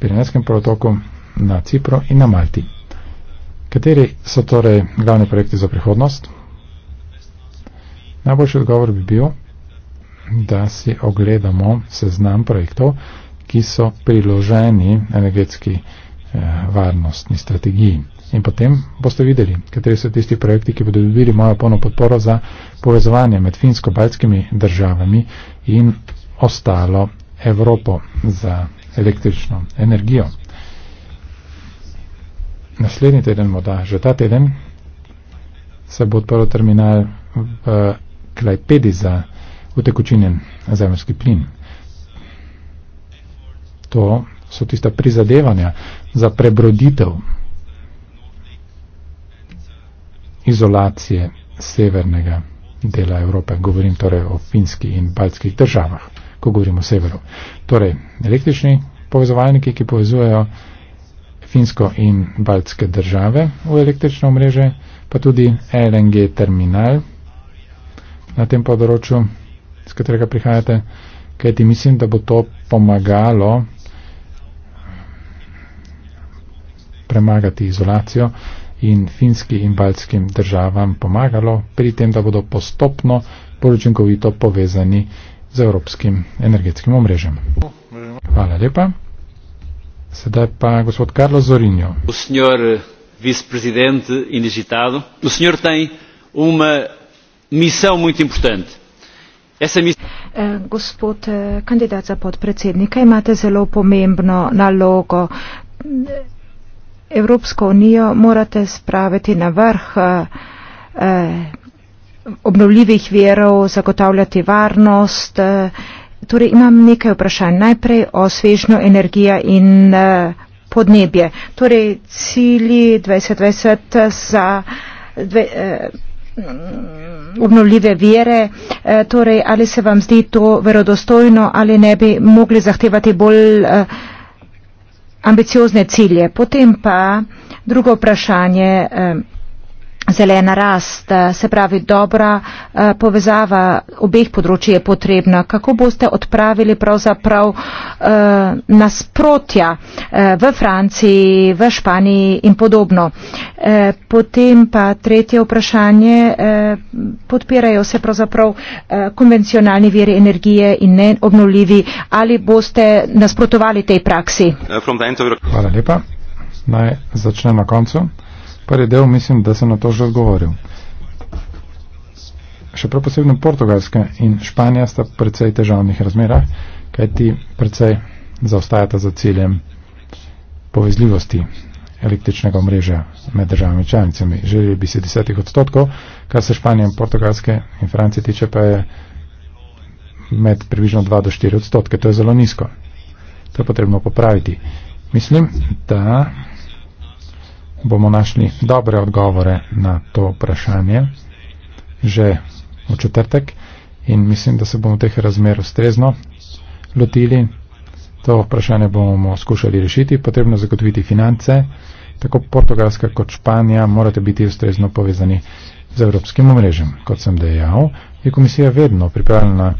Pirenejskem protoku, na Cipru in na Malti. Kateri so torej glavni projekti za prihodnost? Najboljši odgovor bi bil, da si ogledamo seznam projektov, ki so priloženi energetski projekti Eh, varnostni strategiji. In potem boste videli, kateri so tisti projekti, ki bodo dobili mojo polno podporo za povezovanje med finsko-baltskimi državami in ostalo Evropo za električno energijo. Naslednji teden, morda že ta teden, se bo odprl terminal v Klajpedi za utekočinjen zemljski plin. To so tista prizadevanja za prebroditev izolacije severnega dela Evrope. Govorim torej o finski in baltskih državah, ko govorimo o severu. Torej, električni povezovalniki, ki povezujejo finsko in baltske države v električno mreže, pa tudi LNG terminal na tem področju, z katerega prihajate, kajti mislim, da bo to pomagalo premagati izolacijo in finski in baltskim državam pomagalo pri tem, da bodo postopno bolj učinkovito povezani z evropskim energetskim omrežjem. Hvala lepa. Sedaj pa gospod Karlo Zorinjo. Eh, gospod eh, kandidat za podpredsednika, imate zelo pomembno nalogo. Evropsko unijo morate spraviti na vrh eh, eh, obnovljivih verov, zagotavljati varnost. Eh, torej imam nekaj vprašanj. Najprej o svežno energija in podnebje. Torej cilji 2020 za dve, eh, obnovljive vere, eh, torej ali se vam zdi to verodostojno ali ne bi mogli zahtevati bolj. Eh, ambiciozne cilje. Potem pa drugo vprašanje. Eh, zelena rast, eh, se pravi dobra eh, povezava obeh področji je potrebna. Kako boste odpravili pravzaprav eh, nasprotja v Franciji, v Španiji in podobno? Potem pa tretje vprašanje. Podpirajo se pravzaprav konvencionalni viri energije in neobnovljivi. Ali boste nasprotovali tej praksi? Hvala lepa. Naj začnem na koncu. Prvi del mislim, da sem na to že odgovoril. Še prav posebno Portugalska in Španija sta precej težavnih razmerah, kaj ti precej zaostajata za ciljem povezljivosti električnega omrežja med državami članicami. Želeli bi se desetih odstotkov, kar se Španije, Portugalske in Francije tiče, pa je med približno 2 do 4 odstotke. To je zelo nizko. To je potrebno popraviti. Mislim, da bomo našli dobre odgovore na to vprašanje že v četrtek in mislim, da se bomo teh razmer ustrezno lotili. To vprašanje bomo skušali rešiti. Potrebno zagotoviti finance, tako Portugalska kot Španija morate biti ustrezno povezani z evropskim omrežjem. Kot sem dejal, je komisija vedno pripravljena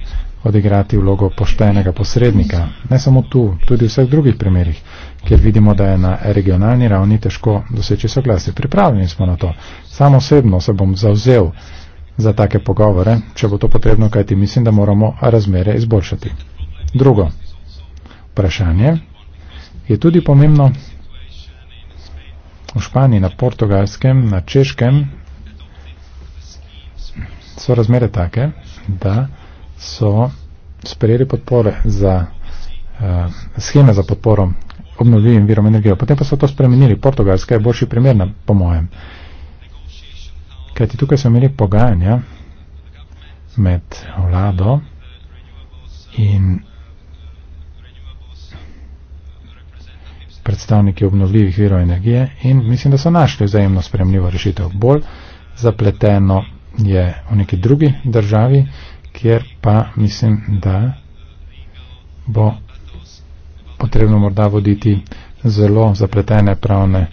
odigrati vlogo poštenega posrednika, ne samo tu, tudi v vseh drugih primerjih ker vidimo, da je na regionalni ravni težko doseči soglasje. Pripravljeni smo na to. Samo osebno se bom zauzel za take pogovore, če bo to potrebno, kajti mislim, da moramo razmere izboljšati. Drugo vprašanje je tudi pomembno. V Španiji, na portugalskem, na češkem so razmere take, da so sprejeli podpore za, eh, scheme za podporo obnovljivim virom energije. Potem pa so to spremenili. Portugalska je boljši primer, na, po mojem. Kajti tukaj so imeli pogajanja med vlado in predstavniki obnovljivih virov energije in mislim, da so našli vzajemno spremljivo rešitev. Bolj zapleteno je v neki drugi državi, kjer pa mislim, da bo potrebno morda voditi zelo zapletene pravne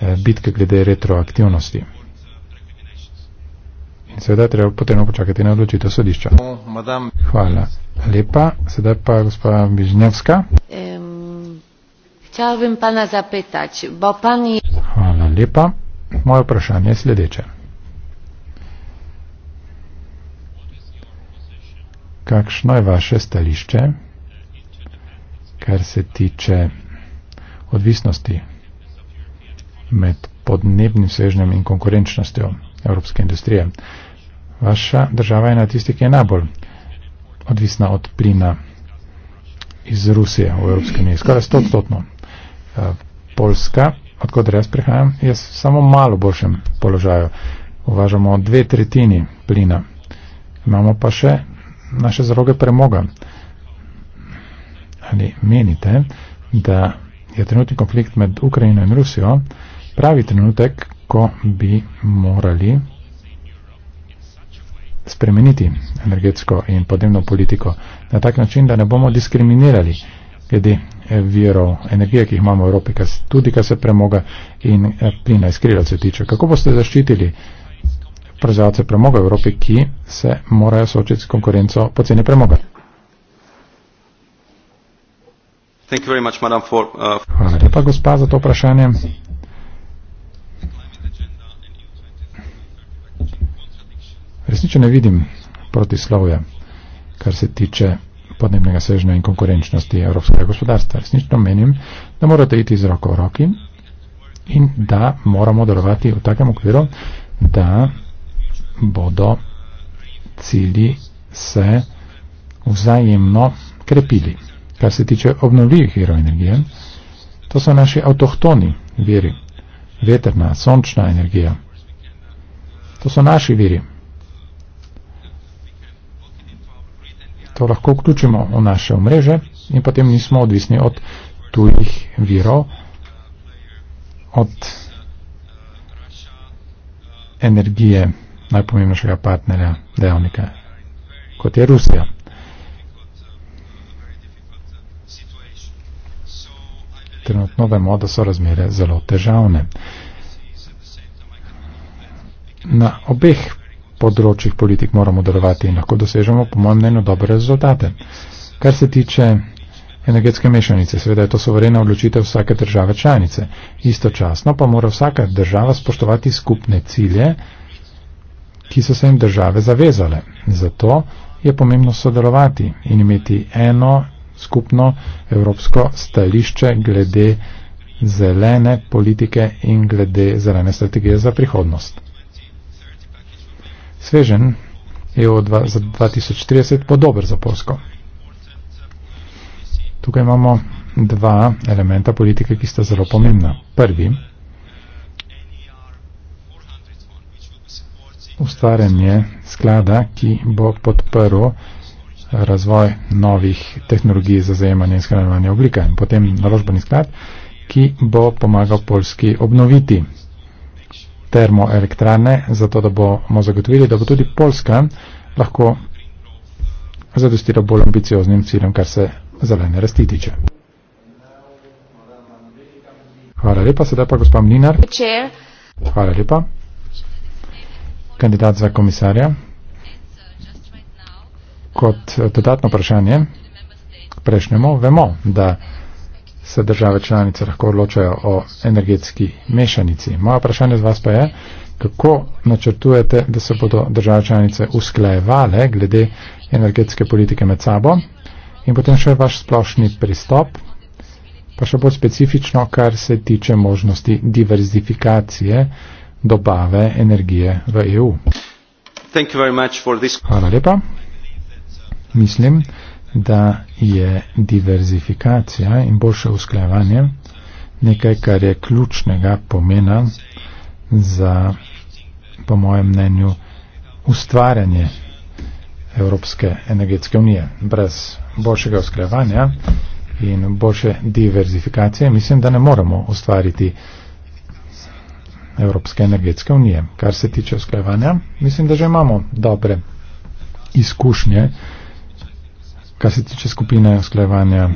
eh, bitke glede retroaktivnosti. In seveda je treba potrebno počakati na odločitev sodišča. Hvala lepa. Sedaj pa gospa Bižnjevska. Hvala lepa. Moje vprašanje je sledeče. Kakšno je vaše stališče? kar se tiče odvisnosti med podnebnim svežnjem in konkurenčnostjo evropske industrije. Vaša država je na tisti, ki je najbolj odvisna od plina iz Rusije v Evropski uniji. Skoraj stotstotno. Eh, Polska, odkud jaz prihajam, je samo malo boljšem položaju. Uvažamo dve tretjini plina. Imamo pa še naše zaroge premoga ali menite, da je trenutni konflikt med Ukrajino in Rusijo pravi trenutek, ko bi morali spremeniti energetsko in podnebno politiko na tak način, da ne bomo diskriminirali glede eh, virov energije, ki jih imamo v Evropi, tudi kar se premoga in eh, plina iz krilce tiče. Kako boste zaščitili proizvajalce premoga v Evropi, ki se morajo soočiti s konkurenco poceni premoga? Uh, Hvala lepa, gospa, za to vprašanje. Resnično ne vidim protislovja, kar se tiče podnebnega svežnja in konkurenčnosti evropskega gospodarstva. Resnično menim, da morate iti z roko v roki in da moramo delovati v takem okviru, da bodo cilji se vzajemno krepili kar se tiče obnovljivih virov energije, to so naši avtohtoni viri, veterna, sončna energija. To so naši viri. To lahko vključimo v naše omreže in potem nismo odvisni od tujih virov, od energije najpomembnejšega partnerja, dejavnika, kot je Rusija. trenutno vemo, da so razmere zelo težavne. Na obeh področjih politik moramo delovati in lahko dosežemo, po mojem mnenju, dobre rezultate. Kar se tiče energetske mešanice, seveda je to soverena odločitev vsake države članice. Istočasno pa mora vsaka država spoštovati skupne cilje, ki so se jim države zavezale. Zato je pomembno sodelovati in imeti eno skupno evropsko stališče glede zelene politike in glede zelene strategije za prihodnost. Svežen EU za 2030 bo dober za Polsko. Tukaj imamo dva elementa politike, ki sta zelo pomembna. Prvi, ustvarjanje sklada, ki bo podprl razvoj novih tehnologij za zajemanje in shranjevanje oblika in potem naložbeni sklad, ki bo pomagal Polski obnoviti termoelektrane, zato da bomo zagotovili, da bo tudi Polska lahko zadostila bolj ambicioznim ciljem, kar se zelene rasti tiče. Hvala lepa, sedaj pa gospod Mlinar. Hvala lepa. Kandidat za komisarja. Kot eh, dodatno vprašanje prejšnjemu, vemo, da se države članice lahko odločajo o energetski mešanici. Moja vprašanje z vas pa je, kako načrtujete, da se bodo države članice usklajevale glede energetske politike med sabo in potem še vaš splošni pristop, pa še bolj specifično, kar se tiče možnosti diverzifikacije dobave energije v EU. Hvala lepa mislim, da je diverzifikacija in boljše usklajevanje nekaj, kar je ključnega pomena za, po mojem mnenju, ustvarjanje Evropske energetske unije. Brez boljšega usklajevanja in boljše diverzifikacije mislim, da ne moremo ustvariti Evropske energetske unije. Kar se tiče usklajevanja, mislim, da že imamo dobre izkušnje kar se tiče skupine usklajevanja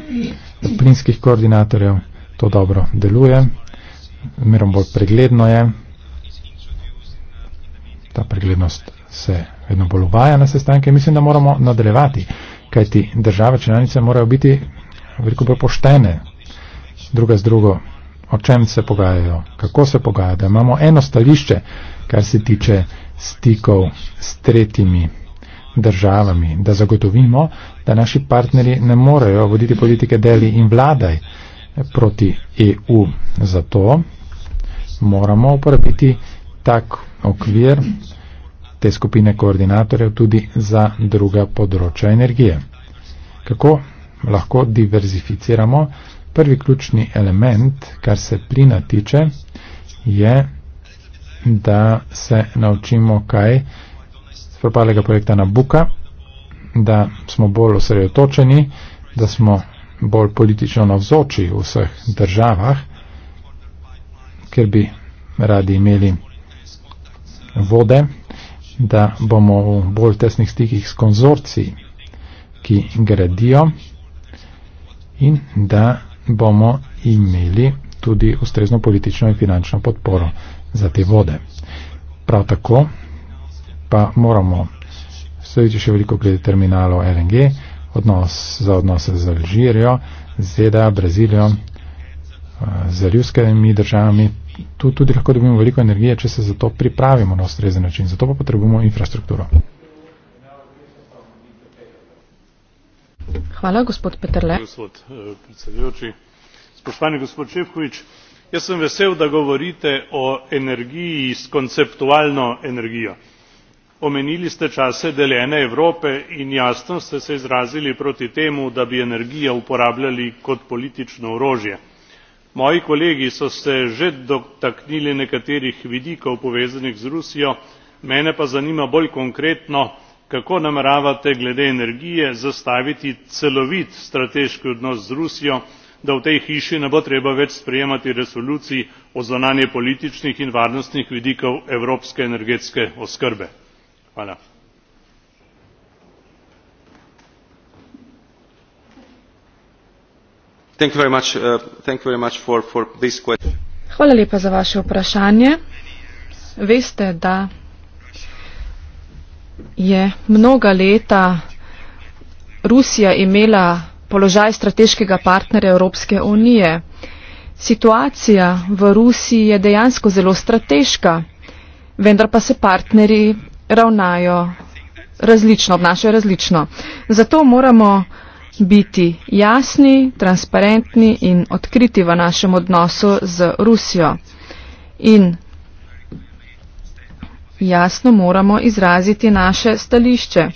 plinskih koordinatorjev, to dobro deluje, merom bolj pregledno je, ta preglednost se vedno bolj uvaja na sestanke, mislim, da moramo nadaljevati, kajti države članice morajo biti veliko bolj poštene, druga z drugo, o čem se pogajajo, kako se pogajajo, da imamo eno stališče, kar se tiče stikov s tretjimi državami, da zagotovimo, da naši partnerji ne morejo voditi politike deli in vladaj proti EU. Zato moramo uporabiti tak okvir te skupine koordinatorjev tudi za druga področja energije. Kako lahko diverzificiramo? Prvi ključni element, kar se plina tiče, je, da se naučimo, kaj propadlega projekta Nabuka, da smo bolj osredotočeni, da smo bolj politično navzoči v vseh državah, ker bi radi imeli vode, da bomo v bolj tesnih stikih s konzorciji, ki gradijo in da bomo imeli tudi ustrezno politično in finančno podporo za te vode. Prav tako pa moramo stojiti še veliko glede terminalov LNG, odnos, za odnose z Alžirijo, ZDA, Brazilijo, eh, z ruskimi državami. Tu tudi lahko dobimo veliko energije, če se za to pripravimo na ustrezen način. Zato pa potrebujemo infrastrukturo. Hvala, gospod Petrle. Eh, Spoštovani gospod Čevkovič, jaz sem vesel, da govorite o energiji s konceptualno energijo omenili ste čase deljene evrope in jasno ste se izrazili proti temu da bi energijo uporabljali kot politično orožje. moji kolegi so se že dotaknili nekaterih vidikov povezanih z rusijo mene pa zanima bolj konkretno kako nameravate glede energije zastaviti celovit strateški odnos z rusijo da v tej hiši ne bo treba več sprejemati resolucij o zunanjepolitičnih in varnostnih vidikih evropske energetske oskrbe hvala. Uh, hvala lepa za vaše vprašanje. Veste, da je mnoga leta Rusija imela položaj strateškega partnerja Evropske unije. Situacija v Rusiji je dejansko zelo strateška, vendar pa se partnerji ravnajo različno, obnašajo različno. Zato moramo biti jasni, transparentni in odkriti v našem odnosu z Rusijo. In jasno moramo izraziti naše stališče.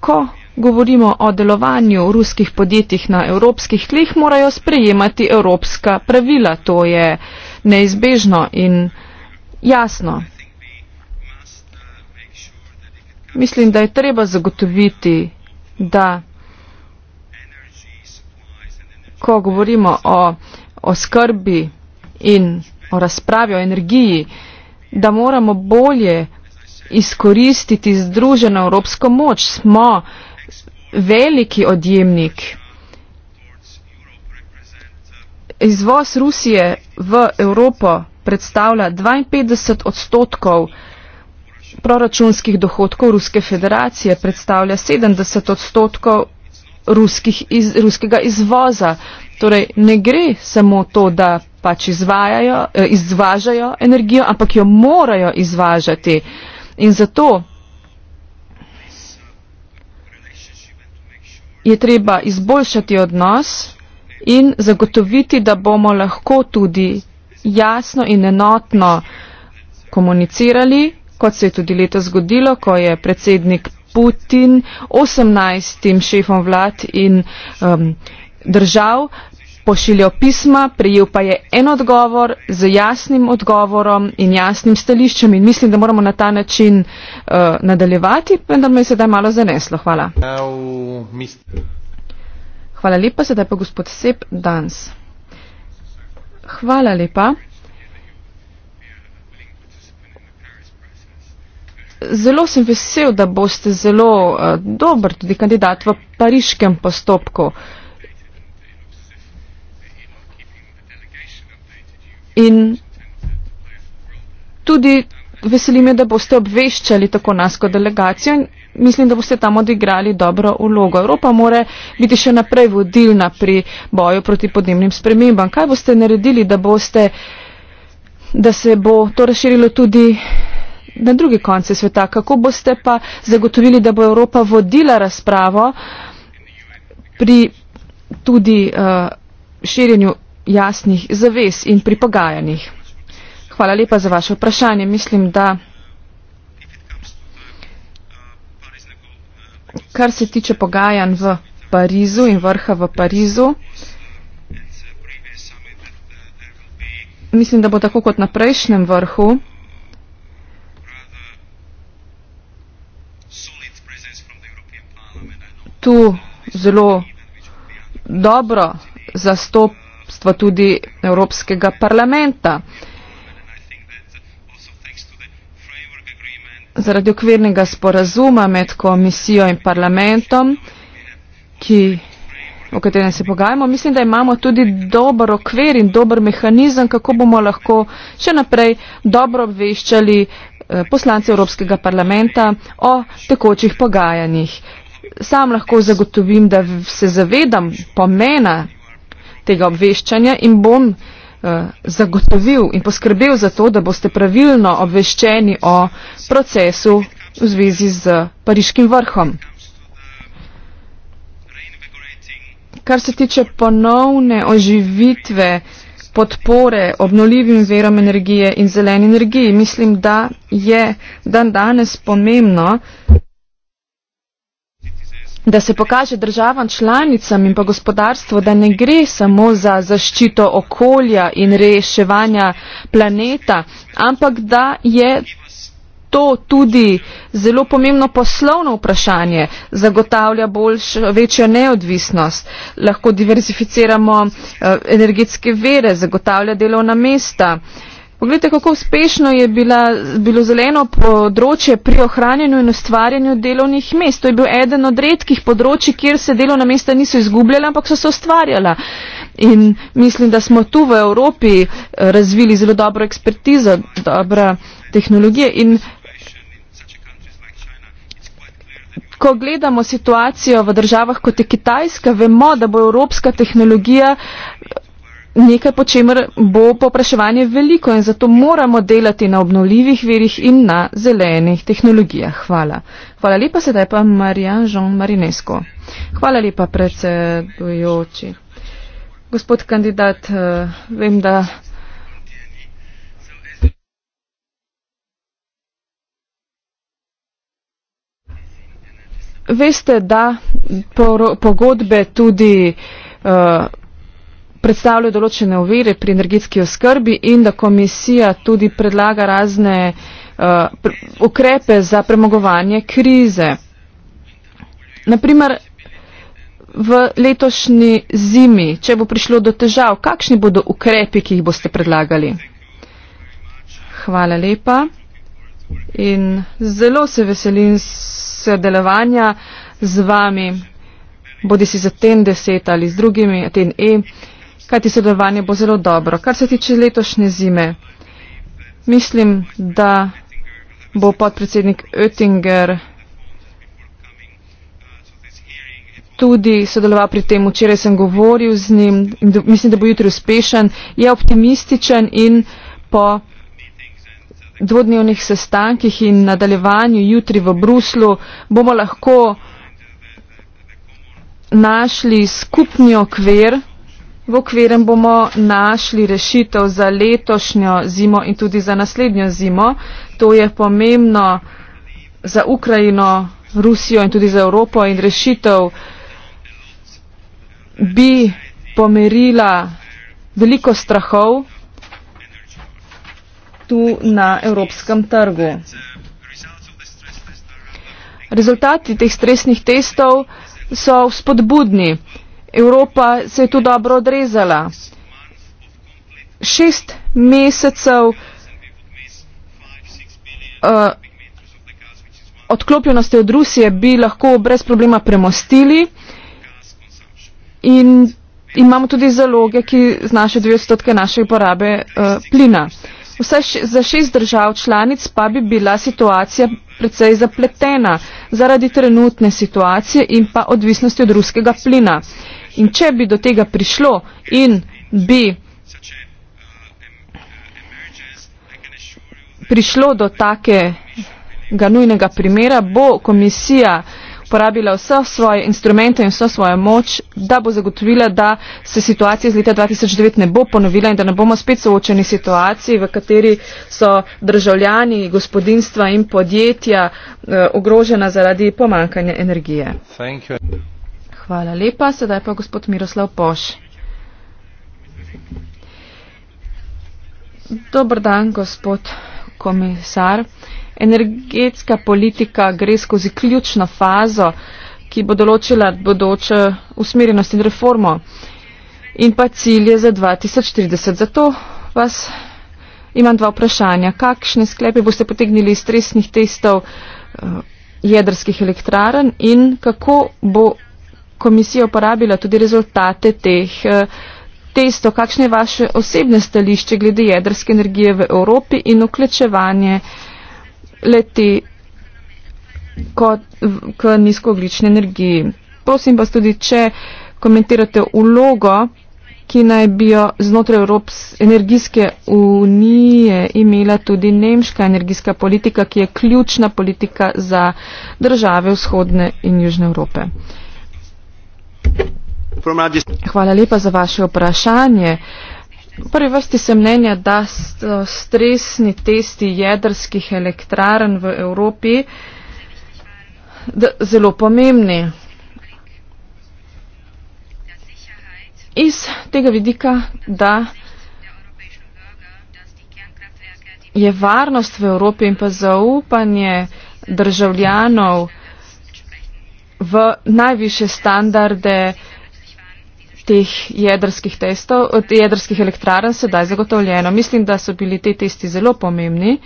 Ko govorimo o delovanju ruskih podjetij na evropskih tleh, morajo sprejemati evropska pravila. To je neizbežno in neizbežno jasno. Mislim, da je treba zagotoviti, da ko govorimo o, o skrbi in o razpravi o energiji, da moramo bolje izkoristiti združeno evropsko moč. Smo veliki odjemnik. Izvoz Rusije v Evropo predstavlja 52 odstotkov proračunskih dohodkov Ruske federacije, predstavlja 70 odstotkov iz, ruskega izvoza. Torej ne gre samo to, da pač eh, izvažajo energijo, ampak jo morajo izvažati. In zato je treba izboljšati odnos in zagotoviti, da bomo lahko tudi jasno in enotno komunicirali, kot se je tudi leta zgodilo, ko je predsednik Putin 18 šefom vlad in um, držav pošiljal pisma, prijel pa je en odgovor z jasnim odgovorom in jasnim stališčem in mislim, da moramo na ta način uh, nadaljevati, vendar me je sedaj malo zaneslo. Hvala. Hvala lepa, sedaj pa gospod Sep Dans. Hvala lepa. Zelo sem vesel, da boste zelo uh, dober tudi kandidat v pariškem postopku. In tudi veseli me, da boste obveščali tako nas kot delegacijo in mislim, da boste tam odigrali dobro vlogo. Evropa mora biti še naprej vodilna pri boju proti podnebnim spremembam. Kaj boste naredili, da, boste, da se bo to razširilo tudi na druge konce sveta? Kako boste pa zagotovili, da bo Evropa vodila razpravo pri tudi uh, širjenju jasnih zaves in pri pogajanjih? hvala lepa za vaše vprašanje. Mislim, da kar se tiče pogajanj v Parizu in vrha v Parizu, mislim, da bo tako kot na prejšnjem vrhu. Tu zelo dobro zastopstvo tudi Evropskega parlamenta. Uh, zaradi okvirnega sporazuma med komisijo in parlamentom, ki, o katerem se pogajamo, mislim, da imamo tudi dober okvir in dober mehanizem, kako bomo lahko še naprej dobro obveščali eh, poslance Evropskega parlamenta o tekočih pogajanjih. Sam lahko zagotovim, da se zavedam pomena tega obveščanja in bom Eh, zagotovil in poskrbel za to, da boste pravilno obveščeni o procesu v zvezi z pariškim vrhom. Kar se tiče ponovne oživitve podpore obnoljivim verom energije in zeleni energiji, mislim, da je dan danes pomembno da se pokaže državam članicam in pa gospodarstvu, da ne gre samo za zaščito okolja in reševanja planeta, ampak da je to tudi zelo pomembno poslovno vprašanje, zagotavlja boljš, večjo neodvisnost, lahko diverzificiramo eh, energetske vere, zagotavlja delovna mesta. Uh, Poglejte, kako uspešno je bila, bilo zeleno področje pri ohranjanju in ustvarjanju delovnih mest. To je bil eden od redkih področji, kjer se delovna mesta niso izgubljala, ampak so se ustvarjala. In mislim, da smo tu v Evropi eh, razvili zelo dobro ekspertizo, dobra tehnologija. In ko gledamo situacijo v državah kot je Kitajska, vemo, da bo evropska tehnologija uh, nekaj, po čemer bo popraševanje veliko in zato moramo delati na obnovljivih verjih in na zelenih tehnologijah. Hvala. Hvala lepa sedaj pa Marijan Žon Marinesko. Hvala lepa predsedujoči. Gospod kandidat, eh, vem, da. Veste, da pogodbe tudi uh, predstavljajo določene ovire pri energetski oskrbi in da komisija tudi predlaga razne uh, eh, pr ukrepe za premagovanje krize. Naprimer, v letošnji zimi, če bo prišlo do težav, kakšni bodo ukrepi, ki jih boste predlagali? Hvala lepa in zelo se veselim sodelovanja z vami, bodi si za TEN 10 ali z drugimi, TEN E. Uh, kajti sodelovanje bo zelo dobro. Kar se tiče letošnje zime, mislim, da bo podpredsednik Oettinger tudi sodeloval pri tem. Včeraj sem govoril z njim in do, mislim, da bo jutri uspešen. Je optimističen in po dvodnevnih sestankih in nadaljevanju jutri v Bruslu bomo lahko našli skupni okvir v okvirem bomo našli rešitev za letošnjo zimo in tudi za naslednjo zimo. To je pomembno za Ukrajino, Rusijo in tudi za Evropo in rešitev bi pomerila veliko strahov tu na evropskem trgu. Rezultati teh stresnih testov so spodbudni. Evropa se je tu dobro odrezala. Šest mesecev uh, odklopljenosti od Rusije bi lahko brez problema premostili in imamo tudi zaloge, ki znašajo dve odstotke naše porabe uh, eh, plina. Vse za šest držav članic pa bi bila situacija predvsej zapletena zaradi trenutne situacije in pa odvisnosti od ruskega plina. Uh, In če bi do tega prišlo in bi prišlo do takega nujnega primera, bo komisija porabila vse svoje instrumente in vso svojo moč, da bo zagotovila, da se situacija iz leta 2009 ne bo ponovila in da ne bomo spet soočeni situaciji, v kateri so državljani, gospodinstva in podjetja eh, ogrožena zaradi pomankanja energije. Hvala lepa. Sedaj pa gospod Miroslav Poš. Dobr dan, gospod komisar. Energetska politika gre skozi ključno fazo, ki bo določila bodoče usmerjenost in reformo in pa cilje za 2030. Zato vas imam dva vprašanja. Kakšne sklepe boste potegnili iz stresnih testov eh, jedrskih elektraren in kako bo komisija uporabila tudi rezultate teh eh, testov. Kakšno je vaše osebne stališče glede jedrske energije v Evropi in vključevanje leti k nizkooglični energiji? Prosim vas tudi, če komentirate ulogo, ki naj bi jo znotraj Evropske energijske unije imela tudi nemška energijska politika, ki je ključna politika za države vzhodne in južne Evrope. Hvala lepa za vaše vprašanje. V prvi vrsti se mnenja, da so stresni testi jedrskih elektrarn v Evropi zelo pomembni. Iz tega vidika, da je varnost v Evropi in pa zaupanje državljanov v najviše standarde teh jedrskih testov, od jedrskih elektrarn sedaj zagotovljeno. Mislim, da so bili te testi zelo pomembni,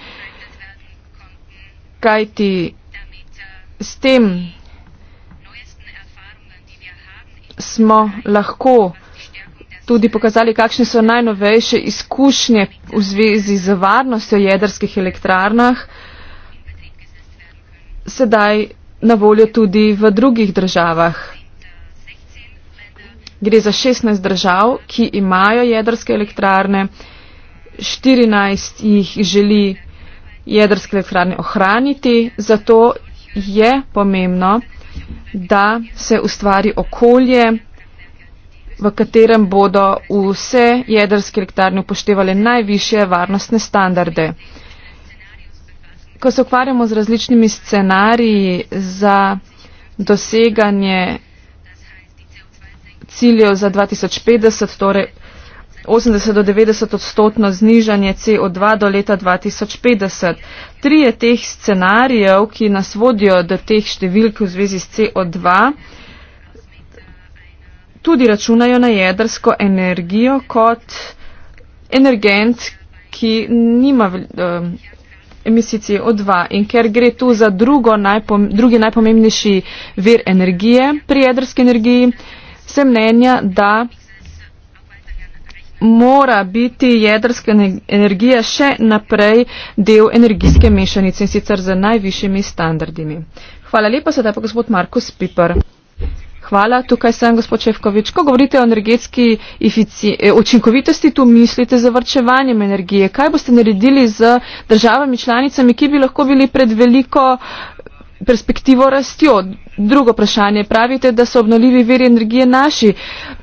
kajti s tem smo lahko tudi pokazali, kakšne so najnovejše izkušnje v zvezi z varnostjo jedrskih elektrarnah sedaj na voljo tudi v drugih državah. Gre za 16 držav, ki imajo jedrske elektrarne, 14 jih želi jedrske elektrarne ohraniti, zato je pomembno, da se ustvari okolje, v katerem bodo vse jedrske elektrarne upoštevali najviše varnostne standarde. Ko se ukvarjamo z različnimi scenariji za doseganje ciljev za 2050, torej 80 do 90 odstotno znižanje CO2 do leta 2050. Tri je teh scenarijev, ki nas vodijo do teh številk v zvezi s CO2, tudi računajo na jedrsko energijo kot energent, ki nima um, emisij CO2. In ker gre tu za najpom drugi najpomembnejši vir energije pri jedrski energiji, sem mnenja, da mora biti jedrska energija še naprej del energijske mešanice in sicer z najvišjimi standardimi. Hvala lepa, sedaj pa gospod Markus Piper. Hvala, tukaj sem gospod Čevkovič. Ko govorite o energetski e, učinkovitosti, tu mislite za vrčevanjem energije. Kaj boste naredili z državami članicami, ki bi lahko bili pred veliko uh, perspektivo rastjo. Drugo vprašanje. Pravite, da so obnovljivi viri energije naši.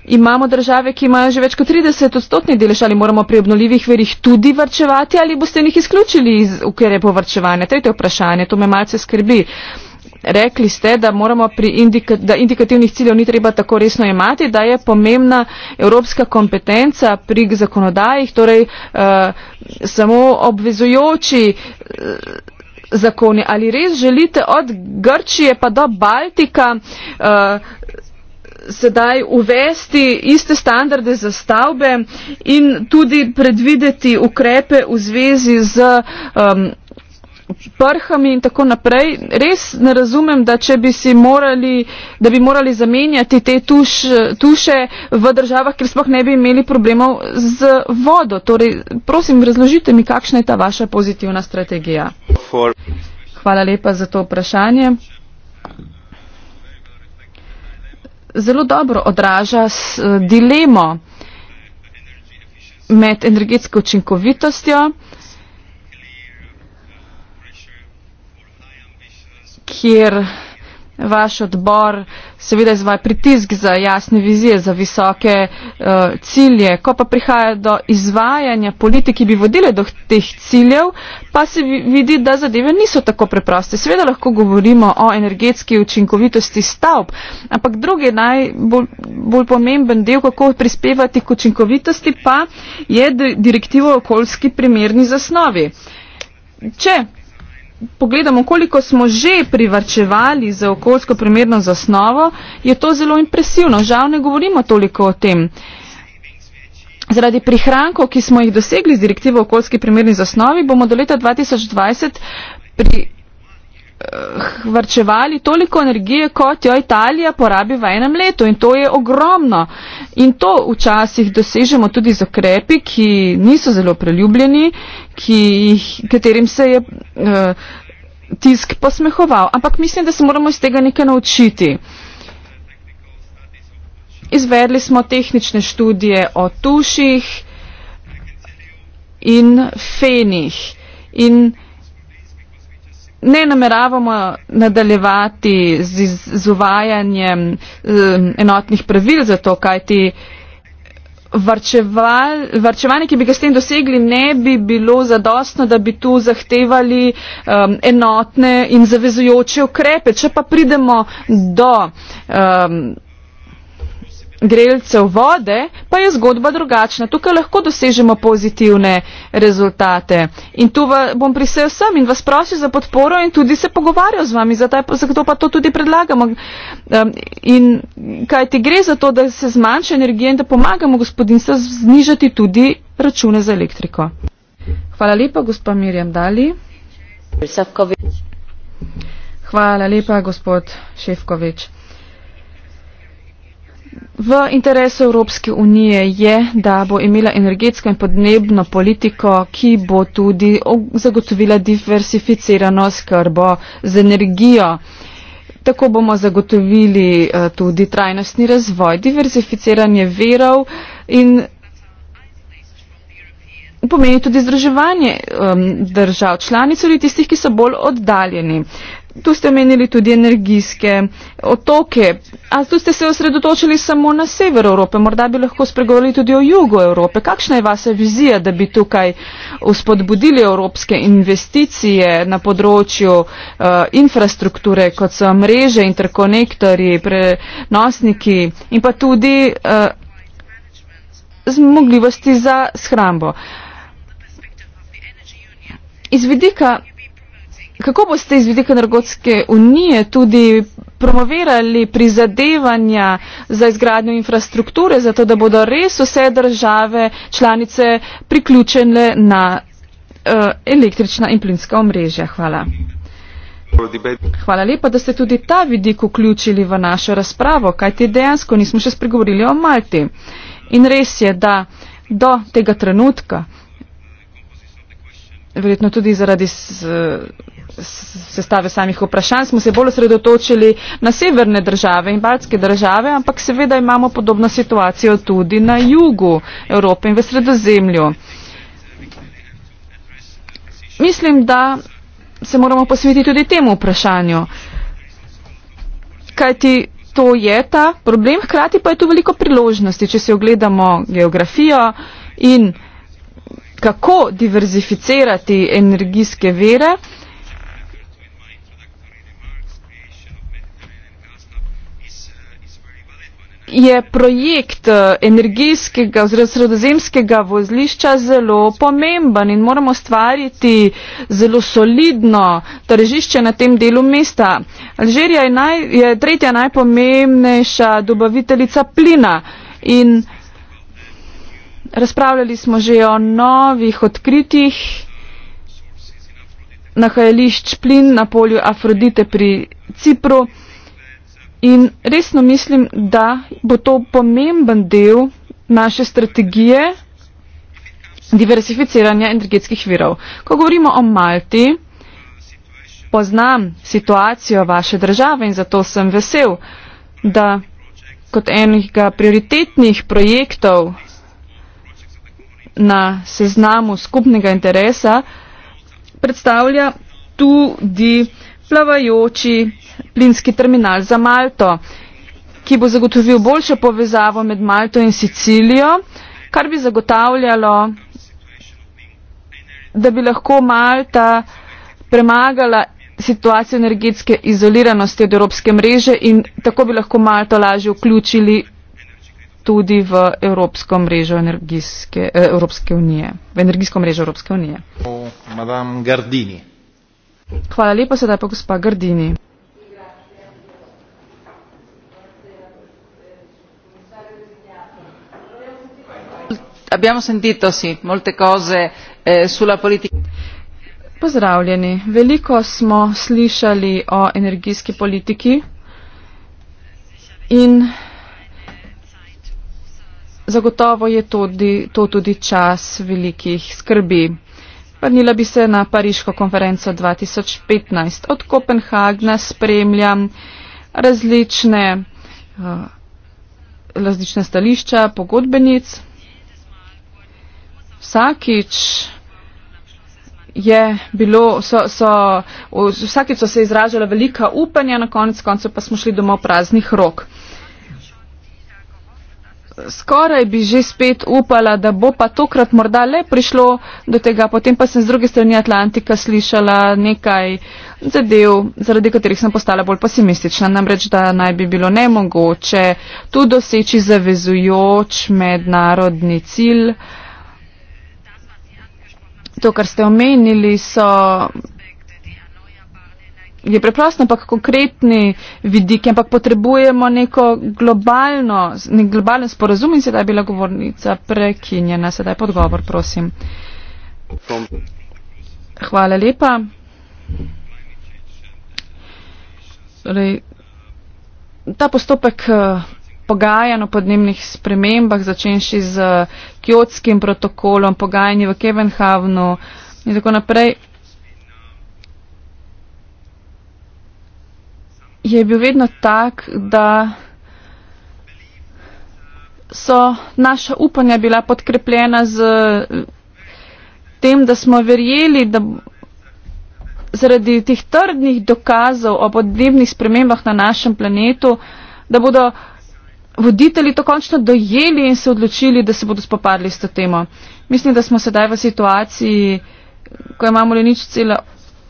Imamo države, ki imajo že več kot 30 odstotni delež, ali moramo pri obnovljivih verih tudi vrčevati, ali boste njih izključili iz ukere povrčevanja. Tretje vprašanje, to me malce skrbi. Rekli ste, da, indika, da indikativnih ciljev ni treba tako resno imati, da je pomembna evropska kompetenca pri zakonodajih, torej uh, samo obvezujoči. Uh, zakoni. Ali res želite od Grčije pa do Baltika uh, sedaj uvesti iste standarde za stavbe in tudi predvideti ukrepe v zvezi z. Um, prhami in tako naprej. Res ne razumem, da, bi, morali, da bi morali zamenjati te tuš, tuše v državah, ker sploh ne bi imeli problemov z vodo. Torej, prosim, razložite mi, kakšna je ta vaša pozitivna strategija. Hvala lepa za to vprašanje. Zelo dobro odraža eh, dilemo med energetsko učinkovitostjo, kjer vaš odbor, seveda izvaja pritisk za jasne vizije, za visoke uh, cilje. Ko pa prihaja do izvajanja politik, ki bi vodile do teh ciljev, pa se vidi, da zadeve niso tako preproste. Seveda lahko govorimo o energetski učinkovitosti stavb, ampak drugi najbolj bolj pomemben del, kako prispevati k učinkovitosti, pa je direktivo okoljski primerni zasnovi. Če pogledamo, koliko smo že privrčevali za okoljsko primerno zasnovo, je to zelo impresivno. Žal ne govorimo toliko o tem. Zaradi prihrankov, ki smo jih dosegli z direktivo okoljski primerni zasnovi, bomo do leta 2020 pri Eh, vrčevali toliko energije, kot jo Italija porabi v enem letu in to je ogromno. In to včasih dosežemo tudi z okrepi, ki niso zelo preljubljeni, ki, katerim se je uh, tisk posmehoval. Ampak mislim, da se moramo iz tega nekaj naučiti. Izvedli smo tehnične študije o tuših in fenih. In ne nameravamo nadaljevati z, z uvajanjem um, enotnih pravil za to, kaj ti Varčeval, varčevanje, ki bi ga s tem dosegli, ne bi bilo zadostno, da bi tu zahtevali um, enotne in zavezujoče ukrepe. Če pa pridemo do um, grelcev vode, pa je zgodba drugačna. Tukaj lahko dosežemo pozitivne rezultate. In tu va, bom prisel sem in vas prosil za podporo in tudi se pogovarjal z vami, zato pa to tudi predlagamo. Um, in kaj ti gre za to, da se zmanjša energija in da pomagamo gospodinstva znižati tudi račune za elektriko. Hvala lepa, gospod Mirjam Dali. Hvala lepa, gospod Šefkovič. V interesu Evropske unije je, da bo imela energetsko in podnebno politiko, ki bo tudi zagotovila diversificirano skrbo z energijo. Tako bomo zagotovili eh, tudi trajnostni razvoj, diversificiranje verov in pomeni tudi združevanje um, držav članic ali tistih, ki so bolj oddaljeni. Tu ste menili tudi energijske otoke, a tu ste se osredotočili samo na sever Evrope, morda bi lahko spregovorili tudi o jugu Evrope. Kakšna je vaša vizija, da bi tukaj uspodbudili evropske investicije na področju uh, infrastrukture, kot so mreže, interkonektori, prenosniki in pa tudi uh, zmogljivosti za shrambo? Iz vidika kako boste iz vidika Energetske unije tudi promovirali prizadevanja za izgradnjo infrastrukture, zato da bodo res vse države članice priključene na uh, električna in plinska omrežja? Hvala. Hvala lepa, da ste tudi ta vidik vključili v našo razpravo, kajti dejansko nismo še spregovorili o Malti. In res je, da do tega trenutka verjetno tudi zaradi sestave samih vprašanj, smo se bolj osredotočili na severne države in baltske države, ampak seveda imamo podobno situacijo tudi na jugu Evrope in v sredozemlju. Mislim, da se moramo posvetiti tudi temu vprašanju, kajti to je ta problem, hkrati pa je tu veliko priložnosti, če se ogledamo geografijo in kako diverzificirati energijske vere, je projekt eh, energijskega oziroma sredozemskega vozlišča zelo pomemben in moramo stvariti zelo solidno tržišče na tem delu mesta. Alžirija je, naj, je tretja najpomembnejša dobaviteljica plina in razpravljali smo že o novih odkritjih nahajališč plin na polju Afrodite pri Cipru in resno mislim, da bo to pomemben del naše strategije diversificiranja energetskih virov. Ko govorimo o Malti, poznam situacijo vaše države in zato sem vesel, da kot enega prioritetnih projektov na seznamu skupnega interesa, predstavlja tudi plavajoči plinski terminal za Malto, ki bo zagotovil boljšo povezavo med Malto in Sicilijo, kar bi zagotavljalo, da bi lahko Malta premagala situacijo energetske izoliranosti od Evropske mreže in tako bi lahko Malto lažje vključili tudi v Evropsko mrežo energijske, eh, Evropske unije, v energijsko mrežo Evropske unije. Hvala lepa, sedaj pa gospa Gardini. Abbiamo sentito, sì, molte cose eh, sulla politica. Pozdravljeni. Veliko smo slišali o energijski politiki in Zagotovo je tudi, to tudi čas velikih skrbi. Vrnila bi se na Pariško konferenco 2015. Od Kopenhagna spremljam različne, eh, različne stališča pogodbenic. Vsakič je bilo, so, so, vsakič so se izražala velika upanja, na konec koncu pa smo šli domov praznih rok skoraj bi že spet upala, da bo pa tokrat morda le prišlo do tega, potem pa sem z druge strani Atlantika slišala nekaj zadev, zaradi katerih sem postala bolj pesimistična. Namreč, da naj bi bilo nemogoče tu doseči zavezujoč mednarodni cilj. To, kar ste omenili, so je preprosto, ampak konkretni vidiki, ampak potrebujemo neko globalno, nek globalen sporazum in sedaj je bila govornica prekinjena. Sedaj podgovor, prosim. Hvala lepa. Torej, ta postopek eh, pogajanj o podnebnih spremembah, začenši z kjotskim protokolom, pogajanji v Kevenhavnu in tako naprej, je bil vedno tak, da so naša upanja bila podkrepljena z tem, da smo verjeli, da zaradi teh trdnih dokazov o podnebnih spremembah na našem planetu, da bodo voditelji to končno dojeli in se odločili, da se bodo spopadli s to temo. Mislim, da smo sedaj v situaciji, ko imamo le nič cela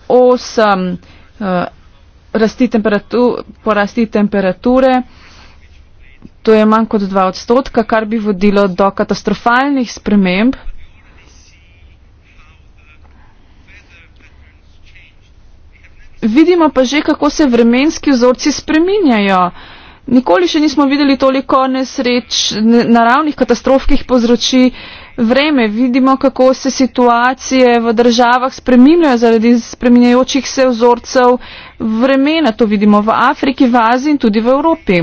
osem eh, rasti temperatu, porasti temperature. To je manj kot 2 odstotka, kar bi vodilo do katastrofalnih sprememb. Vidimo pa že, kako se vremenski vzorci spreminjajo. Nikoli še nismo videli toliko nesreč, ne, naravnih katastrof, ki jih povzroči uh, vreme, vidimo, kako se situacije v državah spreminjajo zaradi spreminjajočih se vzorcev vremena. To vidimo v Afriki, v Aziji in tudi v Evropi.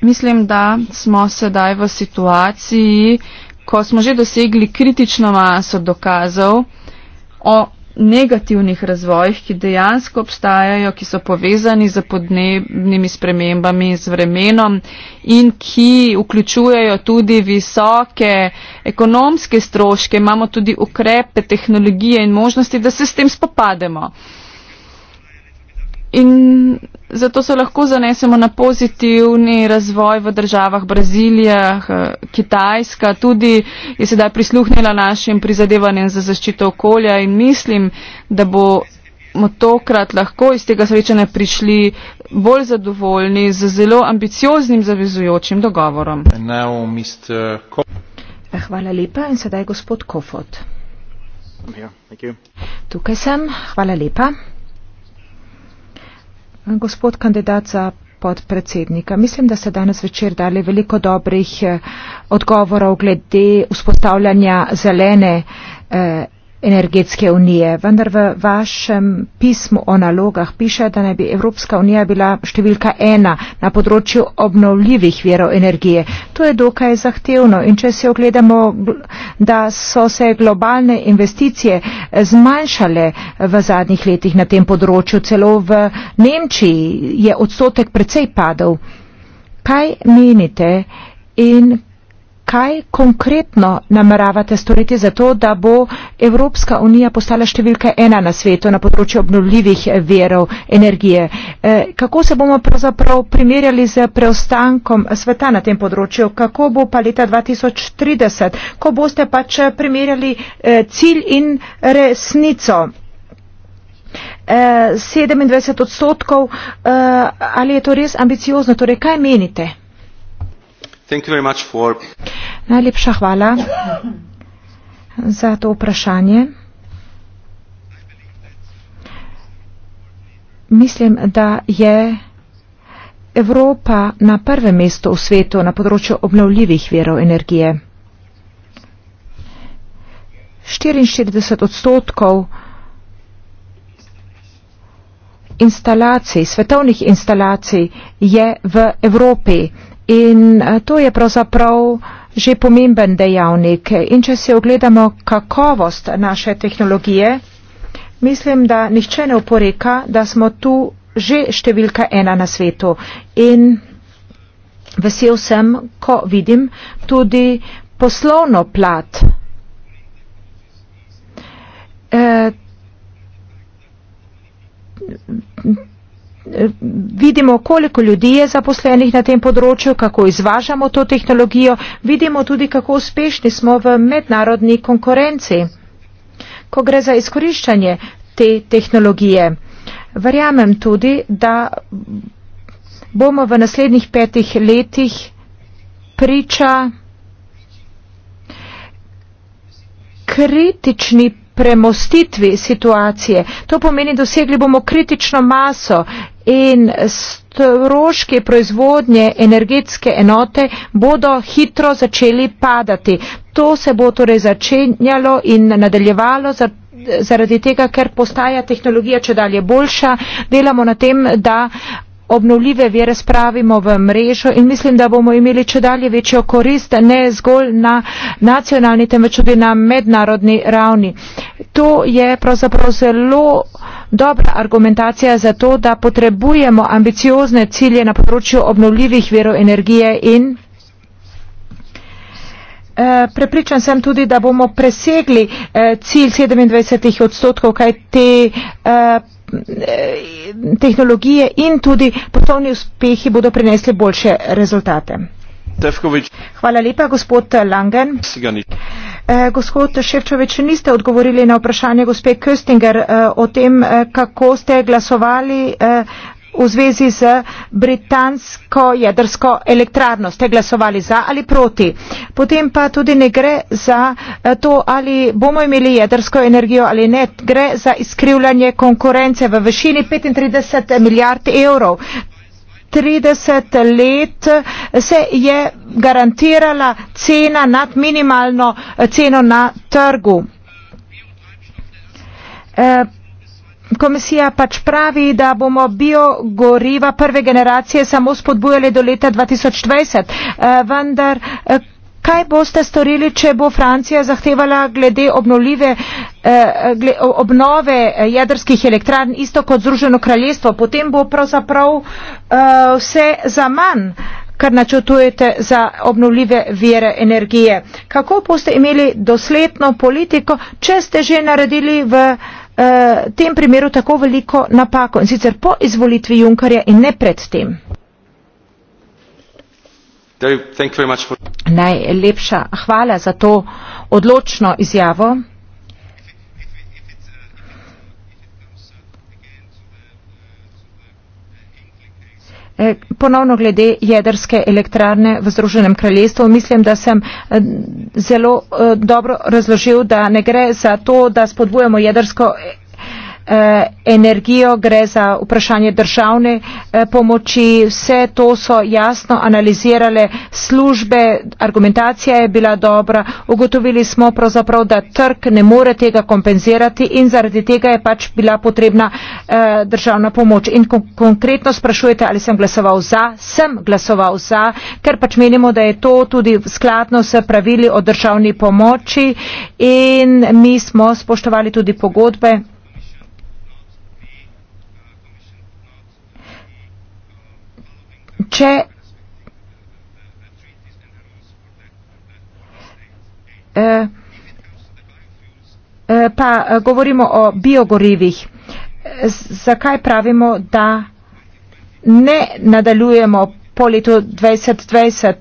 Mislim, da smo sedaj v situaciji, ko smo že dosegli kritično maso dokazov o negativnih razvojih, ki dejansko obstajajo, ki so povezani z podnebnimi spremembami in z vremenom in ki vključujejo tudi visoke ekonomske stroške, imamo tudi ukrepe, tehnologije in možnosti, da se s tem spopademo. In Zato se lahko zanesemo na pozitivni razvoj v državah Brazilija, eh, Kitajska, tudi je sedaj prisluhnila našim prizadevanjem za zaščito okolja in mislim, da bomo tokrat lahko iz tega srečanja prišli bolj zadovoljni z zelo ambicioznim zavezujočim dogovorom. Eh, hvala lepa in sedaj gospod Kofot. Tukaj sem, hvala lepa. Gospod kandidat za podpredsednika, mislim, da ste danes večer dali veliko dobrih eh, odgovorov glede vzpostavljanja zelene eh, energetske unije. Vendar v vašem pismu o nalogah piše, da naj bi Evropska unija bila številka ena na področju obnovljivih verov energije. To je dokaj zahtevno in če se ogledamo, da so se globalne investicije eh, zmanjšale v zadnjih letih na tem področju, celo v Nemčiji je odstotek precej padel. Kaj menite in kaj konkretno nameravate storiti za to, da bo Evropska unija postala številka ena na svetu na področju obnovljivih verov energije? Eh, kako se bomo pravzaprav primerjali z preostankom sveta na tem področju? Kako bo pa leta 2030, ko boste pač primerjali eh, cilj in resnico? 27 eh, odstotkov, ali je to res ambiciozno? Torej, kaj menite? Najlepša hvala za to vprašanje. Mislim, da je Evropa na prvem mestu v svetu na področju obnovljivih verov energije. 64 odstotkov instalacij, svetovnih instalacij je v Evropi. In eh, to je pravzaprav že pomemben dejavnik. In če si ogledamo kakovost naše tehnologije, mislim, da nihče ne oporeka, da smo tu že številka ena na svetu. In vesel sem, ko vidim tudi poslovno plat. E, vidimo, koliko ljudi je zaposlenih na tem področju, kako izvažamo to tehnologijo, vidimo tudi, kako uspešni smo v mednarodni konkurenci, ko gre za izkoriščanje te tehnologije. Verjamem tudi, da bomo v naslednjih petih letih priča kritični premostitvi situacije. To pomeni, dosegli bomo kritično maso in stroške proizvodnje energetske enote bodo hitro začeli padati. To se bo torej začenjalo in nadaljevalo zaradi tega, ker postaja tehnologija če dalje boljša. Delamo na tem, da obnovljive vere spravimo v mrežo in mislim, da bomo imeli če dalje večjo korist ne zgolj na nacionalni, temveč tudi na mednarodni ravni. To je pravzaprav zelo dobra argumentacija za to, da potrebujemo ambiciozne cilje na področju obnovljivih verov energije in eh, Prepričan sem tudi, da bomo presegli eh, cilj 27 odstotkov, kaj te eh, Eh, tehnologije in tudi poslovni uspehi bodo prinesli boljše rezultate. Tefkovič. Hvala lepa, gospod Langen. Eh, gospod Ševčovič, niste odgovorili na vprašanje gospe Köstinger eh, o tem, kako ste glasovali v zvezi z britansko jedrsko elektrarno. Ste glasovali za ali proti? Potem pa tudi ne gre za eh, to, ali bomo imeli jedrsko energijo ali ne. Gre za izkrivljanje konkurence v višini 35 milijard evrov. 30 let eh, se je garantirala cena nad minimalno eh, ceno na trgu. Komisija pač pravi, da bomo biogoriva prve generacije samo spodbujali do leta 2020, eh, vendar eh, kaj boste storili, če bo Francija zahtevala glede obnovljive, eh, obnove jedrskih elektrarn, isto kot Združeno kraljestvo, potem bo pravzaprav vse za manj kar načrtujete za obnovljive vire energije. Kako boste imeli dosledno politiko, če ste že naredili v uh, tem primeru tako veliko napako in sicer po izvolitvi Junkarja in ne pred tem. Najlepša hvala za to odločno izjavo. Eh, ponovno glede jedrske elektrarne v Združenem kraljestvu. Mislim, da sem eh, zelo eh, dobro razložil, da ne gre za to, da spodbujamo jedrsko Eh, energijo, gre za vprašanje državne eh, pomoči. Vse to so jasno analizirale službe, argumentacija je bila dobra. Ugotovili smo pravzaprav, da trg ne more tega kompenzirati in zaradi tega je pač bila potrebna eh, državna pomoč. In konkretno sprašujete, ali sem glasoval za. Sem glasoval za, ker pač menimo, da je to tudi skladno s pravili o državni pomoči in mi smo spoštovali tudi pogodbe. c'è eh, eh, pa eh, govorimo o biogorivih. Zakaj pravimo, da ne nadaljujemo po letu 2020?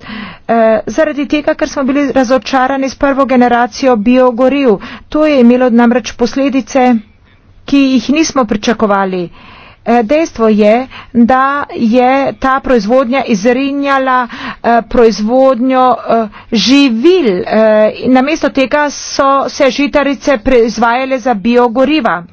Zaradi tega, ker smo bili razočarani s prvo generacijo biogoriv. To je imelo namreč posledice, ki jih nismo pričakovali. Eh, dejstvo je, da je ta proizvodnja izrinjala eh, proizvodnjo eh, živil. Namesto tega so se žitarice proizvajale za biogoriva.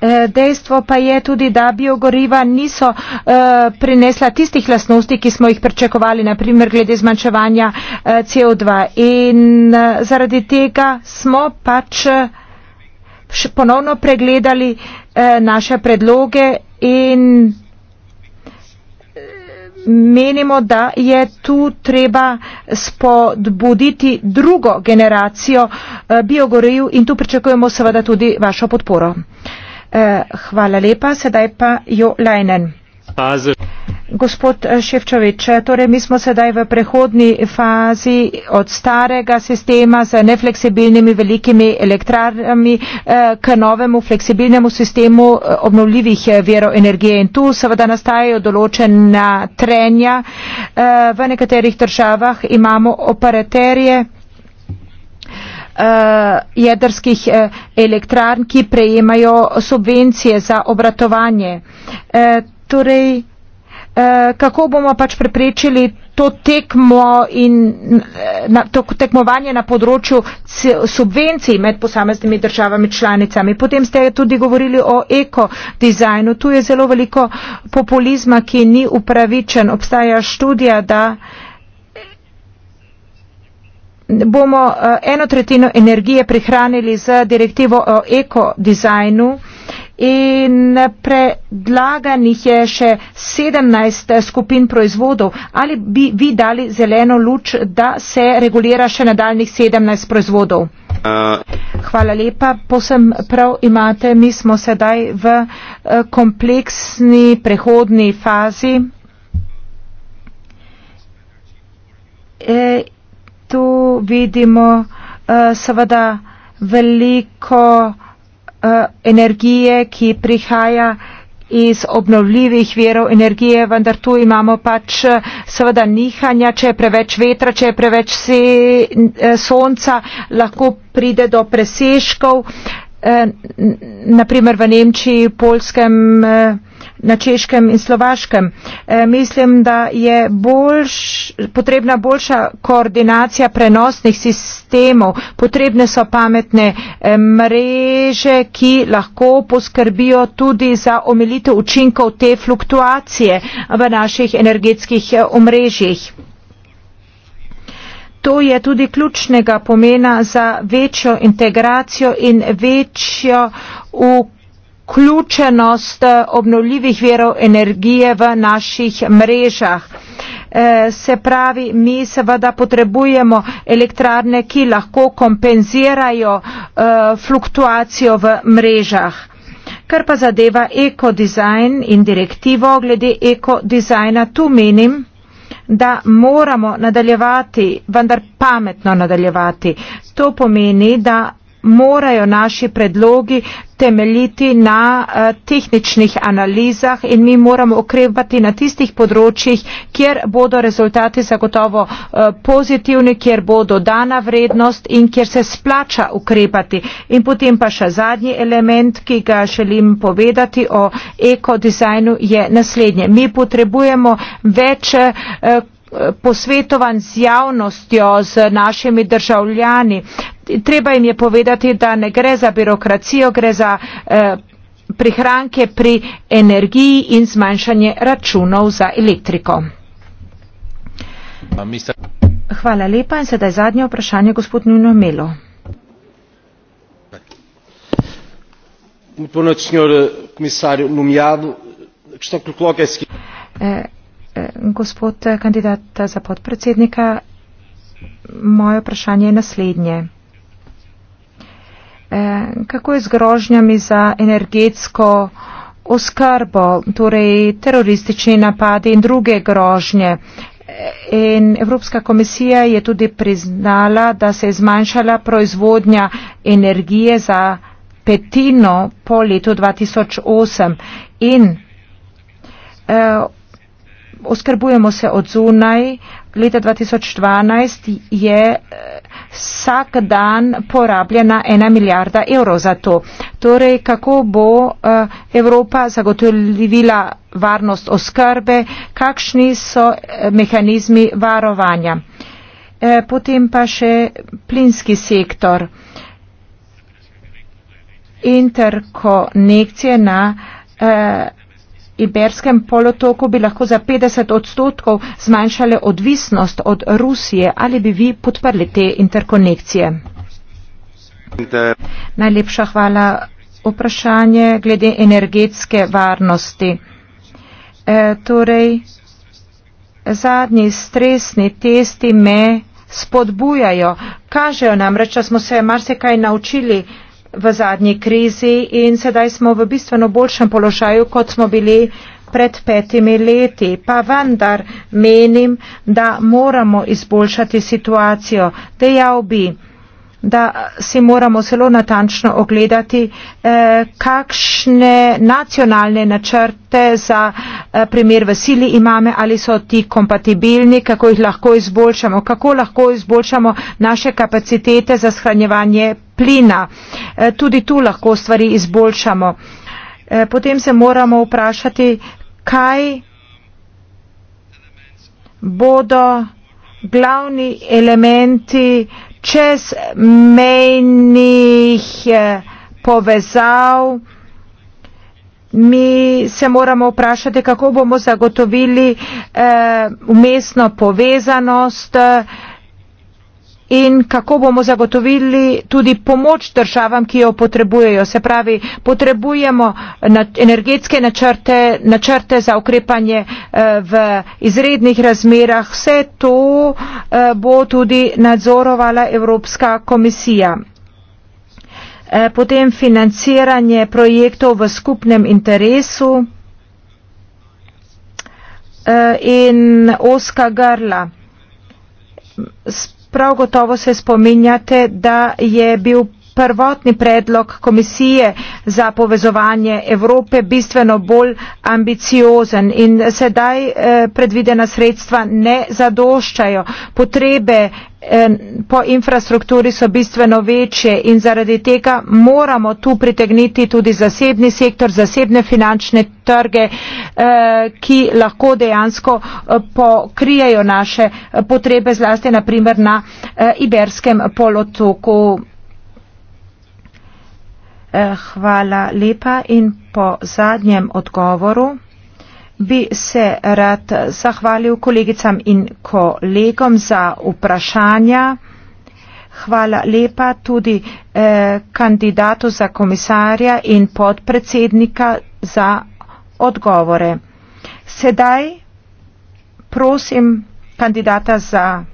Eh, dejstvo pa je tudi, da biogoriva niso uh, prinesla tistih lasnosti, ki smo jih pričakovali, naprimer glede zmanjševanja uh, eh, CO2. In uh, zaradi tega smo pač uh, ponovno pregledali uh, naše predloge in menimo, da je tu treba spodbuditi drugo generacijo uh, biogoriv in tu pričakujemo seveda tudi vašo podporo. Eh, hvala lepa, sedaj pa jo lajnen. Gospod eh, Ševčovič, eh, torej mi smo sedaj v prehodni fazi od starega sistema z nefleksibilnimi velikimi elektrarnami eh, k novemu fleksibilnemu sistemu obnovljivih verov energije in tu seveda nastajajo določena trenja. V nekaterih državah imamo operaterje uh, jedrskih uh, elektrarn, ki prejemajo subvencije za obratovanje. Uh, torej, uh, kako bomo pač preprečili to, tekmo in, na, to tekmovanje na področju subvencij med posameznimi državami članicami. Potem ste tudi govorili o ekodizajnu. Tu je zelo veliko populizma, ki ni upravičen. Obstaja študija, da. Uh, bomo eh, eno tretjino energije prihranili z direktivo o ekodizajnu in predlaganih je še 17 eh, skupin proizvodov. Ali bi vi dali zeleno luč, da se regulira še nadaljnih 17 proizvodov? Uh. Hvala lepa. Posem prav imate, mi smo sedaj v eh, kompleksni prehodni fazi tu vidimo uh, seveda veliko uh, energije, ki prihaja iz obnovljivih verov energije, vendar tu imamo pač eh, seveda nihanja, če je preveč vetra, če je preveč se, sonca, lahko pride do presežkov. E, naprimer v Nemčiji, Polskem, e, na češkem in slovaškem. E, mislim, da je boljš, potrebna boljša koordinacija prenosnih sistemov, potrebne so pametne e, mreže, ki lahko poskrbijo tudi za omilitev učinkov te fluktuacije v naših energetskih e, omrežjih. To je tudi ključnega pomena za večjo integracijo in večjo vključenost eh, obnovljivih verov energije v naših mrežah. Eh, se pravi, mi seveda potrebujemo elektrarne, ki lahko kompenzirajo eh, fluktuacijo v mrežah. Kar pa zadeva ekodizajn in direktivo glede ekodizajna, tu menim, da moramo nadaljevati, vendar pametno nadaljevati. To pomeni, da morajo naši predlogi temeljiti na eh, tehničnih analizah in mi moramo okrepati na tistih področjih, kjer bodo rezultati zagotovo eh, pozitivni, kjer bo dodana vrednost in kjer se splača ukrepati. In potem pa še zadnji element, ki ga želim povedati o ekodizajnu, je naslednje. Mi potrebujemo več eh, posvetovan z javnostjo, z našimi državljani. Treba jim je povedati, da ne gre za birokracijo, gre za eh, prihranke pri energiji in zmanjšanje računov za elektriko. Hvala lepa in sedaj zadnje vprašanje, gospod Nuno Melo. Eh, Eh, gospod eh, kandidat za podpredsednika, moje vprašanje je naslednje. Eh, kako je z grožnjami za energetsko oskrbo, torej teroristični napadi in druge grožnje? In Evropska komisija je tudi priznala, da se je zmanjšala proizvodnja energije za petino po letu 2008 in oskrbujemo se od zunaj. Leta 2012 je eh, vsak dan porabljena ena milijarda evrov za to. Torej, kako bo eh, Evropa zagotovila varnost oskrbe, kakšni so eh, mehanizmi varovanja. Potem pa še plinski sektor. Interkonekcije na Iberskem polotoku bi lahko za 50 odstotkov zmanjšale odvisnost od Rusije. Ali bi vi podprli te interkonekcije? Najlepša hvala. Vprašanje glede energetske varnosti. E, torej, zadnji stresni testi me spodbujajo. Kažejo namreč, da smo se marsikaj naučili v zadnji krizi in sedaj smo v bistveno boljšem položaju, kot smo bili pred petimi leti. Pa vendar menim, da moramo izboljšati situacijo. Dejal bi, da si moramo zelo natančno ogledati, eh, kakšne nacionalne načrte za eh, primer v sili imamo, ali so ti kompatibilni, kako jih lahko izboljšamo, kako lahko izboljšamo naše kapacitete za shranjevanje plina. Eh, tudi tu lahko stvari izboljšamo. Potem se moramo vprašati, kaj bodo glavni elementi čez mejnih eh, povezav. Mi se moramo vprašati, kako bomo zagotovili eh, umestno povezanost. Eh, in kako bomo zagotovili tudi pomoč državam, ki jo potrebujejo. Se pravi, potrebujemo energetske načrte, načrte za ukrepanje eh, v izrednih razmerah. Vse to eh, bo tudi nadzorovala Evropska komisija. Eh, potem financiranje projektov v skupnem interesu in oska grla prav gotovo se spominjate, da je bil prvotni predlog komisije za povezovanje Evrope bistveno bolj ambiciozen in sedaj eh, predvidena sredstva ne zadoščajo. Potrebe eh, po infrastrukturi so bistveno večje in zaradi tega moramo tu pritegniti tudi zasebni sektor, zasebne finančne trge, eh, ki lahko dejansko pokrijajo naše potrebe zlasti naprimer na Iberskem polotoku. Eh, hvala lepa in po zadnjem odgovoru bi se rad zahvalil kolegicam in kolegom za vprašanja. Hvala lepa tudi eh, kandidatu za komisarja in podpredsednika za odgovore. Sedaj prosim kandidata za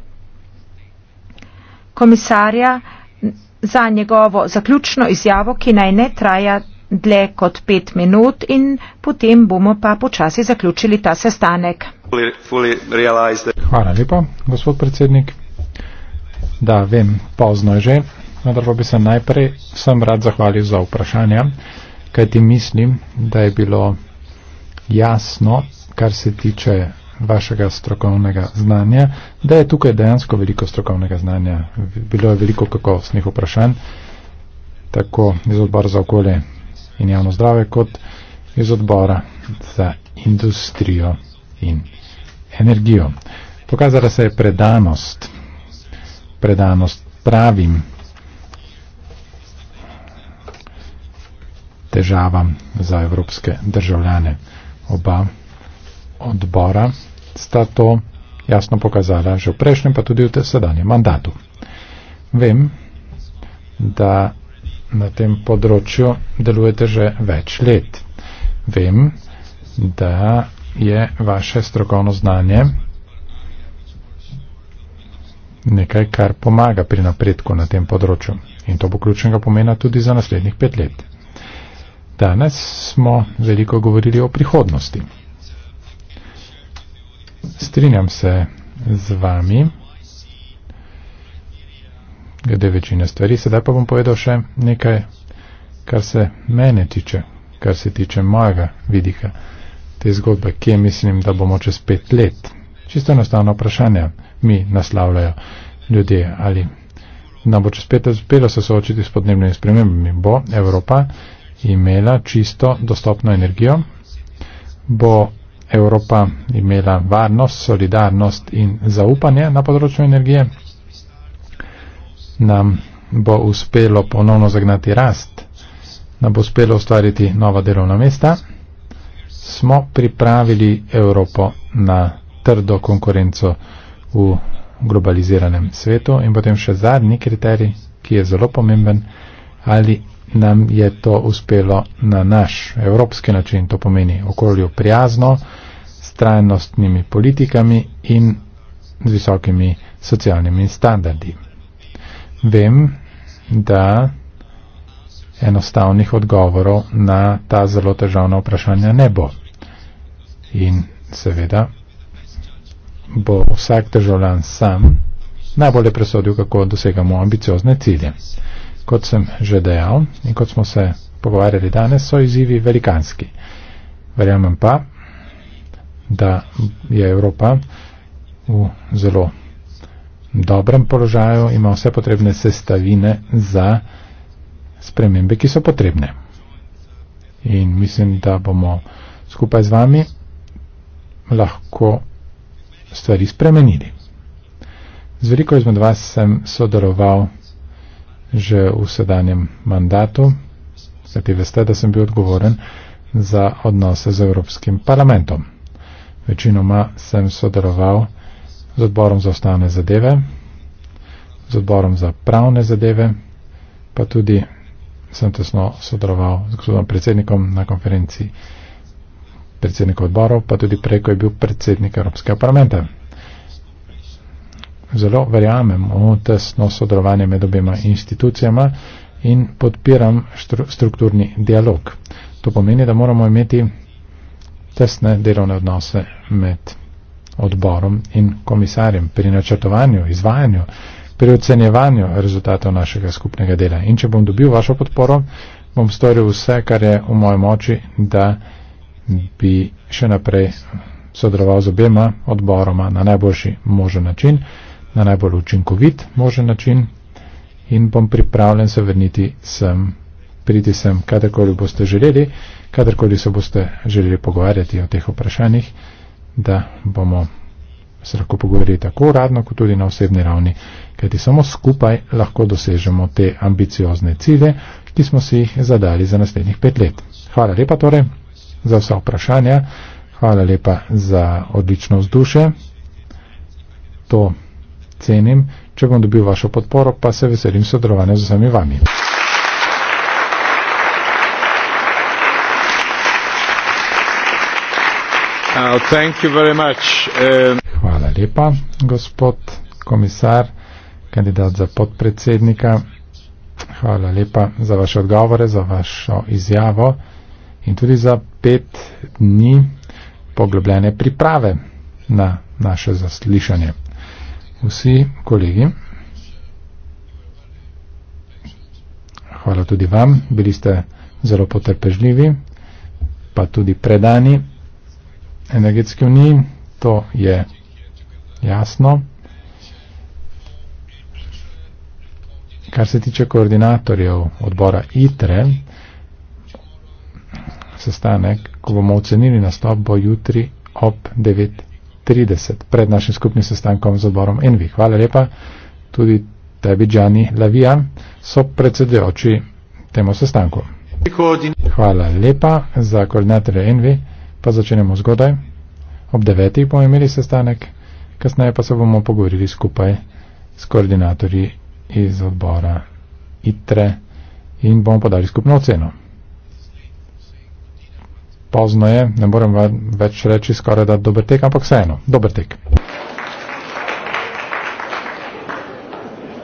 komisarja, za njegovo zaključno izjavo, ki naj ne traja dlje kot pet minut in potem bomo pa počasi zaključili ta sestanek. Hvala lepo, gospod predsednik. Da, vem, pozno je že, vendar pa bi se najprej vsem rad zahvalil za vprašanja, kajti mislim, da je bilo jasno, kar se tiče vašega strokovnega znanja, da je tukaj dejansko veliko strokovnega znanja. Bilo je veliko kakovostnih vprašanj, tako iz odbora za okolje in javno zdrave, kot iz odbora za industrijo in energijo. Pokazala se je predanost, predanost pravim težavam za evropske državljane. Oba odbora sta to jasno pokazala že v prejšnjem, pa tudi v sedanjem mandatu. Vem, da na tem področju delujete že več let. Vem, da je vaše strokovno znanje nekaj, kar pomaga pri napredku na tem področju. In to bo ključnega pomena tudi za naslednjih pet let. Danes smo veliko govorili o prihodnosti. Strinjam se z vami, glede večine stvari. Sedaj pa bom povedal še nekaj, kar se mene tiče, kar se tiče mojega vidika te zgodbe, kje mislim, da bomo čez pet let. Čisto enostavno vprašanje mi naslavljajo ljudje, ali nam bo čez pet let uspelo se soočiti s podnebnimi spremembami. Bo Evropa imela čisto dostopno energijo? Bo Evropa imela varnost, solidarnost in zaupanje na področju energije, nam bo uspelo ponovno zagnati rast, nam bo uspelo ustvariti nova delovna mesta, smo pripravili Evropo na trdo konkurenco v globaliziranem svetu in potem še zadnji kriterij, ki je zelo pomemben, ali nam je to uspelo na naš evropski način, to pomeni okolju prijazno, s trajnostnimi politikami in z visokimi socialnimi standardi. Vem, da enostavnih odgovorov na ta zelo težavna vprašanja ne bo. In seveda bo vsak državljan sam najbolje presodil, kako dosegamo ambiciozne cilje. Kot sem že dejal in kot smo se pogovarjali danes, so izzivi velikanski. Verjamem pa, da je Evropa v zelo dobrem položaju, ima vse potrebne sestavine za spremembe, ki so potrebne. In mislim, da bomo skupaj z vami lahko stvari spremenili. Z veliko izmed vas sem sodeloval že v sedanjem mandatu, kajti veste, da sem bil odgovoren za odnose z Evropskim parlamentom. Večinoma sem sodeloval z odborom za ostane zadeve, z odborom za pravne zadeve, pa tudi sem tesno sodeloval z gospodom predsednikom na konferenci predsednikov odborov, pa tudi preko je bil predsednik Evropskega parlamenta zelo verjamem v tesno sodelovanje med obema institucijama in podpiram štru, strukturni dialog. To pomeni, da moramo imeti tesne delovne odnose med odborom in komisarjem pri načrtovanju, izvajanju, pri ocenjevanju rezultatov našega skupnega dela. In če bom dobil vašo podporo, bom storil vse, kar je v moje moči, da bi še naprej sodeloval z obema odboroma na najboljši možen način na najbolj učinkovit možen način in bom pripravljen se vrniti sem, priti sem, kadarkoli boste želeli, kadarkoli se boste želeli pogovarjati o teh vprašanjih, da bomo se lahko pogovarjali tako uradno, kot tudi na osebni ravni, kajti samo skupaj lahko dosežemo te ambiciozne cilje, ki smo si jih zadali za naslednjih pet let. Hvala lepa torej za vsa vprašanja, hvala lepa za odlično vzdušje. To cenim, če bom dobil vašo podporo, pa se veselim sodelovanja z vsemi vami. Oh, um, Hvala lepa, gospod komisar, kandidat za podpredsednika. Hvala lepa za vaše odgovore, za vašo izjavo in tudi za pet dni poglobljene priprave na naše zaslišanje vsi kolegi. Hvala tudi vam, bili ste zelo potrpežljivi, pa tudi predani energetski uniji, to je jasno. Kar se tiče koordinatorjev odbora ITRE, sestanek, ko bomo ocenili nastop, bo jutri ob 9. 9.30 pred našim skupnim sestankom z odborom Envi. Hvala lepa tudi tebi, Džani Lavija, so predsedujoči temu sestanku. Hvala lepa za koordinatorja Envi, pa začenjamo zgodaj. Ob 9. bomo imeli sestanek, kasneje pa se bomo pogovorili skupaj s koordinatorji iz odbora ITRE in bomo podali skupno oceno pozno je, ne morem več reči skoraj da dober tek, ampak vseeno, dober tek.